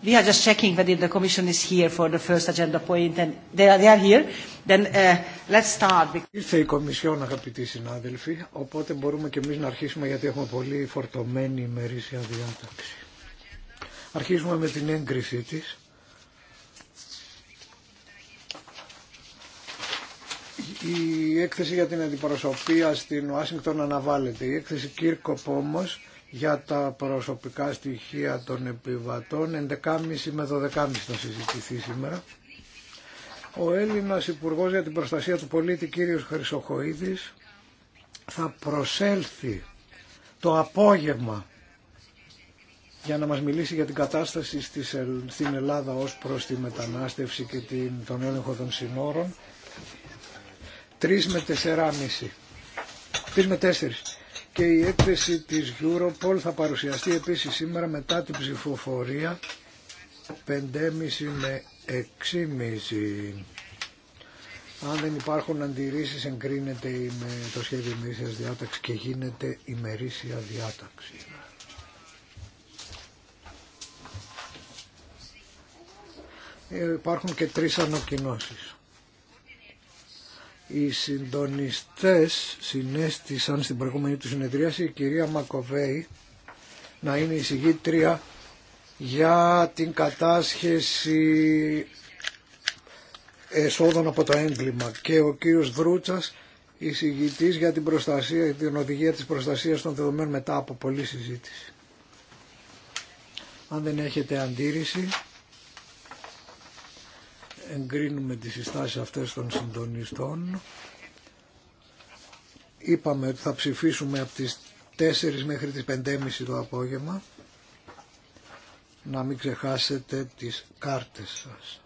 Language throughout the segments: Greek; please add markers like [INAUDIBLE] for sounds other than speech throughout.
We are just checking whether the Commission is here for the first agenda point and they are, they are here. Then uh, let's start. Ήρθε η Κομισιόν αγαπητοί συνάδελφοι, οπότε μπορούμε και εμείς να αρχίσουμε γιατί έχουμε πολύ φορτωμένη ημερήσια διάταξη. Αρχίζουμε με την έγκρισή της. Η έκθεση για την αντιπροσωπεία στην Ουάσιγκτον αναβάλλεται. Η έκθεση Κύρκοπ όμως για τα προσωπικά στοιχεία των επιβατών. 11.30 με 12.30 θα συζητηθεί σήμερα. Ο Έλληνας Υπουργό για την Προστασία του Πολίτη κύριος Χρυσοχοίδης θα προσέλθει το απόγευμα για να μας μιλήσει για την κατάσταση στην Ελλάδα ως προς τη μετανάστευση και τον έλεγχο των συνόρων. 3 με 4.30. 3 με 4 και η έκθεση της Europol θα παρουσιαστεί επίσης σήμερα μετά την ψηφοφορία 5.30 με 6.30. Αν δεν υπάρχουν αντιρρήσεις εγκρίνεται με το σχέδιο ημερήσιας διάταξη και γίνεται ημερήσια διάταξη. Ε, υπάρχουν και τρεις ανακοινώσεις. Οι συντονιστές συνέστησαν στην προηγούμενη του συνεδρίαση η κυρία Μακοβέη να είναι η συγγήτρια για την κατάσχεση εσόδων από το έγκλημα και ο κύριος Δρούτσας εισηγητής για την, προστασία, την οδηγία της προστασίας των δεδομένων μετά από πολλή συζήτηση. Αν δεν έχετε αντίρρηση εγκρίνουμε τις συστάσεις αυτές των συντονιστών. Είπαμε ότι θα ψηφίσουμε από τις 4 μέχρι τις 5.30 το απόγευμα. Να μην ξεχάσετε τις κάρτες σας.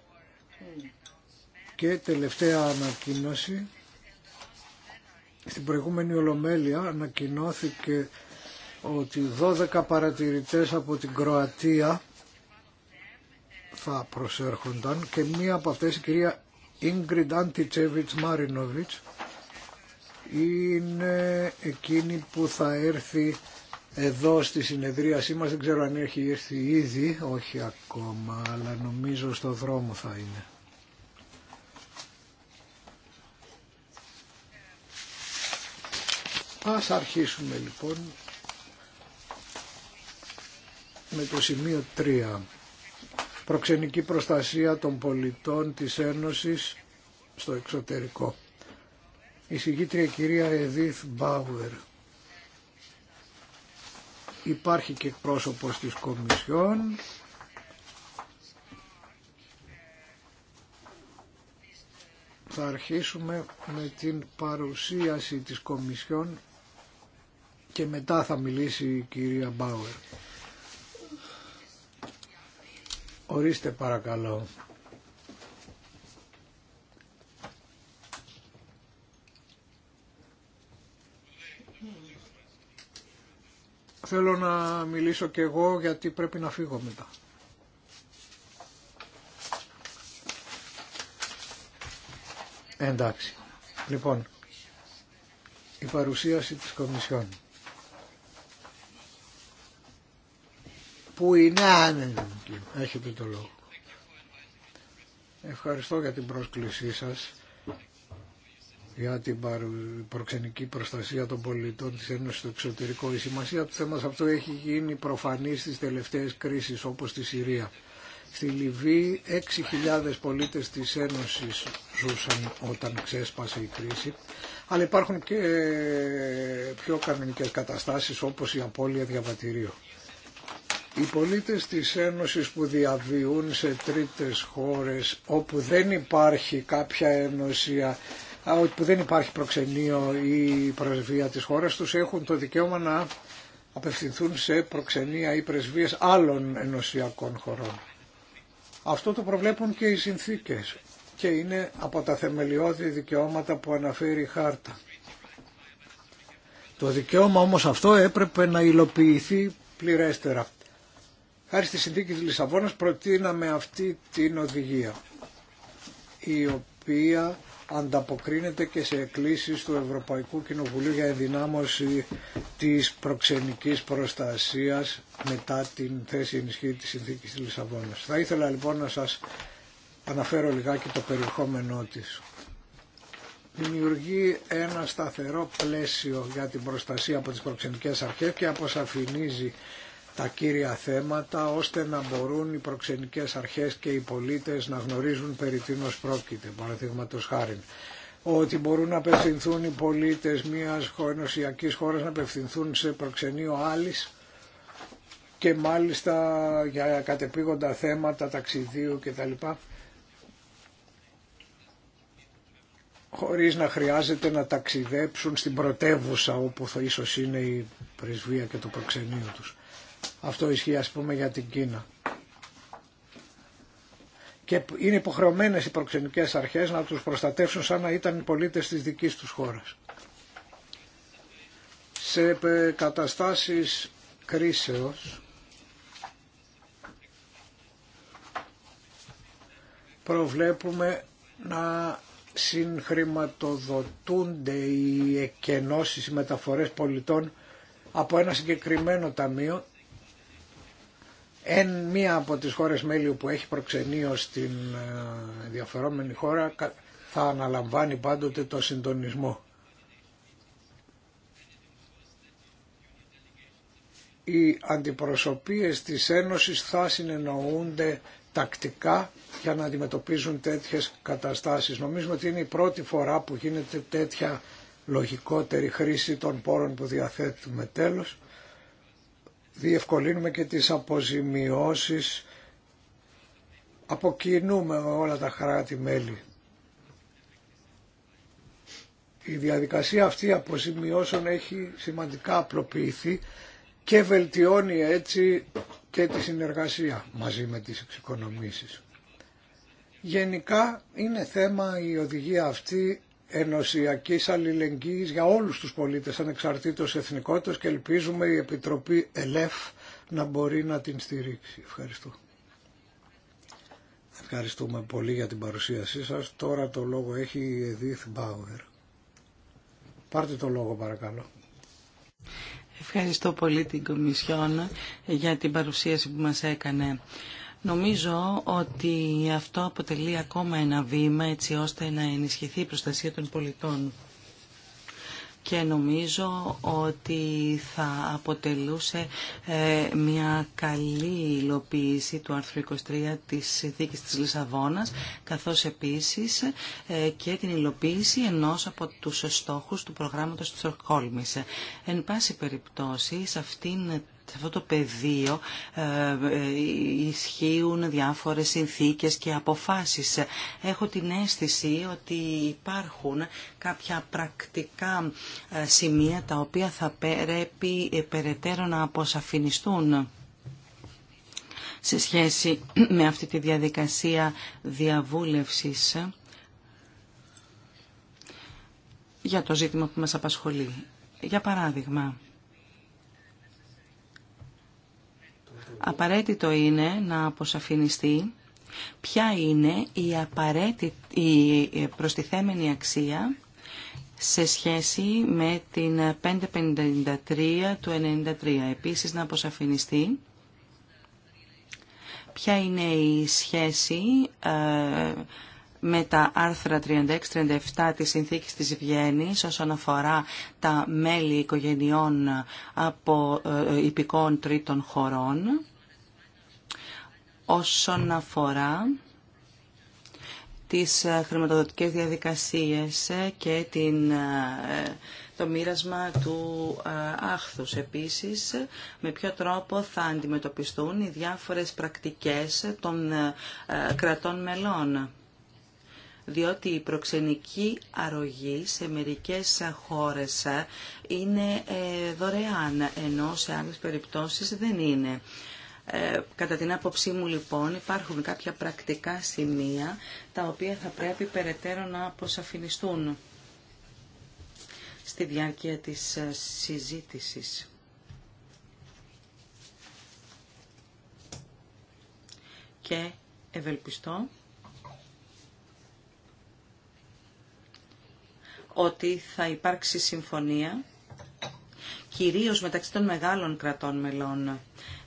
Και τελευταία ανακοίνωση. Στην προηγούμενη Ολομέλεια ανακοινώθηκε ότι 12 παρατηρητές από την Κροατία θα προσέρχονταν και μία από αυτές η κυρία Ίγκριντ Αντιτσέβιτς Μάρινοβιτς είναι εκείνη που θα έρθει εδώ στη συνεδρίασή μας, δεν ξέρω αν έχει έρθει ήδη, όχι ακόμα, αλλά νομίζω στο δρόμο θα είναι. Ας αρχίσουμε λοιπόν με το σημείο 3 προξενική προστασία των πολιτών της Ένωσης στο εξωτερικό. Η συγγήτρια κυρία Εδίθ Μπάουερ. Υπάρχει και πρόσωπος της Κομισιόν. Θα αρχίσουμε με την παρουσίαση της Κομισιόν και μετά θα μιλήσει η κυρία Μπάουερ. Ορίστε παρακαλώ. Θέλω να μιλήσω και εγώ γιατί πρέπει να φύγω μετά. Εντάξει. Λοιπόν, η παρουσίαση της Κομισιόνου. που είναι Έχετε το λόγο. Ευχαριστώ για την πρόσκλησή σας για την προξενική προστασία των πολιτών της Ένωσης στο εξωτερικό. Η σημασία του θέματος αυτό έχει γίνει προφανή στις τελευταίες κρίσεις όπως στη Συρία. Στη Λιβύη 6.000 πολίτες της Ένωσης ζούσαν όταν ξέσπασε η κρίση, αλλά υπάρχουν και πιο κανονικές καταστάσεις όπως η απώλεια διαβατηρίου. Οι πολίτες της Ένωσης που διαβιούν σε τρίτες χώρες όπου δεν υπάρχει κάποια ένωσια, όπου δεν υπάρχει προξενείο ή πρεσβεία της χώρας τους έχουν το δικαίωμα να απευθυνθούν σε προξενεία ή πρεσβείες άλλων ενωσιακών χωρών. Αυτό το προβλέπουν και οι συνθήκες και είναι από τα θεμελιώδη δικαιώματα που αναφέρει η χάρτα. Το δικαίωμα όμως αυτό έπρεπε να υλοποιηθεί πληρέστερα. Χάρη στη συνθήκη της Λισαβόνας προτείναμε αυτή την οδηγία η οποία ανταποκρίνεται και σε εκκλήσεις του Ευρωπαϊκού Κοινοβουλίου για ενδυνάμωση της προξενικής προστασίας μετά την θέση ενισχύ της συνθήκης της Λισαβόνας. Θα ήθελα λοιπόν να σας αναφέρω λιγάκι το περιεχόμενό της. Δημιουργεί ένα σταθερό πλαίσιο για την προστασία από τις προξενικές αρχές και αποσαφηνίζει τα κύρια θέματα ώστε να μπορούν οι προξενικές αρχές και οι πολίτες να γνωρίζουν περί τίνος πρόκειται, παραδείγματο χάρη. Ότι μπορούν να απευθυνθούν οι πολίτες μιας ενωσιακής χώρας να απευθυνθούν σε προξενείο άλλης και μάλιστα για κατεπήγοντα θέματα ταξιδίου κτλ. χωρίς να χρειάζεται να ταξιδέψουν στην πρωτεύουσα όπου θα ίσως είναι η πρεσβεία και το προξενείο τους. Αυτό ισχύει ας πούμε για την Κίνα. Και είναι υποχρεωμένες οι προξενικές αρχές να τους προστατεύσουν σαν να ήταν οι πολίτες της δικής τους χώρας. Σε καταστάσεις κρίσεως προβλέπουμε να συγχρηματοδοτούνται οι εκενώσεις, οι μεταφορές πολιτών από ένα συγκεκριμένο ταμείο εν μία από τις χώρες μέλη που έχει προξενείο την ε, ενδιαφερόμενη χώρα θα αναλαμβάνει πάντοτε το συντονισμό. Οι αντιπροσωπείες της Ένωσης θα συνεννοούνται τακτικά για να αντιμετωπίζουν τέτοιες καταστάσεις. Νομίζω ότι είναι η πρώτη φορά που γίνεται τέτοια λογικότερη χρήση των πόρων που διαθέτουμε τέλος διευκολύνουμε και τις αποζημιώσεις, αποκινούμε όλα τα τη μελη Η διαδικασία αυτή αποζημιώσεων έχει σημαντικά απλοποιηθεί και βελτιώνει έτσι και τη συνεργασία μαζί με τις εξοικονομήσεις. Γενικά είναι θέμα η οδηγία αυτή ενωσιακής αλληλεγγύης για όλους τους πολίτες ανεξαρτήτως εθνικότητας και ελπίζουμε η Επιτροπή ΕΛΕΦ να μπορεί να την στηρίξει. Ευχαριστώ. Ευχαριστούμε πολύ για την παρουσίασή σας. Τώρα το λόγο έχει η Εδίθ Μπάουερ. Πάρτε το λόγο παρακαλώ. Ευχαριστώ πολύ την Κομισιόν για την παρουσίαση που μας έκανε. Νομίζω ότι αυτό αποτελεί ακόμα ένα βήμα έτσι ώστε να ενισχυθεί η προστασία των πολιτών και νομίζω ότι θα αποτελούσε ε, μια καλή υλοποίηση του άρθρου 23 της Συνθήκης της Λισαβόνας, καθώς επίσης ε, και την υλοποίηση ενός από τους στόχους του προγράμματος της Στοκχόλμης. Εν πάση περιπτώσει, σε αυτήν σε αυτό το πεδίο ε, ε, ισχύουν διάφορες συνθήκες και αποφάσεις. Έχω την αίσθηση ότι υπάρχουν κάποια πρακτικά ε, σημεία τα οποία θα πρέπει περαιτέρω να αποσαφινιστούν σε σχέση [CLEARS THROAT] με αυτή τη διαδικασία διαβούλευσης για το ζήτημα που μας απασχολεί. Για παράδειγμα, απαραίτητο είναι να αποσαφινιστεί ποια είναι η, απαραίτητη, η προστιθέμενη αξία σε σχέση με την 553 του 93. Επίσης να αποσαφινιστεί ποια είναι η σχέση ε, με τα άρθρα 36-37 της Συνθήκης της Βιέννης όσον αφορά τα μέλη οικογενειών από ε, υπηκών τρίτων χωρών όσον αφορά τις ε, χρηματοδοτικές διαδικασίες ε, και ε, το μοίρασμα του άχθους. Επίσης, με ποιο τρόπο θα αντιμετωπιστούν οι διάφορες πρακτικές των κρατών μελών διότι η προξενική αρρωγή σε μερικές χώρες είναι δωρεάν, ενώ σε άλλες περιπτώσεις δεν είναι. Ε, κατά την άποψή μου λοιπόν υπάρχουν κάποια πρακτικά σημεία τα οποία θα πρέπει περαιτέρω να αποσαφινιστούν στη διάρκεια της ε, συζήτησης. Και ευελπιστώ ότι θα υπάρξει συμφωνία κυρίως μεταξύ των μεγάλων κρατών μελών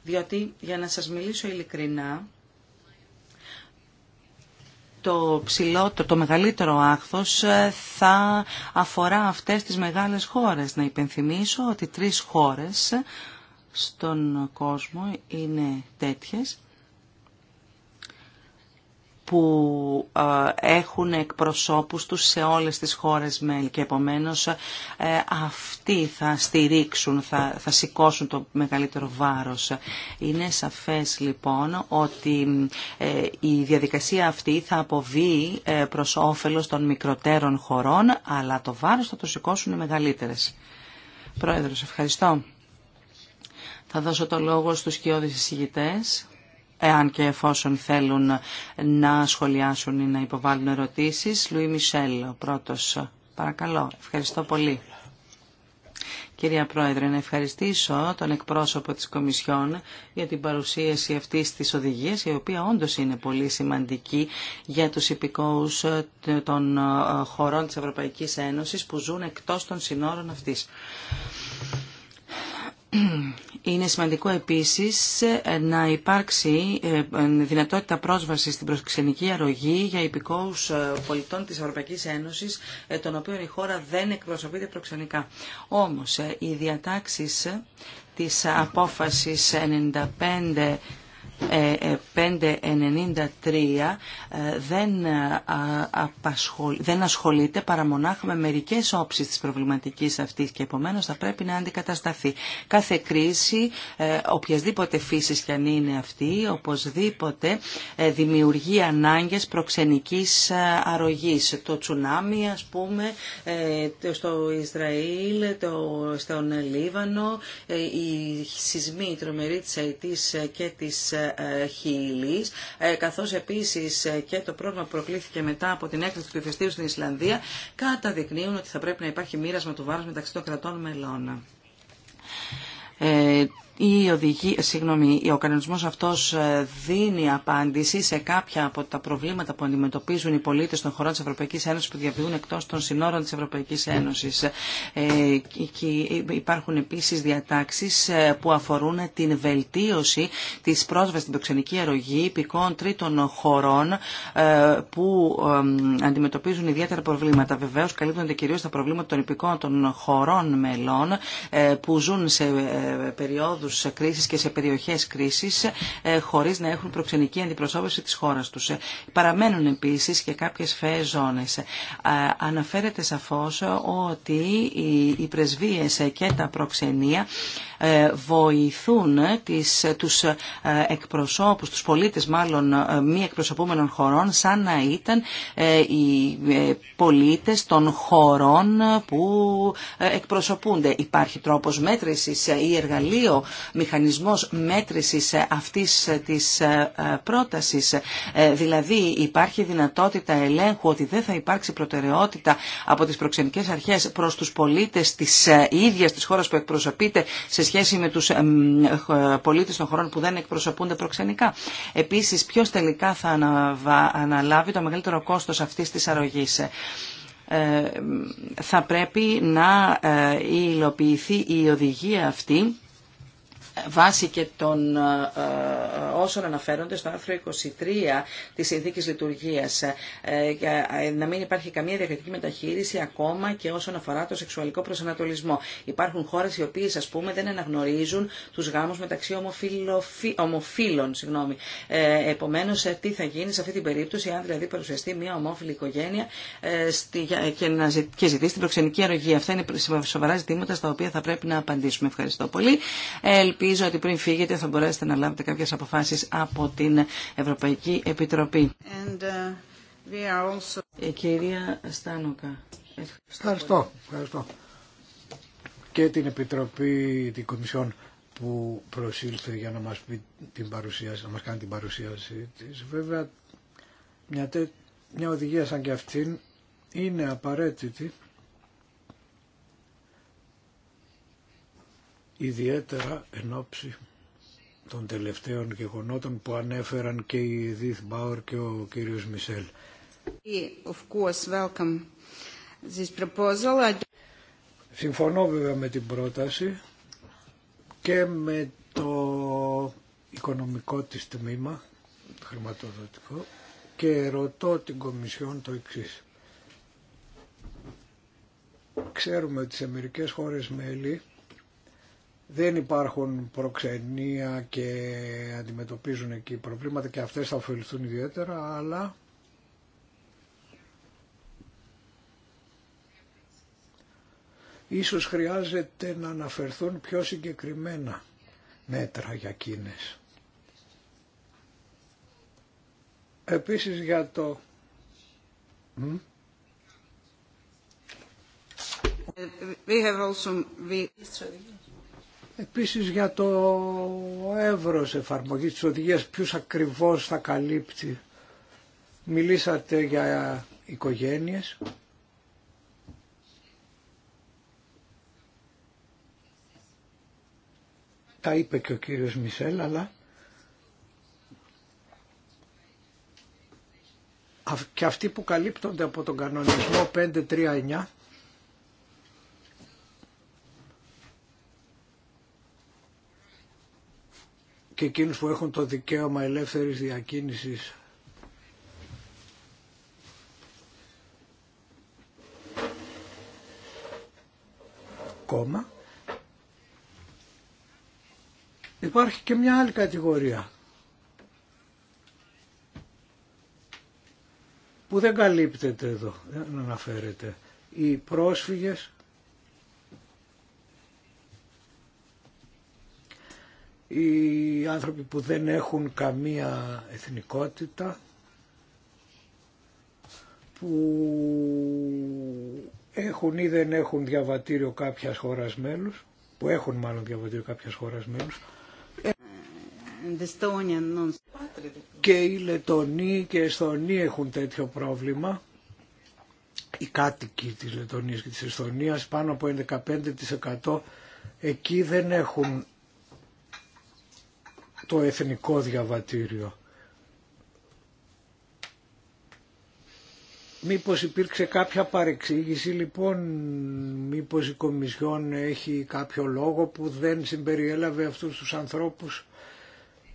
διότι για να σας μιλήσω ειλικρινά, το το μεγαλύτερο άχθος ε, θα αφορά αυτές τις μεγάλες χώρες. Να υπενθυμίσω ότι τρεις χώρες στον κόσμο είναι τέτοιες που έχουν εκπροσώπους τους σε όλες τις χώρες μέλη και επομένως ε, αυτοί θα στηρίξουν, θα, θα σηκώσουν το μεγαλύτερο βάρος. Είναι σαφές λοιπόν ότι ε, η διαδικασία αυτή θα αποβεί ε, προς όφελος των μικροτέρων χωρών αλλά το βάρος θα το σηκώσουν οι μεγαλύτερες. Πρόεδρος, ευχαριστώ. Θα δώσω το λόγο στους κοιόδης εισηγητές εάν και εφόσον θέλουν να σχολιάσουν ή να υποβάλουν ερωτήσεις. Λουί Μισελ, ο πρώτος. Παρακαλώ. Ευχαριστώ πολύ. Κυρία Πρόεδρε, να ευχαριστήσω τον εκπρόσωπο της Κομισιόν για την παρουσίαση αυτής της οδηγίας, η οποία όντως είναι πολύ σημαντική για τους υπηκόους των χωρών της Ευρωπαϊκής Ένωσης που ζουν εκτός των συνόρων αυτής. Είναι σημαντικό επίσης ε, να υπάρξει ε, ε, δυνατότητα πρόσβασης στην προξενική αρρωγή για υπηκόους πολιτών της Ευρωπαϊκής Ένωσης, των οποίων η χώρα δεν εκπροσωπείται προξενικά. Όμως, οι διατάξεις της απόφασης 95 593 ε, ε, ε, δεν, δεν ασχολείται παρά μονάχα με μερικές όψεις της προβληματικής αυτής και επομένως θα πρέπει να αντικατασταθεί. Κάθε κρίση, οποιασδήποτε φύσης κι αν είναι αυτή, οπωσδήποτε δημιουργεί ανάγκες προξενικής αρρωγής. Το τσουνάμι ας πούμε στο Ισραήλ, το, στον Λίβανο, οι σεισμοί τρομεροί της Αιτής και της χείλη, καθώς επίσης ε, και το πρόβλημα που προκλήθηκε μετά από την έκθεση του ηφαιστείου στην Ισλανδία, καταδεικνύουν ότι θα πρέπει να υπάρχει μοίρασμα του βάρου μεταξύ των κρατών μελών. Ε, η ε, συγγνώμη, ο κανονισμός αυτός ε, δίνει απάντηση σε κάποια από τα προβλήματα που αντιμετωπίζουν οι πολίτες των χωρών της Ευρωπαϊκής Ένωσης που διαβιούν εκτός των συνόρων της Ευρωπαϊκής Ένωσης. Ε, και υπάρχουν επίσης διατάξεις που αφορούν την βελτίωση της πρόσβασης στην προξενική αρρωγή υπηκών τρίτων χωρών που αντιμετωπίζουν ιδιαίτερα προβλήματα. Βεβαίως καλύπτονται κυρίως τα προβλήματα των υπηκών των χωρών μελών που ζουν σε περίοδους σε και σε περιοχές κρίσης ε, χωρίς να έχουν προξενική αντιπροσώπευση της χώρας τους. Ε, παραμένουν επίση και κάποιες φαίες ζώνες. Ε, αναφέρεται σαφώς ότι οι πρεσβείες και τα προξενία βοηθούν του τους εκπροσώπους, τους πολίτες μάλλον μη εκπροσωπούμενων χωρών σαν να ήταν οι πολίτες των χωρών που εκπροσωπούνται. Υπάρχει τρόπος μέτρησης ή εργαλείο μηχανισμός μέτρησης ε, αυτής ε, της ε, πρότασης. Δηλαδή υπάρχει δυνατότητα ελέγχου ότι δεν θα υπάρξει προτεραιότητα από τις προξενικές αρχές προς τους πολίτες της ίδιας της χώρας που εκπροσωπείται σε σχέση με τους πολίτες των χωρών που δεν εκπροσωπούνται προξενικά. Επίσης ποιος τελικά θα αναλάβει το μεγαλύτερο κόστος αυτής της αρρωγής θα πρέπει να υλοποιηθεί η οδηγία αυτή βάσει και των ε, ε, όσων αναφέρονται στο άρθρο 23 της Συνθήκης Λειτουργίας ε, να μην υπάρχει καμία διακριτική μεταχείριση ακόμα και όσον αφορά το σεξουαλικό προσανατολισμό. Υπάρχουν χώρες οι οποίες ας πούμε δεν αναγνωρίζουν τους γάμους μεταξύ ομοφύλων. Συγγνώμη. επομένως τι θα γίνει σε αυτή την περίπτωση αν δηλαδή παρουσιαστεί μια ομόφυλη οικογένεια και, να και ζητήσει την προξενική αρρωγή. Αυτά είναι σοβαρά ζητήματα στα οποία θα πρέπει να απαντήσουμε. Ευχαριστώ πολύ ελπίζω ότι πριν φύγετε θα μπορέσετε να λάβετε κάποιες αποφάσεις από την Ευρωπαϊκή Επιτροπή. And, Η uh, ε, κυρία Στάνοκα. Ευχαριστώ. Ευχαριστώ. Και την Επιτροπή την Κομισιόν που προσήλθε για να μας, πει την παρουσίαση, να μας κάνει την παρουσίαση της. Βέβαια, μια, μια οδηγία σαν και αυτήν είναι απαραίτητη ιδιαίτερα εν ώψη των τελευταίων γεγονότων που ανέφεραν και η Δίθ Μπάουρ και ο κύριος Μισελ. Συμφωνώ βέβαια με την πρόταση και με το οικονομικό της τμήμα, χρηματοδοτικό, και ρωτώ την Κομισιόν το εξής. Ξέρουμε ότι σε μερικές χώρες μέλη δεν υπάρχουν προξενία και αντιμετωπίζουν εκεί προβλήματα και αυτές θα ωφεληθούν ιδιαίτερα, αλλά ίσως χρειάζεται να αναφερθούν πιο συγκεκριμένα μέτρα για εκείνες. Επίσης για το... We have also... Επίσης για το εύρος εφαρμογής της οδηγίας, ποιους ακριβώς θα καλύπτει. Μιλήσατε για οικογένειες. Τα είπε και ο κύριος Μισελ, αλλά και αυτοί που καλύπτονται από τον κανονισμό 539 και εκείνους που έχουν το δικαίωμα ελεύθερης διακίνησης κόμμα υπάρχει και μια άλλη κατηγορία που δεν καλύπτεται εδώ, δεν αναφέρεται. Οι πρόσφυγες οι άνθρωποι που δεν έχουν καμία εθνικότητα που έχουν ή δεν έχουν διαβατήριο κάποιας χώρας μέλους που έχουν μάλλον διαβατήριο κάποιας χώρας μέλους ε, και οι Λετονοί και οι Εσθονοί έχουν τέτοιο πρόβλημα οι κάτοικοι της Λετονίας και της Εσθονίας πάνω από 15% εκεί δεν έχουν το εθνικό διαβατήριο. Μήπως υπήρξε κάποια παρεξήγηση λοιπόν, μήπως η Κομισιόν έχει κάποιο λόγο που δεν συμπεριέλαβε αυτούς τους ανθρώπους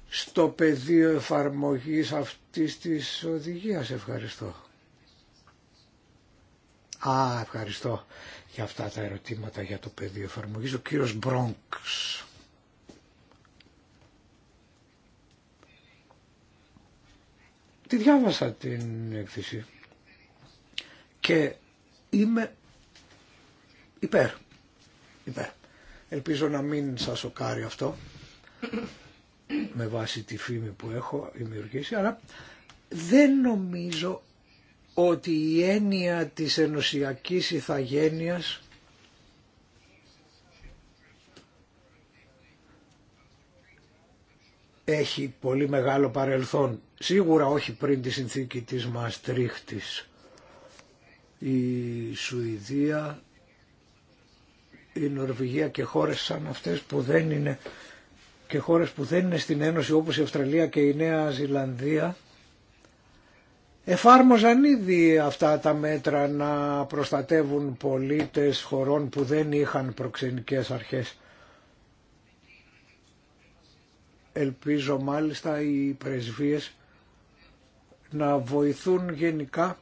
στο πεδίο εφαρμογής αυτής της οδηγίας. Ευχαριστώ. Α, ευχαριστώ για αυτά τα ερωτήματα για το πεδίο εφαρμογής. Ο κύριος Μπρόγκς. Τη διάβασα την έκθεση και είμαι υπέρ. υπέρ. Ελπίζω να μην σας σοκάρει αυτό με βάση τη φήμη που έχω δημιουργήσει, αλλά δεν νομίζω ότι η έννοια της ενωσιακής ηθαγένειας έχει πολύ μεγάλο παρελθόν. Σίγουρα όχι πριν τη συνθήκη της Μαστρίχτης. Η Σουηδία, η Νορβηγία και χώρες σαν αυτές που δεν είναι και χώρες που δεν είναι στην Ένωση όπως η Αυστραλία και η Νέα Ζηλανδία εφάρμοζαν ήδη αυτά τα μέτρα να προστατεύουν πολίτες χωρών που δεν είχαν προξενικές αρχές Ελπίζω μάλιστα οι πρεσβείες να βοηθούν γενικά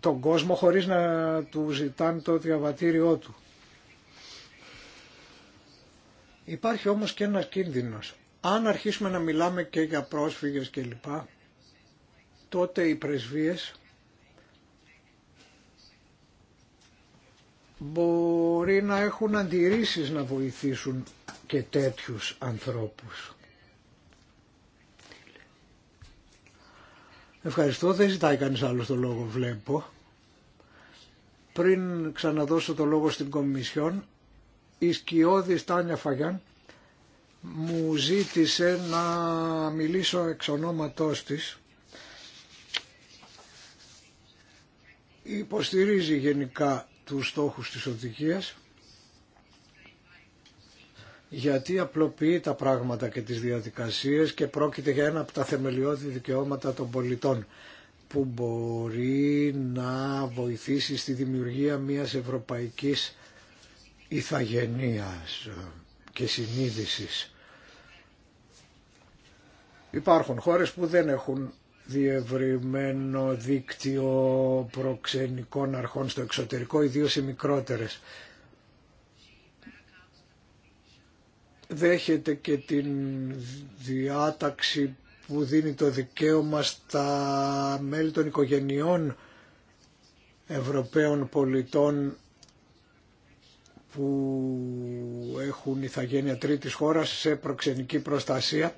τον κόσμο χωρίς να του ζητάνε το διαβατήριό του. Υπάρχει όμως και ένας κίνδυνος. Αν αρχίσουμε να μιλάμε και για πρόσφυγες κλπ, τότε οι πρεσβείες μπορεί να έχουν αντιρρήσεις να βοηθήσουν και τέτοιους ανθρώπους. Ευχαριστώ, δεν ζητάει κανείς άλλο το λόγο βλέπω. Πριν ξαναδώσω το λόγο στην Κομισιόν, η σκιώδη Στάνια Φαγιάν μου ζήτησε να μιλήσω εξ ονόματός της. Υποστηρίζει γενικά τους στόχους της οδηγίας γιατί απλοποιεί τα πράγματα και τις διαδικασίες και πρόκειται για ένα από τα θεμελιώδη δικαιώματα των πολιτών που μπορεί να βοηθήσει στη δημιουργία μιας ευρωπαϊκής ηθαγενείας και συνείδησης. Υπάρχουν χώρες που δεν έχουν διευρυμένο δίκτυο προξενικών αρχών στο εξωτερικό, ιδίως οι μικρότερες. δέχεται και την διάταξη που δίνει το δικαίωμα στα μέλη των οικογενειών Ευρωπαίων πολιτών που έχουν ηθαγένεια τρίτης χώρας σε προξενική προστασία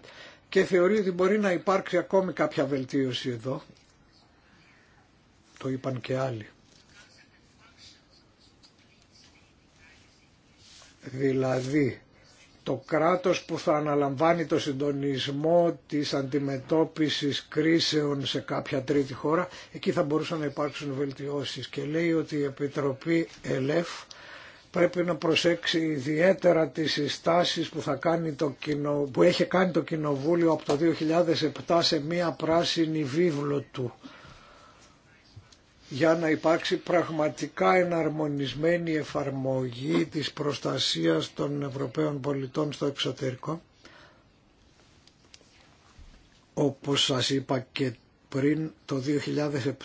και θεωρεί ότι μπορεί να υπάρξει ακόμη κάποια βελτίωση εδώ. Το είπαν και άλλοι. Δηλαδή, το κράτος που θα αναλαμβάνει το συντονισμό της αντιμετώπισης κρίσεων σε κάποια τρίτη χώρα, εκεί θα μπορούσαν να υπάρξουν βελτιώσεις και λέει ότι η Επιτροπή ΕΛΕΦ πρέπει να προσέξει ιδιαίτερα τις συστάσεις που, θα κάνει το κοινο... που έχει κάνει το Κοινοβούλιο από το 2007 σε μία πράσινη βίβλο του για να υπάρξει πραγματικά εναρμονισμένη εφαρμογή της προστασίας των Ευρωπαίων πολιτών στο εξωτερικό. Όπως σας είπα και πριν το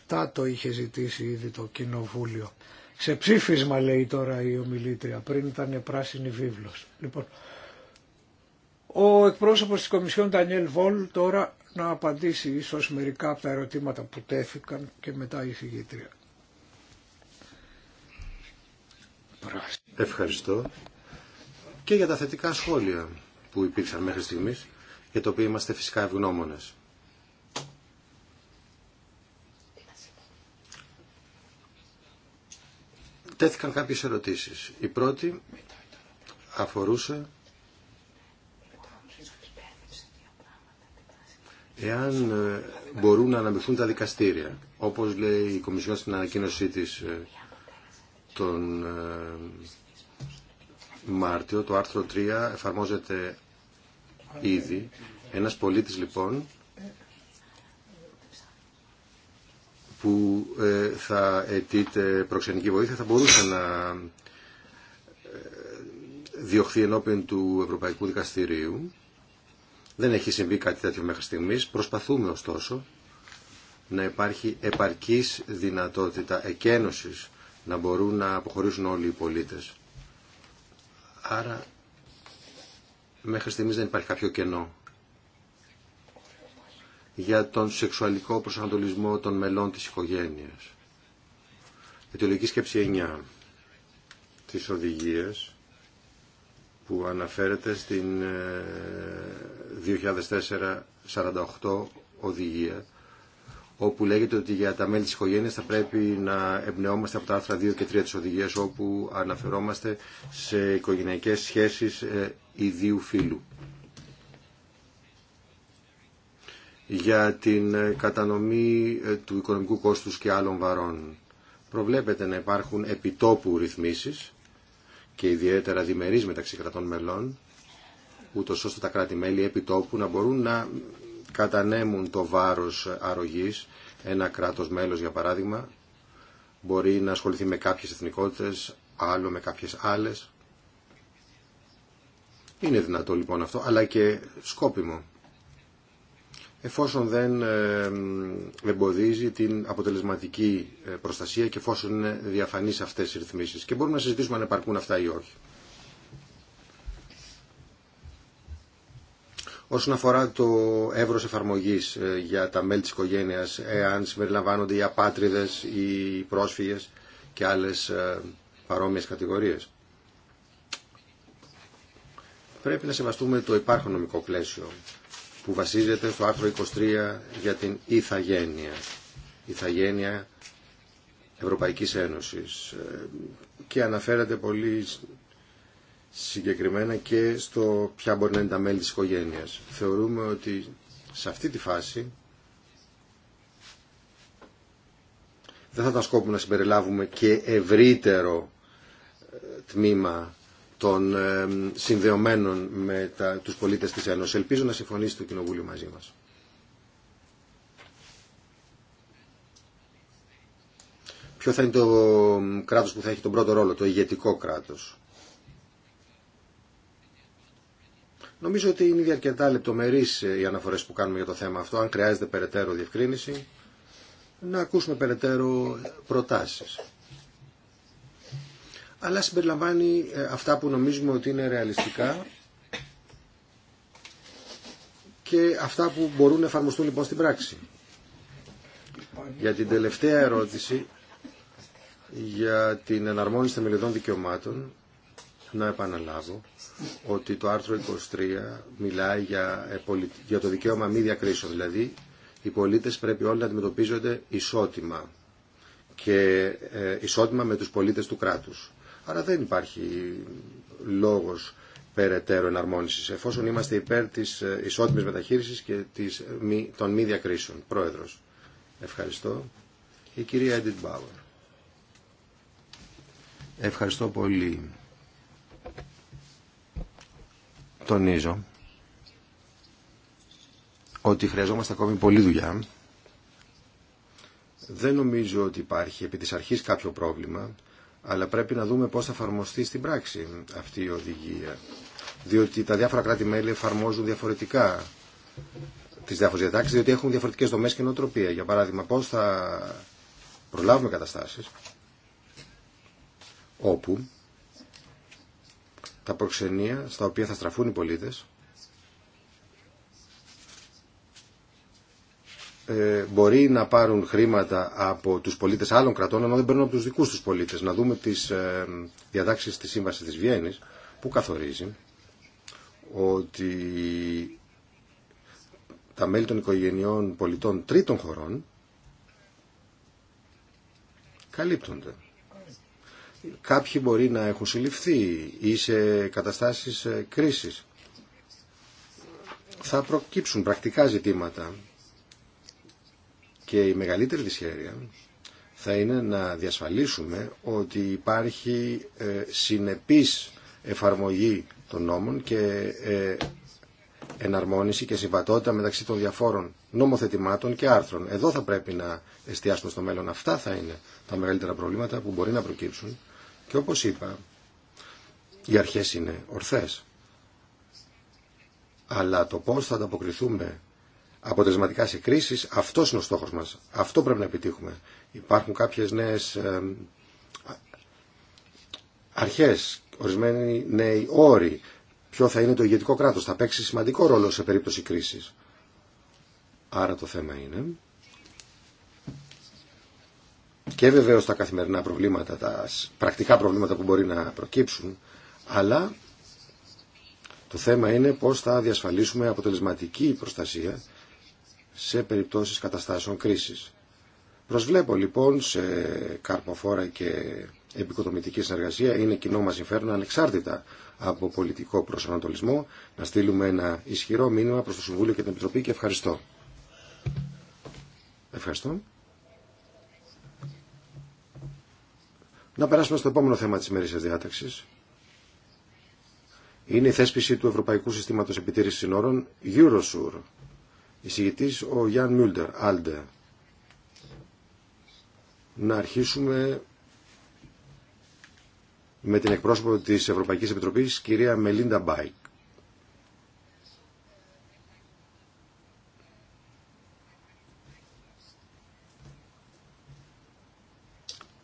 2007 το είχε ζητήσει ήδη το Κοινοβούλιο. Σε ψήφισμα λέει τώρα η ομιλήτρια, πριν ήταν πράσινη βίβλος. Λοιπόν, ο εκπρόσωπος της Κομισιόν Ντανιέλ Βόλ τώρα να απαντήσει ίσως μερικά από τα ερωτήματα που τέθηκαν και μετά η συγγήτρια. Ευχαριστώ και για τα θετικά σχόλια που υπήρξαν μέχρι στιγμής για το οποίο είμαστε φυσικά ευγνώμονες. Τέθηκαν κάποιες ερωτήσεις. Η πρώτη αφορούσε Εάν ε, μπορούν να αναμειχθούν τα δικαστήρια, όπως λέει η Κομισιόν στην ανακοίνωσή της ε, τον ε, Μάρτιο, το άρθρο 3 εφαρμόζεται ήδη. Ένας πολίτης λοιπόν που θα αιτείται προξενική βοήθεια θα μπορούσε να διωχθεί ενώπιον του Ευρωπαϊκού Δικαστηρίου δεν έχει συμβεί κάτι τέτοιο μέχρι στιγμής. Προσπαθούμε ωστόσο να υπάρχει επαρκής δυνατότητα εκένωσης να μπορούν να αποχωρήσουν όλοι οι πολίτες. Άρα μέχρι στιγμής δεν υπάρχει κάποιο κενό για τον σεξουαλικό προσανατολισμό των μελών της οικογένειας. Η σκέψη 9 της οδηγίας που αναφέρεται στην 2004-48 ε, οδηγία όπου λέγεται ότι για τα μέλη της οικογένειας θα πρέπει να εμπνεόμαστε από τα άρθρα 2 και 3 της οδηγίας όπου αναφερόμαστε σε οικογενειακές σχέσεις ε, ιδίου φύλου. Για την ε, κατανομή του οικονομικού κόστους και άλλων βαρών προβλέπεται να υπάρχουν επιτόπου ρυθμίσεις και ιδιαίτερα διμερεί μεταξύ κρατών μελών, ούτω ώστε τα κράτη-μέλη επιτόπου να μπορούν να κατανέμουν το βάρος αρρωγή. Ένα κράτο μέλος, για παράδειγμα, μπορεί να ασχοληθεί με κάποιε εθνικότητες, άλλο με κάποιες άλλε. Είναι δυνατό λοιπόν αυτό, αλλά και σκόπιμο εφόσον δεν ε, εμποδίζει την αποτελεσματική ε, προστασία και εφόσον είναι διαφανείς αυτές οι ρυθμίσεις. Και μπορούμε να συζητήσουμε αν επαρκούν αυτά ή όχι. Όσον αφορά το εύρος εφαρμογής ε, για τα μέλη της οικογένειας, εάν συμπεριλαμβάνονται οι απάτριδες, οι πρόσφυγες και άλλες παρόμοιες κατηγορίες. Πρέπει να σεβαστούμε το υπάρχον νομικό πλαίσιο που βασίζεται στο άρθρο 23 για την ηθαγένεια. Ηθαγένεια Ευρωπαϊκής Ένωσης ε, και αναφέρεται πολύ συγκεκριμένα και στο ποια μπορεί να είναι τα μέλη της οικογένειας. Θεωρούμε ότι σε αυτή τη φάση δεν θα τα σκόπουμε να συμπεριλάβουμε και ευρύτερο ε, τμήμα των ε, συνδεωμένων με τα, τους πολίτες της Ένωσης. Ελπίζω να συμφωνήσει το Κοινοβούλιο μαζί μας. Ποιο θα είναι το κράτος που θα έχει τον πρώτο ρόλο, το ηγετικό κράτος. Νομίζω ότι είναι ήδη αρκετά λεπτομερείς ε, οι αναφορές που κάνουμε για το θέμα αυτό. Αν χρειάζεται περαιτέρω διευκρίνηση, να ακούσουμε περαιτέρω ε, προτάσεις αλλά συμπεριλαμβάνει ε, αυτά που νομίζουμε ότι είναι ρεαλιστικά και αυτά που μπορούν να εφαρμοστούν λοιπόν στην πράξη. Για την τελευταία ερώτηση για την εναρμόνιση θεμελιωδών δικαιωμάτων να επαναλάβω ότι το άρθρο 23 μιλάει για, ε, για το δικαίωμα μη διακρίσεων. Δηλαδή, οι πολίτες πρέπει όλοι να αντιμετωπίζονται ισότιμα και ε, ισότιμα με τους πολίτες του κράτους. Άρα δεν υπάρχει λόγος περαιτέρω εναρμόνισης, εφόσον είμαστε υπέρ της ε, ισότιμης μεταχείρισης και της, ε, των μη διακρίσεων. Πρόεδρος, ευχαριστώ. Η κυρία Έντιτ Μπάουερ. Ευχαριστώ πολύ. Τονίζω ότι χρειαζόμαστε ακόμη πολλή δουλειά. Δεν νομίζω ότι υπάρχει επί της αρχής κάποιο πρόβλημα αλλά πρέπει να δούμε πώς θα εφαρμοστεί στην πράξη αυτή η οδηγία. Διότι τα διάφορα κράτη-μέλη εφαρμόζουν διαφορετικά τις διάφορες διατάξεις, διότι έχουν διαφορετικές δομές και νοοτροπία. Για παράδειγμα, πώς θα προλάβουμε καταστάσεις όπου τα προξενία στα οποία θα στραφούν οι πολίτες Ε, μπορεί να πάρουν χρήματα από τους πολίτες άλλων κρατών ενώ δεν παίρνουν από τους δικούς τους πολίτες. Να δούμε τις ε, διατάξεις της Σύμβασης της Βιέννης που καθορίζει ότι τα μέλη των οικογενειών πολιτών τρίτων χωρών καλύπτονται. Κάποιοι μπορεί να έχουν συλληφθεί ή σε καταστάσεις ε, κρίσης. Θα προκύψουν πρακτικά ζητήματα και η μεγαλύτερη δυσχέρεια θα είναι να διασφαλίσουμε ότι υπάρχει ε, συνεπής εφαρμογή των νόμων και ε, εναρμόνιση και συμβατότητα μεταξύ των διαφόρων νομοθετημάτων και άρθρων. Εδώ θα πρέπει να εστιάσουμε στο μέλλον. Αυτά θα είναι τα μεγαλύτερα προβλήματα που μπορεί να προκύψουν. Και όπως είπα, οι αρχές είναι ορθές. Αλλά το πώς θα ανταποκριθούμε αποτελεσματικά σε κρίσεις. Αυτός είναι ο στόχος μας. Αυτό πρέπει να επιτύχουμε. Υπάρχουν κάποιες νέες ε, αρχές, ορισμένοι νέοι όροι. Ποιο θα είναι το ηγετικό κράτος. Θα παίξει σημαντικό ρόλο σε περίπτωση κρίσης. Άρα το θέμα είναι και βεβαίω τα καθημερινά προβλήματα, τα πρακτικά προβλήματα που μπορεί να προκύψουν, αλλά το θέμα είναι πώς θα διασφαλίσουμε αποτελεσματική προστασία σε περιπτώσεις καταστάσεων κρίσης. Προσβλέπω λοιπόν σε καρποφόρα και επικοδομητική συνεργασία είναι κοινό μας συμφέρον ανεξάρτητα από πολιτικό προσανατολισμό να στείλουμε ένα ισχυρό μήνυμα προς το Συμβούλιο και την Επιτροπή και ευχαριστώ. Ευχαριστώ. Να περάσουμε στο επόμενο θέμα της ημερήσιας διάταξης. Είναι η θέσπιση του Ευρωπαϊκού Συστήματος Επιτήρησης Συνόρων Eurosur. Εισηγητής ο Γιάν Μιούλτερ, Άλντε. Να αρχίσουμε με την εκπρόσωπο της Ευρωπαϊκής Επιτροπής, κυρία Μελίντα Μπάικ.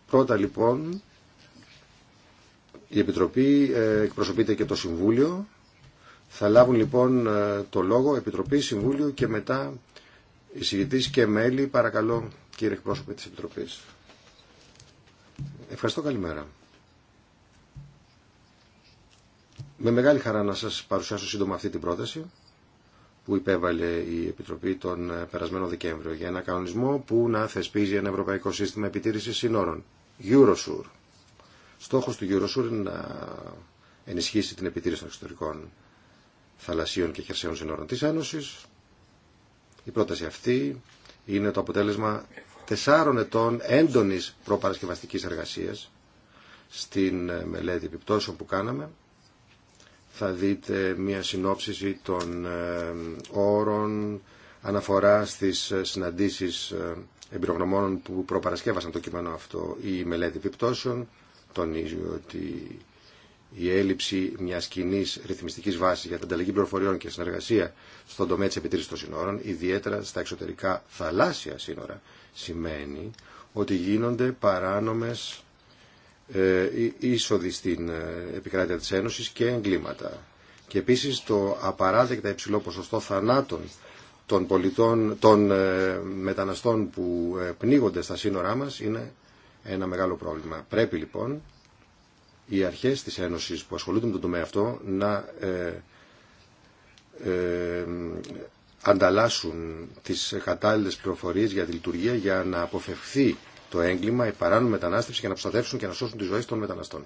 Πρώτα λοιπόν η Επιτροπή ε, εκπροσωπείται και το Συμβούλιο θα λάβουν λοιπόν ε, το λόγο Επιτροπή, Συμβούλιο και μετά εισηγητής και μέλη. Παρακαλώ κύριε εκπρόσωπε της Επιτροπής. Ευχαριστώ καλημέρα. Με μεγάλη χαρά να σας παρουσιάσω σύντομα αυτή την πρόταση που υπέβαλε η Επιτροπή τον ε, περασμένο Δεκέμβριο για ένα κανονισμό που να θεσπίζει ένα ευρωπαϊκό σύστημα επιτήρησης συνόρων, Eurosur. Στόχος του Eurosur είναι να ενισχύσει την επιτήρηση των εξωτερικών θαλασσίων και χερσαίων σύνορων της Ένωσης. Η πρόταση αυτή είναι το αποτέλεσμα τεσσάρων ετών έντονης προπαρασκευαστικής εργασίας στην μελέτη επιπτώσεων που κάναμε. Θα δείτε μια συνόψιση των ε, όρων αναφορά στις ε, συναντήσεις ε, εμπειρογνωμόνων που προπαρασκεύασαν το κείμενο αυτό η μελέτη επιπτώσεων. Τονίζει ότι η έλλειψη μια κοινή ρυθμιστική βάση για την ανταλλαγή πληροφοριών και συνεργασία στον τομέα τη επιτήρηση των συνόρων, ιδιαίτερα στα εξωτερικά θαλάσσια σύνορα, σημαίνει ότι γίνονται παράνομε ε, είσοδοι στην ε, επικράτεια τη Ένωση και εγκλήματα. Και επίση το απαράδεκτα υψηλό ποσοστό θανάτων των, πολιτών, των ε, μεταναστών που πνίγονται στα σύνορά μα είναι ένα μεγάλο πρόβλημα. Πρέπει λοιπόν οι αρχές της Ένωσης που ασχολούνται με τον τομέα αυτό να ε, ε, ανταλλάσσουν τις κατάλληλες πληροφορίες για τη λειτουργία για να αποφευχθεί το έγκλημα, η παράνομη μετανάστευση και να προστατεύσουν και να σώσουν τις ζωές των μεταναστών.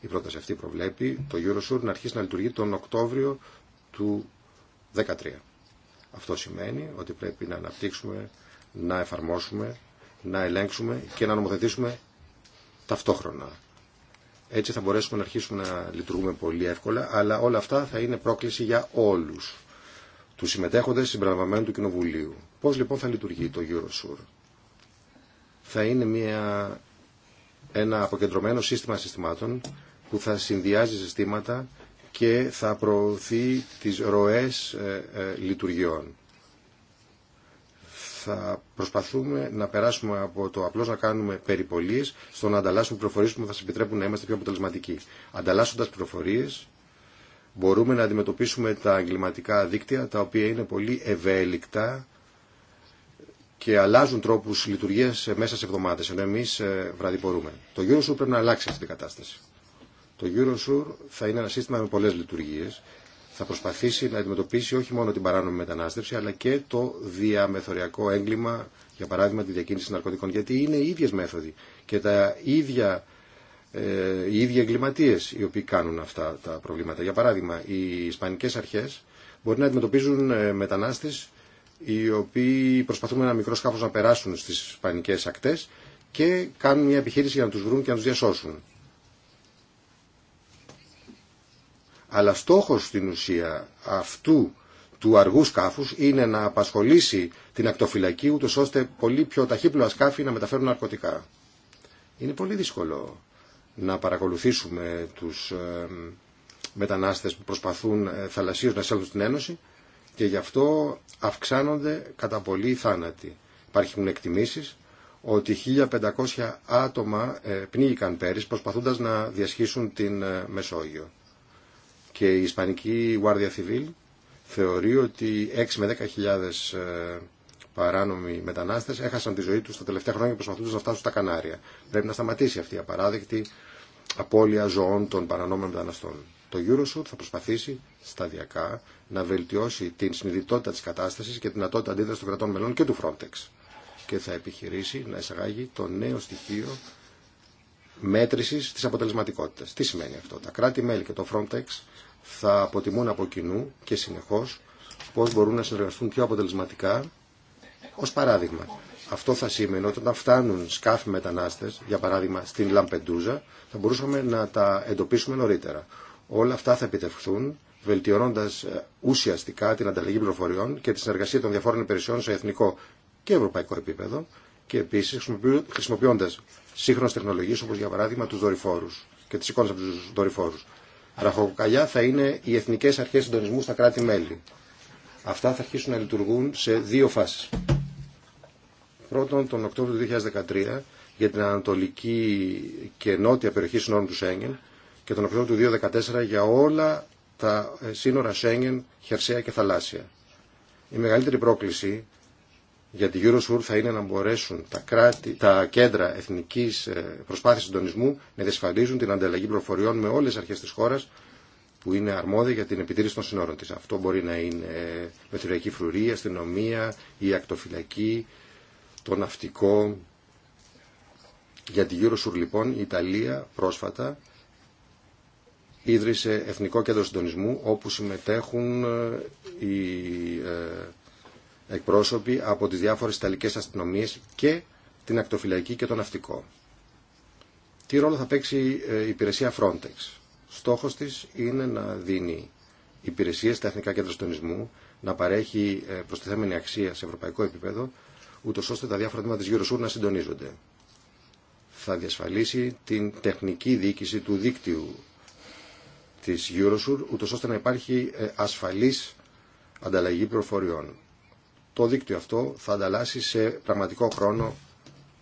Η πρόταση αυτή προβλέπει το Eurosur να αρχίσει να λειτουργεί τον Οκτώβριο του 2013. Αυτό σημαίνει ότι πρέπει να αναπτύξουμε, να εφαρμόσουμε, να ελέγξουμε και να νομοθετήσουμε ταυτόχρονα. Έτσι θα μπορέσουμε να αρχίσουμε να λειτουργούμε πολύ εύκολα, αλλά όλα αυτά θα είναι πρόκληση για όλους τους συμμετέχοντες συμπραγμαμένου του Κοινοβουλίου. Πώς λοιπόν θα λειτουργεί το Eurosur. Θα είναι μια, ένα αποκεντρωμένο σύστημα συστημάτων που θα συνδυάζει συστήματα και θα προωθεί τις ροές ε, ε, λειτουργιών θα προσπαθούμε να περάσουμε από το απλώ να κάνουμε περιπολίες στο να ανταλλάσσουμε πληροφορίε που θα σα επιτρέπουν να είμαστε πιο αποτελεσματικοί. Ανταλλάσσοντα πληροφορίε μπορούμε να αντιμετωπίσουμε τα εγκληματικά δίκτυα τα οποία είναι πολύ ευέλικτα και αλλάζουν τρόπου λειτουργίας μέσα σε εβδομάδες, ενώ εμείς ε, βραδιπορούμε. Το Eurosur πρέπει να αλλάξει αυτή την κατάσταση. Το Eurosur θα είναι ένα σύστημα με πολλέ λειτουργίε θα προσπαθήσει να αντιμετωπίσει όχι μόνο την παράνομη μετανάστευση, αλλά και το διαμεθοριακό έγκλημα, για παράδειγμα τη διακίνηση ναρκωτικών. Γιατί είναι οι ίδιε μέθοδοι και τα ίδια, ε, οι ίδιοι εγκληματίε οι οποίοι κάνουν αυτά τα προβλήματα. Για παράδειγμα, οι Ισπανικέ αρχέ μπορεί να αντιμετωπίζουν ε, μετανάστε οι οποίοι προσπαθούν με ένα μικρό σκάφο να περάσουν στι Ισπανικέ ακτέ και κάνουν μια επιχείρηση για να του βρουν και να του διασώσουν. Αλλά στόχος στην ουσία αυτού του αργού σκάφου είναι να απασχολήσει την ακτοφυλακή ούτω ώστε πολύ πιο ταχύπλοα σκάφη να μεταφέρουν ναρκωτικά. Είναι πολύ δύσκολο να παρακολουθήσουμε τους ε, μετανάστες που προσπαθούν ε, θαλασσίως να εισέλθουν στην Ένωση και γι' αυτό αυξάνονται κατά πολύ θάνατοι. Υπάρχουν εκτιμήσεις ότι 1.500 άτομα ε, πνίγηκαν πέρυσι προσπαθώντα να διασχίσουν την Μεσόγειο και η Ισπανική Guardia Civil θεωρεί ότι 6 με 10 10.000 ε, παράνομοι μετανάστες έχασαν τη ζωή τους τα τελευταία χρόνια και προσπαθούν να φτάσουν στα Κανάρια. Πρέπει να σταματήσει αυτή η απαράδεκτη απώλεια ζωών των παρανόμων μεταναστών. Το Eurosur θα προσπαθήσει σταδιακά να βελτιώσει την συνειδητότητα της κατάστασης και την δυνατότητα αντίδραση των κρατών μελών και του Frontex και θα επιχειρήσει να εισαγάγει το νέο στοιχείο μέτρησης της αποτελεσματικότητας. Τι σημαίνει αυτό. Τα κράτη-μέλη και το Frontex θα αποτιμούν από κοινού και συνεχώς πώς μπορούν να συνεργαστούν πιο αποτελεσματικά. Ως παράδειγμα, αυτό θα σήμαινε ότι όταν φτάνουν σκάφη μετανάστες, για παράδειγμα στην Λαμπεντούζα, θα μπορούσαμε να τα εντοπίσουμε νωρίτερα. Όλα αυτά θα επιτευχθούν βελτιώνοντα ε, ουσιαστικά την ανταλλαγή πληροφοριών και τη συνεργασία των διαφόρων υπηρεσιών σε εθνικό και ευρωπαϊκό επίπεδο και επίσης χρησιμοποιώντας σύγχρονες τεχνολογίες όπως για παράδειγμα τους δορυφόρους και τις εικόνες από τους δορυφόρους ραχοκοκαλιά θα είναι οι εθνικές αρχές συντονισμού στα κράτη-μέλη. Αυτά θα αρχίσουν να λειτουργούν σε δύο φάσεις. Πρώτον, τον Οκτώβριο του 2013 για την ανατολική και νότια περιοχή συνόρων του Σέγγεν και τον Οκτώβριο του 2014 για όλα τα ε, σύνορα Σέγγεν, χερσαία και θαλάσσια. Η μεγαλύτερη πρόκληση για την Eurosur θα είναι να μπορέσουν τα, κράτη, τα κέντρα εθνικής ε, προσπάθειας συντονισμού να διασφαλίζουν την ανταλλαγή πληροφοριών με όλες τις αρχές της χώρας που είναι αρμόδια για την επιτήρηση των συνόρων τη. Αυτό μπορεί να είναι ε, μεθοριακή φρουρή, αστυνομία, η ακτοφυλακή, το ναυτικό. Για την Eurosur λοιπόν η Ιταλία πρόσφατα ίδρυσε Εθνικό Κέντρο Συντονισμού όπου συμμετέχουν ε, οι εκπρόσωποι από τις διάφορες Ιταλικές αστυνομίες και την ακτοφυλακή και το ναυτικό. Τι ρόλο θα παίξει ε, η υπηρεσία Frontex. Στόχος της είναι να δίνει υπηρεσίες στα εθνικά κέντρα Στονισμού να παρέχει ε, προστιθέμενη αξία σε ευρωπαϊκό επίπεδο, ούτως ώστε τα διάφορα τμήματα της Eurosur να συντονίζονται. Θα διασφαλίσει την τεχνική διοίκηση του δίκτυου της Eurosur, ούτως ώστε να υπάρχει ε, ασφαλής ανταλλαγή προφοριών το δίκτυο αυτό θα ανταλλάσσει σε πραγματικό χρόνο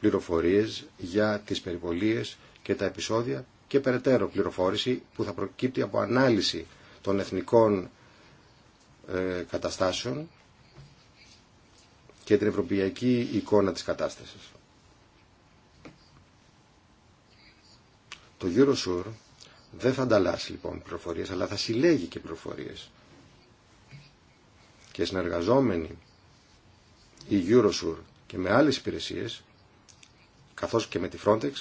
πληροφορίες για τις περιπολίες και τα επεισόδια και περαιτέρω πληροφόρηση που θα προκύπτει από ανάλυση των εθνικών ε, καταστάσεων και την ευρωπαϊκή εικόνα της κατάστασης. Το Eurosur δεν θα ανταλλάσσει λοιπόν πληροφορίες, αλλά θα συλλέγει και πληροφορίες. Και συνεργαζόμενοι η Eurosur και με άλλες υπηρεσίες, καθώς και με τη Frontex,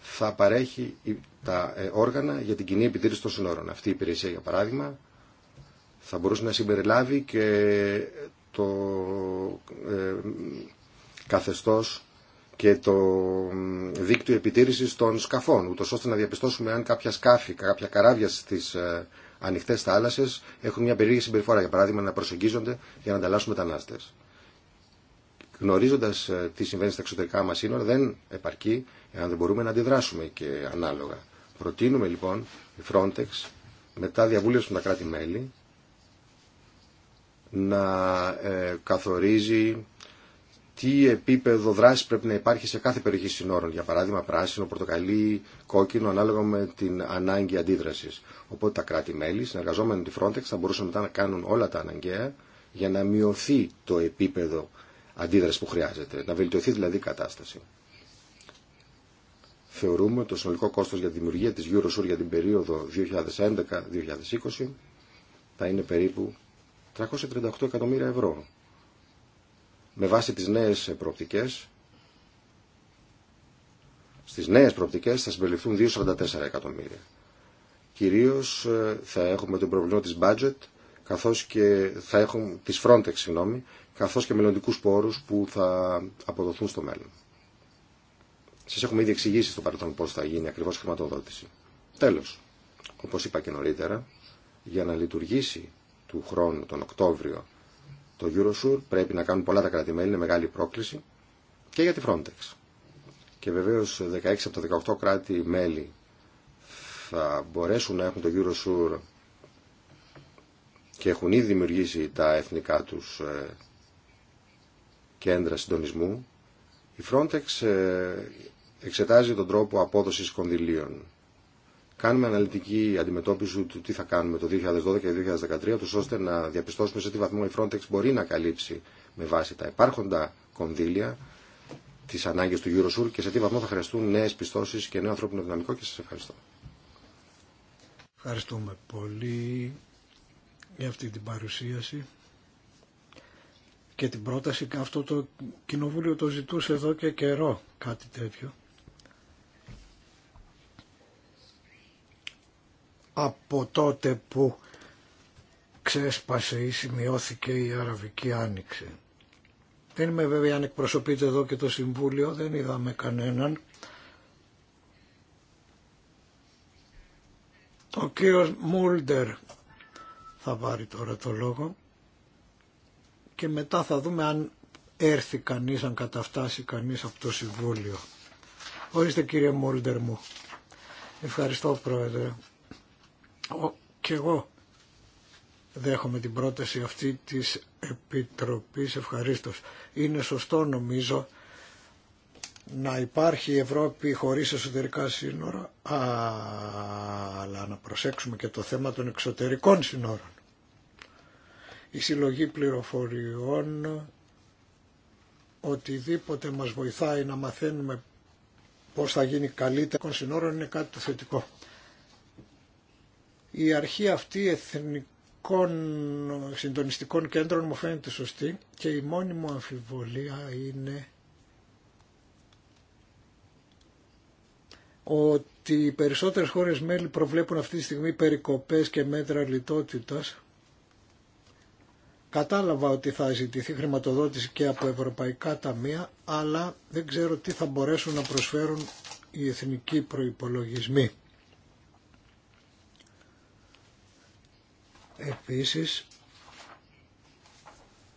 θα παρέχει τα ε, όργανα για την κοινή επιτήρηση των συνόρων. Αυτή η υπηρεσία, για παράδειγμα, θα μπορούσε να συμπεριλάβει και το ε, καθεστώς και το δίκτυο επιτήρησης των σκαφών, ούτως ώστε να διαπιστώσουμε αν κάποια σκάφη, κάποια καράβια στις ε, ανοιχτές θάλασσες έχουν μια περίεργη συμπεριφορά, για παράδειγμα να προσεγγίζονται για να ανταλλάσσουν μετανάστες γνωρίζοντα ε, τι συμβαίνει στα εξωτερικά μα σύνορα, δεν επαρκεί εάν δεν μπορούμε να αντιδράσουμε και ανάλογα. Προτείνουμε λοιπόν η Frontex μετά διαβούλευση με τα κράτη-μέλη να ε, καθορίζει τι επίπεδο δράση πρέπει να υπάρχει σε κάθε περιοχή συνόρων. Για παράδειγμα, πράσινο, πορτοκαλί, κόκκινο, ανάλογα με την ανάγκη αντίδραση. Οπότε τα κράτη-μέλη, συνεργαζόμενοι με τη Frontex, θα μπορούσαν μετά να κάνουν όλα τα αναγκαία για να μειωθεί το επίπεδο αντίδραση που χρειάζεται. Να βελτιωθεί δηλαδή η κατάσταση. Θεωρούμε το συνολικό κόστος για τη δημιουργία της Eurosur για την περίοδο 2011-2020 θα είναι περίπου 338 εκατομμύρια ευρώ. Με βάση τις νέες προοπτικές, στις νέες προοπτικές θα συμπεριληφθούν 2,44 εκατομμύρια. Κυρίως ε, θα έχουμε τον προβλημό της budget καθώς και θα έχουν, τις Frontex, συγγνώμη, καθώς και μελλοντικού πόρους που θα αποδοθούν στο μέλλον. Σας έχουμε ήδη εξηγήσει στο παρελθόν πώς θα γίνει ακριβώς η χρηματοδότηση. Τέλος, όπως είπα και νωρίτερα, για να λειτουργήσει του χρόνου, τον Οκτώβριο, το Eurosur πρέπει να κάνουν πολλά τα κράτη-μέλη, είναι μεγάλη πρόκληση και για τη Frontex. Και βεβαίως 16 από τα 18 κράτη-μέλη θα μπορέσουν να έχουν το Eurosur και έχουν ήδη δημιουργήσει τα εθνικά τους ε, κέντρα συντονισμού, η Frontex ε, εξετάζει τον τρόπο απόδοσης κονδυλίων. Κάνουμε αναλυτική αντιμετώπιση του τι θα κάνουμε το 2012 και το 2013, τους ώστε να διαπιστώσουμε σε τι βαθμό η Frontex μπορεί να καλύψει με βάση τα υπάρχοντα κονδύλια τις ανάγκες του Eurosur και σε τι βαθμό θα χρειαστούν νέες πιστώσεις και νέο ανθρώπινο δυναμικό και σας ευχαριστώ. Ευχαριστούμε πολύ για αυτή την παρουσίαση και την πρόταση. Αυτό το κοινοβούλιο το ζητούσε εδώ και καιρό κάτι τέτοιο. Από τότε που ξέσπασε ή σημειώθηκε η Αραβική Άνοιξη. Δεν είμαι βέβαια αν εκπροσωπείται εδώ και το Συμβούλιο, δεν είδαμε κανέναν. Ο κύριος Μούλτερ θα πάρει τώρα το λόγο και μετά θα δούμε αν έρθει κανείς, αν καταφτάσει κανείς από το Συμβούλιο. Ορίστε κύριε Μόλντερ μου. Ευχαριστώ πρόεδρε. Ο, και εγώ δέχομαι την πρόταση αυτή της Επιτροπής ευχαρίστως. Είναι σωστό νομίζω να υπάρχει η Ευρώπη χωρίς εσωτερικά σύνορα, αλλά να προσέξουμε και το θέμα των εξωτερικών σύνορων η συλλογή πληροφοριών, οτιδήποτε μας βοηθάει να μαθαίνουμε πώς θα γίνει καλύτερα των συνόρων είναι κάτι το θετικό. Η αρχή αυτή εθνικών συντονιστικών κέντρων μου φαίνεται σωστή και η μόνη μου αμφιβολία είναι ότι οι περισσότερες χώρες μέλη προβλέπουν αυτή τη στιγμή περικοπές και μέτρα λιτότητας Κατάλαβα ότι θα ζητηθεί χρηματοδότηση και από ευρωπαϊκά ταμεία, αλλά δεν ξέρω τι θα μπορέσουν να προσφέρουν οι εθνικοί προϋπολογισμοί. Επίσης,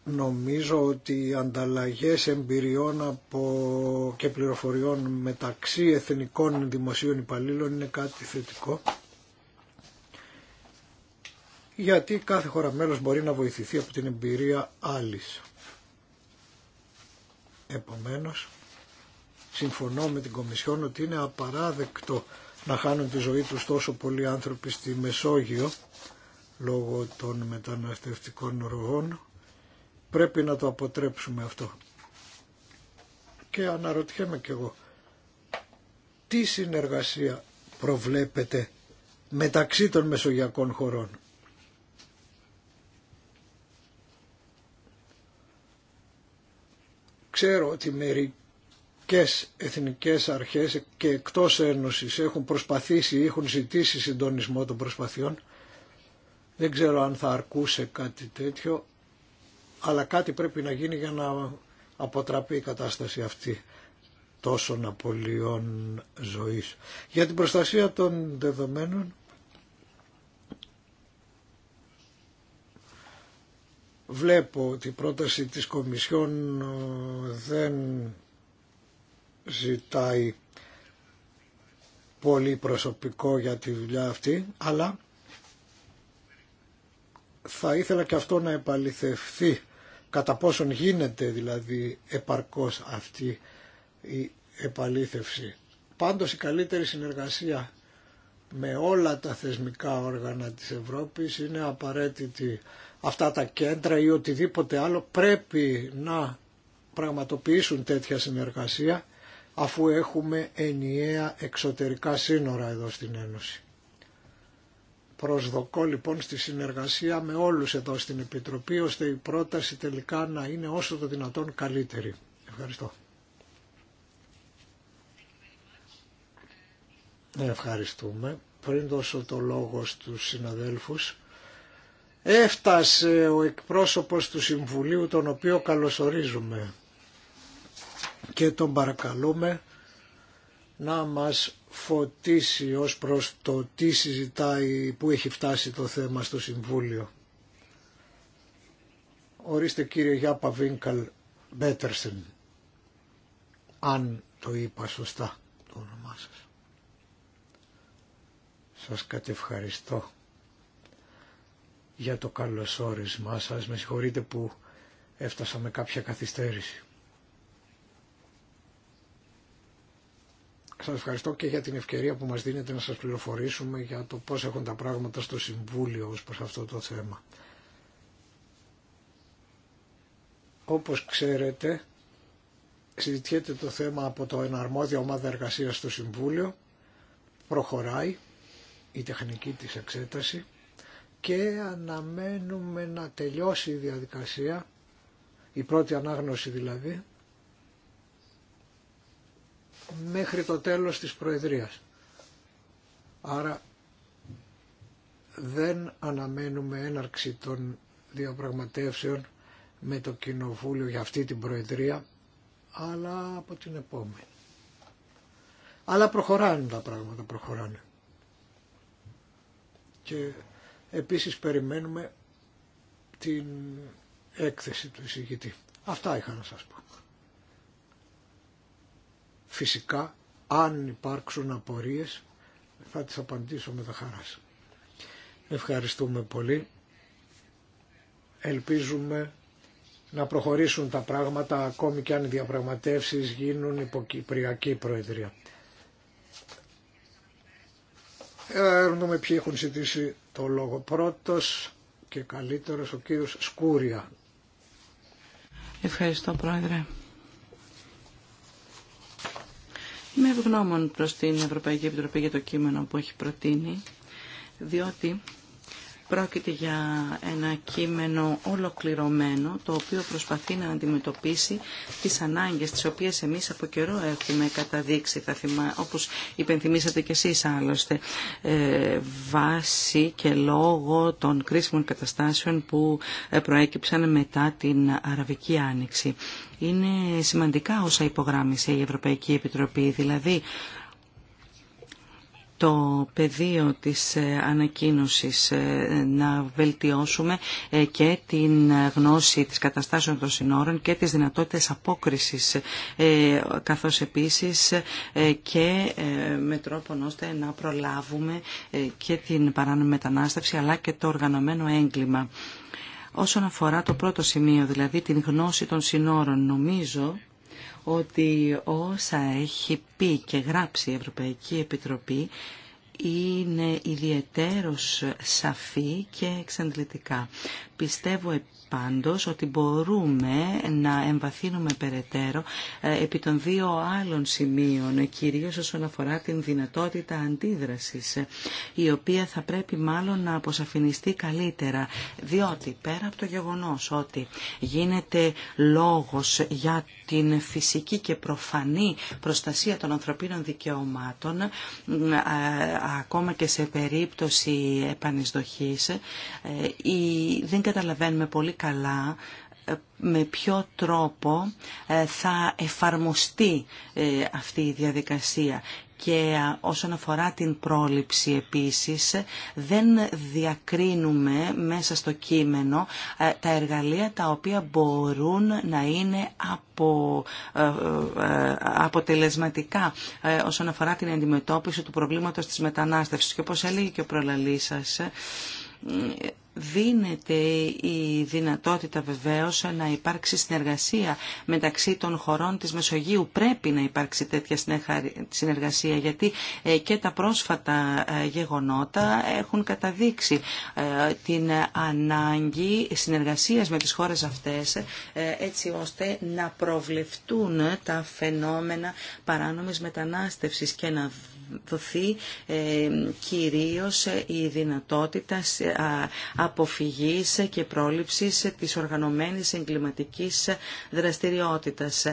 νομίζω ότι οι ανταλλαγές εμπειριών από και πληροφοριών μεταξύ εθνικών δημοσίων υπαλλήλων είναι κάτι θετικό γιατί κάθε χώρα μέλος μπορεί να βοηθηθεί από την εμπειρία άλλης. Επομένως, συμφωνώ με την Κομισιόν ότι είναι απαράδεκτο να χάνουν τη ζωή τους τόσο πολλοί άνθρωποι στη Μεσόγειο λόγω των μεταναστευτικών ροών. Πρέπει να το αποτρέψουμε αυτό. Και αναρωτιέμαι κι εγώ, τι συνεργασία προβλέπετε μεταξύ των μεσογειακών χωρών. Ξέρω ότι μερικές εθνικές αρχές και εκτός Ένωσης έχουν προσπαθήσει ή έχουν ζητήσει συντονισμό των προσπαθειών. Δεν ξέρω αν θα αρκούσε κάτι τέτοιο, αλλά κάτι πρέπει να γίνει για να αποτραπεί η κατάσταση αυτή τόσων απολειών ζωής. Για την προστασία των δεδομένων Βλέπω ότι η πρόταση της Κομισιόν ε, δεν ζητάει πολύ προσωπικό για τη δουλειά αυτή, αλλά θα ήθελα και αυτό να επαληθευθεί κατά πόσον γίνεται δηλαδή επαρκώς αυτή η επαλήθευση. Πάντως η καλύτερη συνεργασία με όλα τα θεσμικά όργανα της Ευρώπης είναι απαραίτητη αυτά τα κέντρα ή οτιδήποτε άλλο πρέπει να πραγματοποιήσουν τέτοια συνεργασία αφού έχουμε ενιαία εξωτερικά σύνορα εδώ στην Ένωση. Προσδοκώ λοιπόν στη συνεργασία με όλους εδώ στην Επιτροπή ώστε η πρόταση τελικά να είναι όσο το δυνατόν καλύτερη. Ευχαριστώ. Ευχαριστούμε. Πριν δώσω το λόγο στους συναδέλφους Έφτασε ο εκπρόσωπος του Συμβουλίου τον οποίο καλωσορίζουμε και τον παρακαλούμε να μας φωτίσει ως προς το τι συζητάει, που έχει φτάσει το θέμα στο Συμβούλιο. Ορίστε κύριε Γιάπα Βίνκαλ Μπέτερσεν, αν το είπα σωστά το όνομά σας. Σας κατευχαριστώ για το καλωσόρισμά σας. Με συγχωρείτε που έφτασα με κάποια καθυστέρηση. Σας ευχαριστώ και για την ευκαιρία που μας δίνετε να σας πληροφορήσουμε για το πώς έχουν τα πράγματα στο Συμβούλιο ως προς αυτό το θέμα. Όπως ξέρετε, συζητιέται το θέμα από το εναρμόδια ομάδα εργασίας στο Συμβούλιο, προχωράει η τεχνική της εξέταση και αναμένουμε να τελειώσει η διαδικασία, η πρώτη ανάγνωση δηλαδή, μέχρι το τέλος της Προεδρίας. Άρα δεν αναμένουμε έναρξη των διαπραγματεύσεων με το Κοινοβούλιο για αυτή την Προεδρία, αλλά από την επόμενη. Αλλά προχωράνε τα πράγματα, προχωράνε. Και Επίσης περιμένουμε την έκθεση του εισηγητή. Αυτά είχα να σας πω. Φυσικά, αν υπάρξουν απορίες, θα τις απαντήσω με τα χαράς. Ευχαριστούμε πολύ. Ελπίζουμε να προχωρήσουν τα πράγματα ακόμη και αν οι διαπραγματεύσεις γίνουν υπό Προεδρία. Ευχαριστούμε ποιοι έχουν ζητήσει το λόγο. Πρώτος και καλύτερος ο κύριος Σκούρια. Ευχαριστώ πρόεδρε. Είμαι ευγνώμων προς την Ευρωπαϊκή Επιτροπή για το κείμενο που έχει προτείνει, διότι Πρόκειται για ένα κείμενο ολοκληρωμένο, το οποίο προσπαθεί να αντιμετωπίσει τις ανάγκες τις οποίες εμείς από καιρό έχουμε καταδείξει, θα θυμά, όπως υπενθυμίσατε κι εσείς άλλωστε, ε, βάση και λόγο των κρίσιμων καταστάσεων που ε, προέκυψαν μετά την Αραβική Άνοιξη. Είναι σημαντικά όσα υπογράμμισε η Ευρωπαϊκή Επιτροπή, δηλαδή το πεδίο της ε, ανακοίνωσης ε, να βελτιώσουμε ε, και την γνώση της καταστάσεων των συνόρων και τις δυνατότητες απόκρισης καθώς επίσης και με τρόπο ώστε να προλάβουμε και την παράνομη μετανάστευση αλλά και το οργανωμένο έγκλημα. Όσον αφορά το πρώτο σημείο, δηλαδή την γνώση των συνόρων, νομίζω ότι όσα έχει πει και γράψει η Ευρωπαϊκή Επιτροπή είναι ιδιαιτέρως σαφή και εξαντλητικά. Πιστεύω πάντως ότι μπορούμε να εμβαθύνουμε περαιτέρω ε, επί των δύο άλλων σημείων, κυρίως όσον αφορά την δυνατότητα αντίδρασης, ε, η οποία θα πρέπει μάλλον να αποσαφινιστεί καλύτερα, διότι πέρα από το γεγονός ότι γίνεται λόγος για την φυσική και προφανή προστασία των ανθρωπίνων δικαιωμάτων, ε, ακόμα και σε περίπτωση επανεισδοχής ε, δεν καταλαβαίνουμε πολύ καλά ε, με ποιο τρόπο ε, θα εφαρμοστεί αυτή η διαδικασία και όσον αφορά την πρόληψη επίσης δεν διακρίνουμε μέσα στο κείμενο ε, τα εργαλεία τα οποία μπορούν να είναι απο, ε, ε, αποτελεσματικά όσον αφορά την αντιμετώπιση του προβλήματος της μετανάστευσης και όπως έλεγε και ο προλαλής δίνεται η δυνατότητα βεβαίως να υπάρξει συνεργασία μεταξύ των χωρών της Μεσογείου. Πρέπει να υπάρξει τέτοια συνεργασία γιατί ε, και τα πρόσφατα ε, γεγονότα έχουν καταδείξει ε, την ανάγκη συνεργασίας με τις χώρες αυτές έτσι ώστε να προβλεφτούν τα φαινόμενα παράνομης μετανάστευσης και να δοθεί ε, κυρίως ε, η δυνατότητα ε, αποφυγής και πρόληψης της οργανωμένης εγκληματικής δραστηριότητας.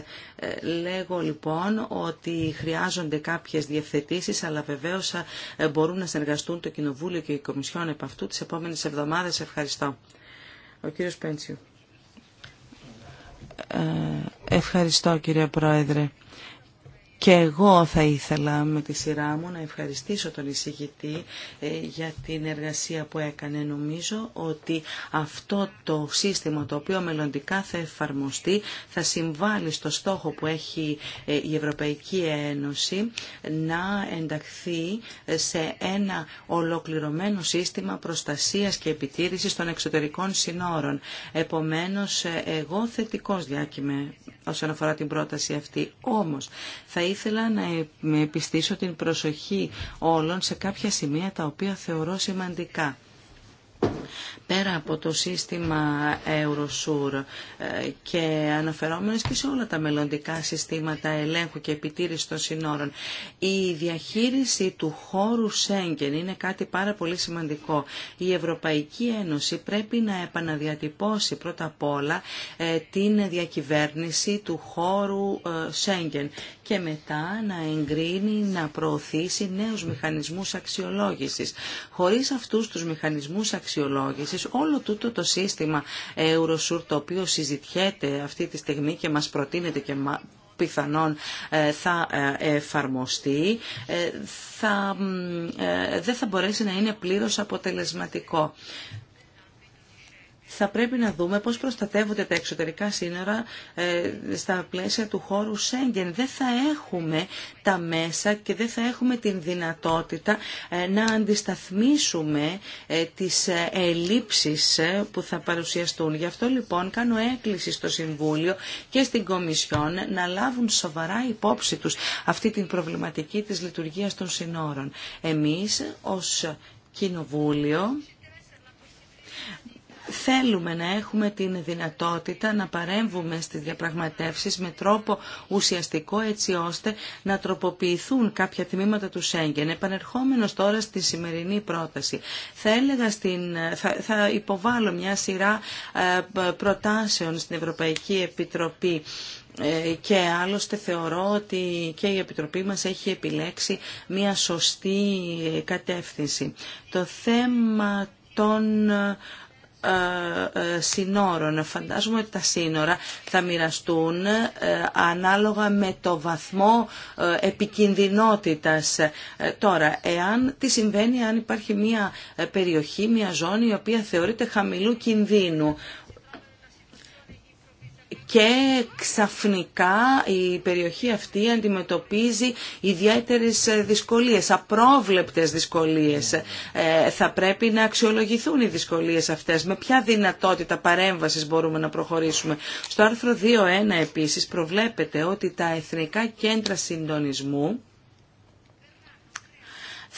Λέγω λοιπόν ότι χρειάζονται κάποιες διευθετήσεις, αλλά βεβαίως μπορούν να συνεργαστούν το Κοινοβούλιο και η Κομισιόν επ' αυτού τις επόμενες εβδομάδες. Ευχαριστώ. Ο κύριος Πέντσιου. Ευχαριστώ κύριε Πρόεδρε. Και εγώ θα ήθελα με τη σειρά μου να ευχαριστήσω τον εισηγητή ε, για την εργασία που έκανε. Νομίζω ότι αυτό το σύστημα το οποίο μελλοντικά θα εφαρμοστεί θα συμβάλλει στο στόχο που έχει ε, η Ευρωπαϊκή Ένωση να ενταχθεί σε ένα ολοκληρωμένο σύστημα προστασίας και επιτήρησης των εξωτερικών συνόρων. Επομένως, ε, εγώ θετικός διάκειμε όσον αφορά την πρόταση αυτή. Όμως θα ήθελα να επιστήσω την προσοχή όλων σε κάποια σημεία τα οποία θεωρώ σημαντικά πέρα από το σύστημα Eurosur ε, και αναφερόμενες και σε όλα τα μελλοντικά συστήματα ελέγχου και επιτήρηση των συνόρων. Η διαχείριση του χώρου Σέγγεν είναι κάτι πάρα πολύ σημαντικό. Η Ευρωπαϊκή Ένωση πρέπει να επαναδιατυπώσει πρώτα απ' όλα ε, την διακυβέρνηση του χώρου ε, Σέγγεν και μετά να εγκρίνει, να προωθήσει νέους μηχανισμούς αξιολόγησης. Χωρίς αυτούς τους μηχανισμούς όλο τούτο το σύστημα Eurosur το οποίο συζητιέται αυτή τη στιγμή και μας προτείνεται και πιθανόν ε, θα ε, εφαρμοστεί, ε, θα, δεν θα μπορέσει να είναι πλήρως αποτελεσματικό θα πρέπει να δούμε πώς προστατεύονται τα εξωτερικά σύνορα ε, στα πλαίσια του χώρου Σέγγεν. Δεν θα έχουμε τα μέσα και δεν θα έχουμε την δυνατότητα ε, να αντισταθμίσουμε ε, τις ελλείψεις που θα παρουσιαστούν. Γι' αυτό λοιπόν κάνω έκκληση στο Συμβούλιο και στην Κομισιόν να λάβουν σοβαρά υπόψη τους αυτή την προβληματική της λειτουργίας των συνόρων. Εμείς ως Κοινοβούλιο θέλουμε να έχουμε την δυνατότητα να παρέμβουμε στις διαπραγματεύσεις με τρόπο ουσιαστικό έτσι ώστε να τροποποιηθούν κάποια τμήματα του Σέγγεν. Επανερχόμενος τώρα στη σημερινή πρόταση, θα, έλεγα στην, θα, υποβάλω μια σειρά ε, προτάσεων στην Ευρωπαϊκή Επιτροπή ε, και άλλωστε θεωρώ ότι και η Επιτροπή μας έχει επιλέξει μια σωστή κατεύθυνση. Το θέμα των ε, ε, συνόρων. Φαντάζομαι ότι τα σύνορα θα μοιραστούν ε, ανάλογα με το βαθμό επικινδυνότητας. Τώρα, εάν τι συμβαίνει αν υπάρχει μια περιοχή, μια ζώνη η οποία θεωρείται χαμηλού κινδύνου και ξαφνικά η περιοχή αυτή αντιμετωπίζει ιδιαίτερες δυσκολίες, απρόβλεπτες δυσκολίες. Ε, θα πρέπει να αξιολογηθούν οι δυσκολίες αυτές. Με ποια δυνατότητα παρέμβασης μπορούμε να προχωρήσουμε. Στο άρθρο 2.1 επίσης προβλέπεται ότι τα εθνικά κέντρα συντονισμού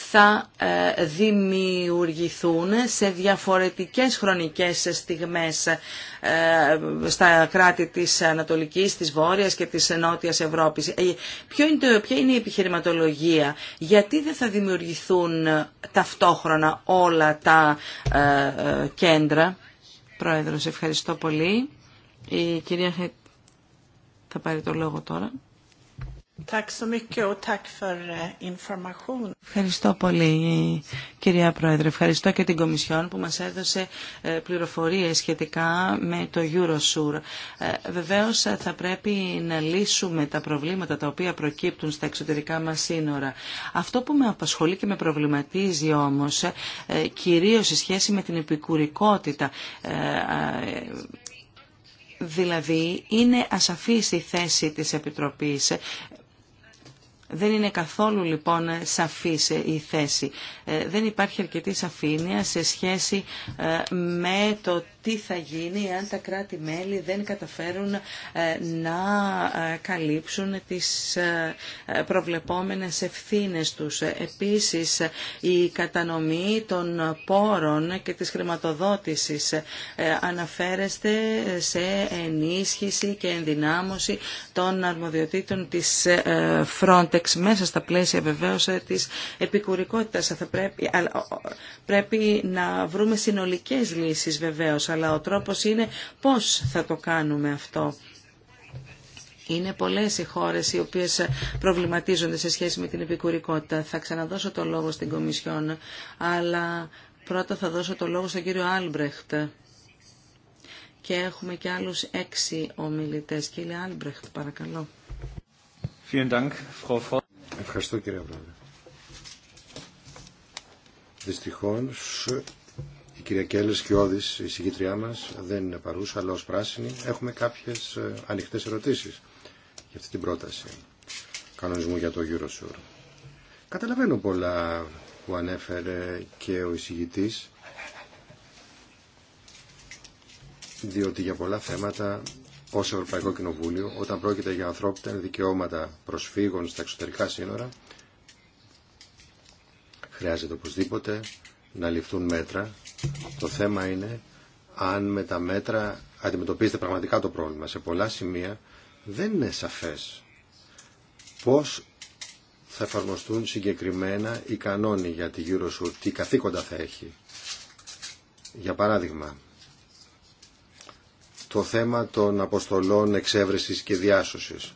θα ε, δημιουργηθούν σε διαφορετικές χρονικές στιγμές ε, στα κράτη της Ανατολικής, της Βόρειας και της Νότιας Ευρώπης. Ε, ποιο είναι ποια είναι η επιχειρηματολογία, γιατί δεν θα δημιουργηθούν ταυτόχρονα όλα τα κέντρα. Πρόεδρος, ευχαριστώ πολύ. Η κυρία θα πάρει το λόγο τώρα. Eh, Ευχαριστώ πολύ κυρία Πρόεδρε. Ευχαριστώ και την Κομισιόν που μας έδωσε ε, πληροφορίες σχετικά με το Eurosur. Ε, βεβαίως ε, θα πρέπει να λύσουμε τα προβλήματα τα οποία προκύπτουν στα εξωτερικά μας σύνορα. Αυτό που με απασχολεί και με προβληματίζει όμως κυρίως σε σχέση με την επικουρικότητα δηλαδή είναι ασαφής η θέση της Επιτροπής δεν είναι καθόλου λοιπόν σαφής η θέση. Ε, δεν υπάρχει αρκετή σαφήνεια σε σχέση ε, με το τι θα γίνει αν τα κράτη-μέλη δεν καταφέρουν ε, να καλύψουν τις προβλεπόμενες ευθύνες τους. Επίσης, η κατανομή των πόρων και της χρηματοδότησης αναφέρεστε σε ενίσχυση και ενδυνάμωση των αρμοδιοτήτων της Frontex μέσα στα πλαίσια βεβαίως της επικουρικότητας πρέπει, να βρούμε συνολικές λύσεις βεβαίως, αλλά ο τρόπος είναι πώς θα το κάνουμε αυτό. Είναι πολλές οι χώρες οι οποίες προβληματίζονται σε σχέση με την επικουρικότητα. Θα ξαναδώσω το λόγο στην Κομισιόν, αλλά πρώτα θα δώσω το λόγο στον κύριο Άλμπρεχτ. Και έχουμε και άλλους έξι ομιλητές. Κύριε Άλμπρεχτ, παρακαλώ. Ευχαριστώ κύριε Πρόεδρε. Δυστυχώς η κυρία Κέλλες και η συγκήτριά μας, δεν είναι παρούσα, αλλά ως πράσινη έχουμε κάποιες ε, ανοιχτές ερωτήσεις για αυτή την πρόταση κανονισμού για το Eurosur. Καταλαβαίνω πολλά που ανέφερε και ο εισηγητής, διότι για πολλά θέματα ως Ευρωπαϊκό Κοινοβούλιο, όταν πρόκειται για ανθρώπινα δικαιώματα προσφύγων στα εξωτερικά σύνορα, Χρειάζεται οπωσδήποτε να ληφθούν μέτρα. Το θέμα είναι αν με τα μέτρα αντιμετωπίζετε πραγματικά το πρόβλημα. Σε πολλά σημεία δεν είναι σαφές πώς θα εφαρμοστούν συγκεκριμένα οι κανόνοι για τη γύρω σου, τι καθήκοντα θα έχει. Για παράδειγμα, το θέμα των αποστολών εξέβρεσης και διάσωσης.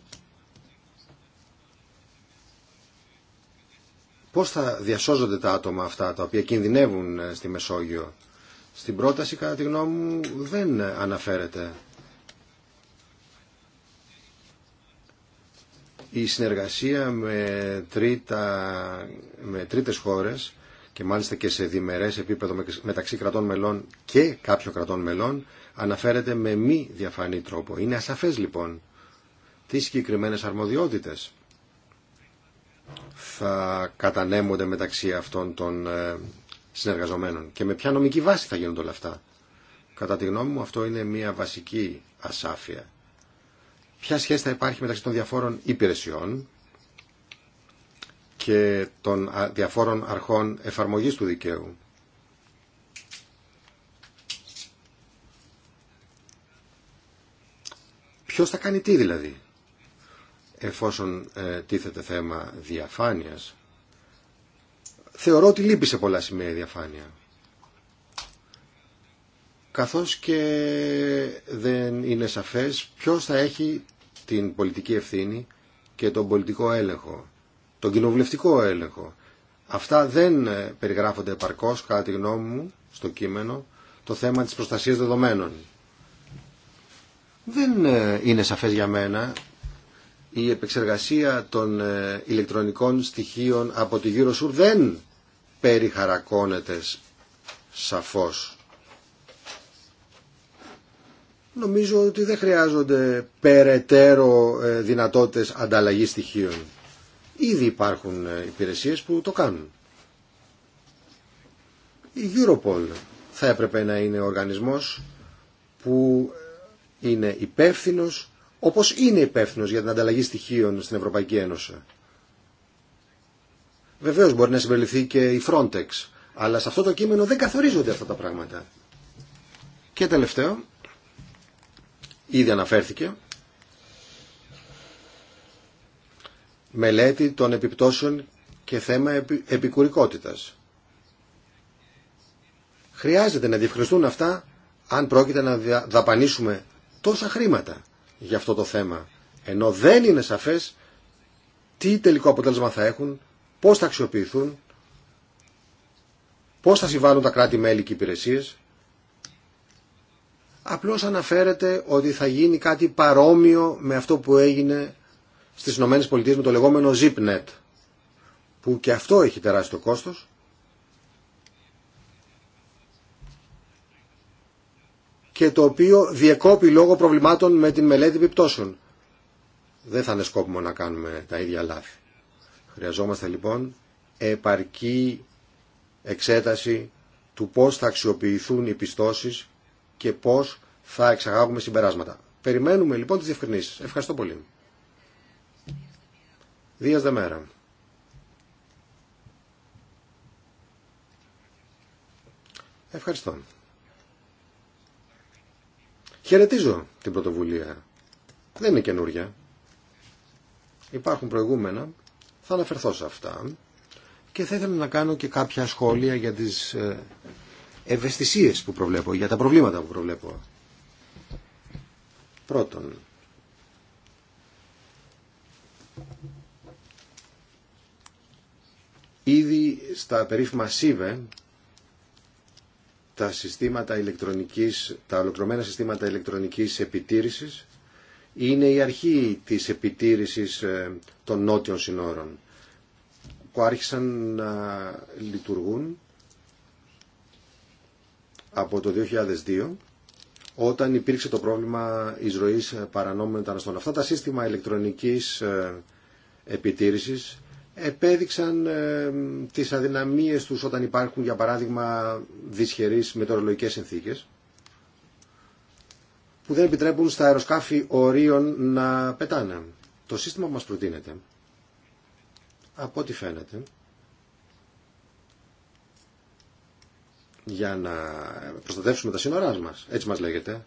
Πώς θα διασώζονται τα άτομα αυτά τα οποία κινδυνεύουν ε, στη Μεσόγειο. Στην πρόταση κατά τη γνώμη μου δεν αναφέρεται. Η συνεργασία με, τρίτα, με τρίτες χώρες και μάλιστα και σε διμερές επίπεδο μεταξύ κρατών μελών και κάποιων κρατών μελών αναφέρεται με μη διαφανή τρόπο. Είναι ασαφές λοιπόν τι συγκεκριμένε αρμοδιότητες θα κατανέμονται μεταξύ αυτών των ε, συνεργαζομένων και με ποια νομική βάση θα γίνονται όλα αυτά. Κατά τη γνώμη μου αυτό είναι μια βασική ασάφεια. Ποια σχέση θα υπάρχει μεταξύ των διαφόρων υπηρεσιών και των διαφόρων αρχών εφαρμογής του δικαίου. Ποιος θα κάνει τι δηλαδή εφόσον ε, τίθεται θέμα διαφάνειας, θεωρώ ότι λείπει σε πολλά σημεία η διαφάνεια. Καθώς και δεν είναι σαφές ποιος θα έχει την πολιτική ευθύνη και τον πολιτικό έλεγχο, τον κοινοβουλευτικό έλεγχο. Αυτά δεν ε, περιγράφονται επαρκώς, κατά τη γνώμη μου, στο κείμενο, το θέμα της προστασίας δεδομένων. Δεν ε, είναι σαφές για μένα η επεξεργασία των ε, ηλεκτρονικών στοιχείων από τη Γύρω σου δεν περιχαρακώνεται σαφώς. Νομίζω ότι δεν χρειάζονται περαιτέρω ε, δυνατότητες ανταλλαγής στοιχείων. Ήδη υπάρχουν ε, υπηρεσίες που το κάνουν. Η Europol θα έπρεπε να είναι ο οργανισμός που είναι υπεύθυνος όπως είναι υπεύθυνο για την ανταλλαγή στοιχείων στην Ευρωπαϊκή Ένωση. Βεβαίως μπορεί να συμπεριληφθεί και η Frontex, αλλά σε αυτό το κείμενο δεν καθορίζονται αυτά τα πράγματα. Και τελευταίο, ήδη αναφέρθηκε, μελέτη των επιπτώσεων και θέμα επικουρικότητας. Χρειάζεται να διευκρινιστούν αυτά αν πρόκειται να δαπανίσουμε τόσα χρήματα για αυτό το θέμα. Ενώ δεν είναι σαφές τι τελικό αποτέλεσμα θα έχουν, πώς θα αξιοποιηθούν, πώς θα συμβάλλουν τα κράτη-μέλη και οι υπηρεσίες. Απλώς αναφέρεται ότι θα γίνει κάτι παρόμοιο με αυτό που έγινε στις ΗΠΑ με το λεγόμενο ZipNet, που και αυτό έχει τεράστιο κόστος και το οποίο διεκόπη λόγω προβλημάτων με την μελέτη επιπτώσεων. Δεν θα είναι σκόπιμο να κάνουμε τα ίδια λάθη. Χρειαζόμαστε λοιπόν επαρκή εξέταση του πώς θα αξιοποιηθούν οι πιστώσεις και πώς θα εξαγάγουμε συμπεράσματα. Περιμένουμε λοιπόν τις διευκρινήσεις. Ευχαριστώ πολύ. Δίας μέρα. Ευχαριστώ. Χαιρετίζω την πρωτοβουλία. Δεν είναι καινούρια. Υπάρχουν προηγούμενα. Θα αναφερθώ σε αυτά. Και θα ήθελα να κάνω και κάποια σχόλια για τις ε, ευαισθησίες που προβλέπω, για τα προβλήματα που προβλέπω. Πρώτον, ήδη στα περίφημα ΣΥΒΕ τα συστήματα ηλεκτρονικής, τα ολοκληρωμένα συστήματα ηλεκτρονικής επιτήρησης είναι η αρχή της επιτήρησης ε, των νότιων συνόρων που άρχισαν να λειτουργούν από το 2002 όταν υπήρξε το πρόβλημα εισρωής παρανόμων μεταναστών. Αυτά τα σύστημα ηλεκτρονικής ε, επιτήρησης επέδειξαν ε, τις αδυναμίες τους όταν υπάρχουν, για παράδειγμα, δυσχερείς μετεωρολογικές συνθήκες που δεν επιτρέπουν στα αεροσκάφη ορίων να πετάνε. Το σύστημα που μας προτείνεται, από ό,τι φαίνεται, για να προστατεύσουμε τα σύνορά μας, έτσι μας λέγεται,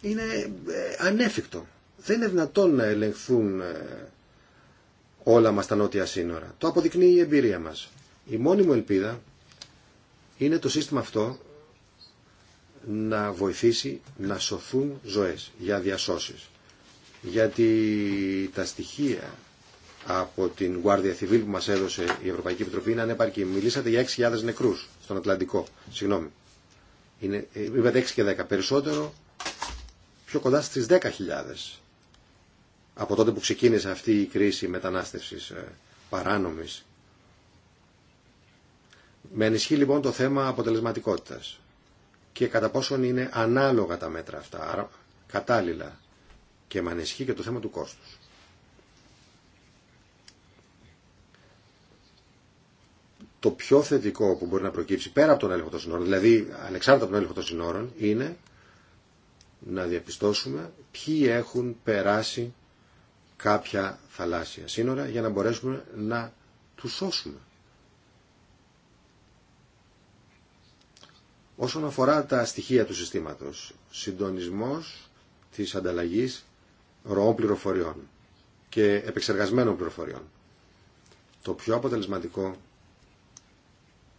είναι ε, ανέφικτο. Δεν είναι δυνατόν να ελεγχθούν ε, όλα μας τα νότια σύνορα. Το αποδεικνύει η εμπειρία μας. Η μόνη μου ελπίδα είναι το σύστημα αυτό να βοηθήσει να σωθούν ζωές για διασώσεις. Γιατί τα στοιχεία από την Guardia Civil που μας έδωσε η Ευρωπαϊκή Επιτροπή είναι ανεπαρκή. Μιλήσατε για 6.000 νεκρούς στον Ατλαντικό. Συγγνώμη. Είναι, ε, είπατε 6 και 10. Περισσότερο πιο κοντά στις 10.000 από τότε που ξεκίνησε αυτή η κρίση μετανάστευσης ε, παράνομης. Με ενισχύει λοιπόν το θέμα αποτελεσματικότητας και κατά πόσον είναι ανάλογα τα μέτρα αυτά, κατάλληλα και με ανισχύει και το θέμα του κόστους. Το πιο θετικό που μπορεί να προκύψει πέρα από τον έλεγχο των συνόρων, δηλαδή ανεξάρτητα από τον έλεγχο των συνόρων, είναι να διαπιστώσουμε ποιοι έχουν περάσει κάποια θαλάσσια σύνορα για να μπορέσουμε να τους σώσουμε. Όσον αφορά τα στοιχεία του συστήματος, συντονισμός της ανταλλαγής ροών πληροφοριών και επεξεργασμένων πληροφοριών. Το πιο αποτελεσματικό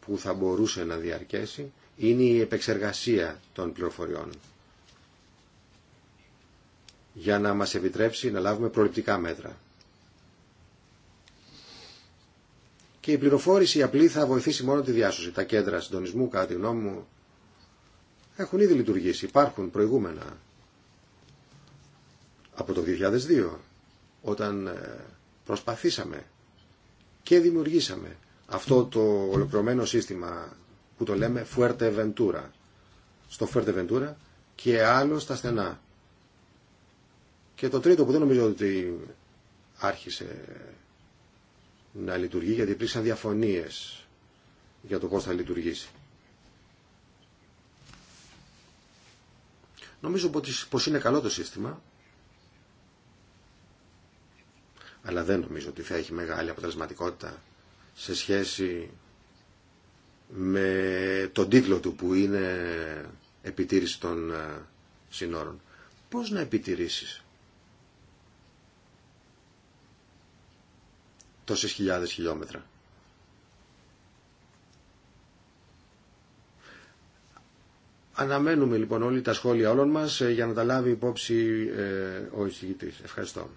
που θα μπορούσε να διαρκέσει είναι η επεξεργασία των πληροφοριών για να μας επιτρέψει να λάβουμε προληπτικά μέτρα. Και η πληροφόρηση απλή θα βοηθήσει μόνο τη διάσωση. Τα κέντρα συντονισμού, κατά τη γνώμη μου, έχουν ήδη λειτουργήσει. Υπάρχουν προηγούμενα. Από το 2002, όταν ε, προσπαθήσαμε και δημιουργήσαμε αυτό το ολοκληρωμένο σύστημα που το λέμε Fuerteventura. Στο Fuerteventura και άλλο στα στενά. Και το τρίτο που δεν νομίζω ότι άρχισε να λειτουργεί γιατί υπήρξαν διαφωνίες για το πώς θα λειτουργήσει. Νομίζω πως είναι καλό το σύστημα αλλά δεν νομίζω ότι θα έχει μεγάλη αποτελεσματικότητα σε σχέση με τον τίτλο του που είναι επιτήρηση των ε, συνόρων. Πώς να επιτηρήσεις τόσες χιλιάδες χιλιόμετρα. Αναμένουμε λοιπόν όλοι τα σχόλια όλων μας ε, για να τα λάβει υπόψη ε, ο εισηγητής. Ευχαριστώ.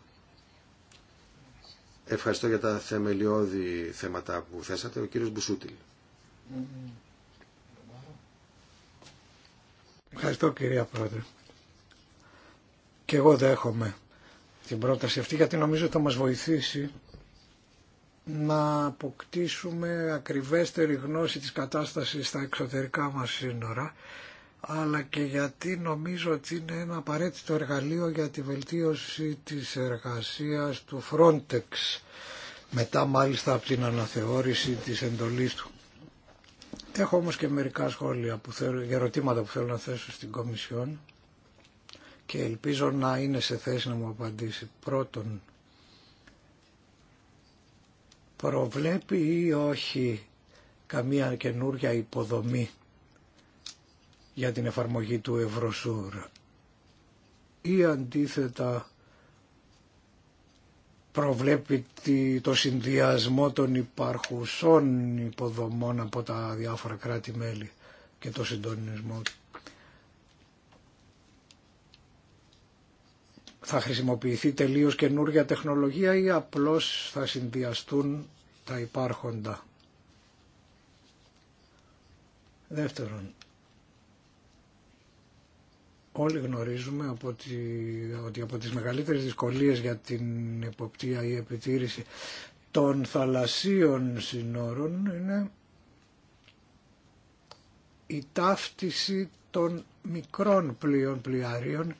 Ευχαριστώ για τα θεμελιώδη θέματα που θέσατε. Ο κύριος Μπουσούτιλ. Ευχαριστώ κυρία Πρόεδρε. Και εγώ δέχομαι την πρόταση αυτή γιατί νομίζω θα μας βοηθήσει να αποκτήσουμε ακριβέστερη γνώση της κατάστασης στα εξωτερικά μας σύνορα, αλλά και γιατί νομίζω ότι είναι ένα απαραίτητο εργαλείο για τη βελτίωση της εργασίας του Frontex, μετά μάλιστα από την αναθεώρηση της εντολής του. Έχω όμως και μερικά σχόλια που θέλω, για ερωτήματα που θέλω να θέσω στην Κομισιόν και ελπίζω να είναι σε θέση να μου απαντήσει. Πρώτον, προβλέπει ή όχι καμία καινούρια υποδομή για την εφαρμογή του Ευρωσούρ ή αντίθετα προβλέπει το συνδυασμό των υπαρχουσών υποδομών από τα διάφορα κράτη-μέλη και το συντονισμό θα χρησιμοποιηθεί τελείως καινούργια τεχνολογία ή απλώς θα συνδυαστούν τα υπάρχοντα. Δεύτερον, όλοι γνωρίζουμε ότι από τις μεγαλύτερες δυσκολίες για την εποπτεία ή επιτήρηση των θαλασσίων συνόρων είναι η ταύτιση των μικρών πλοίων πλοιαρίων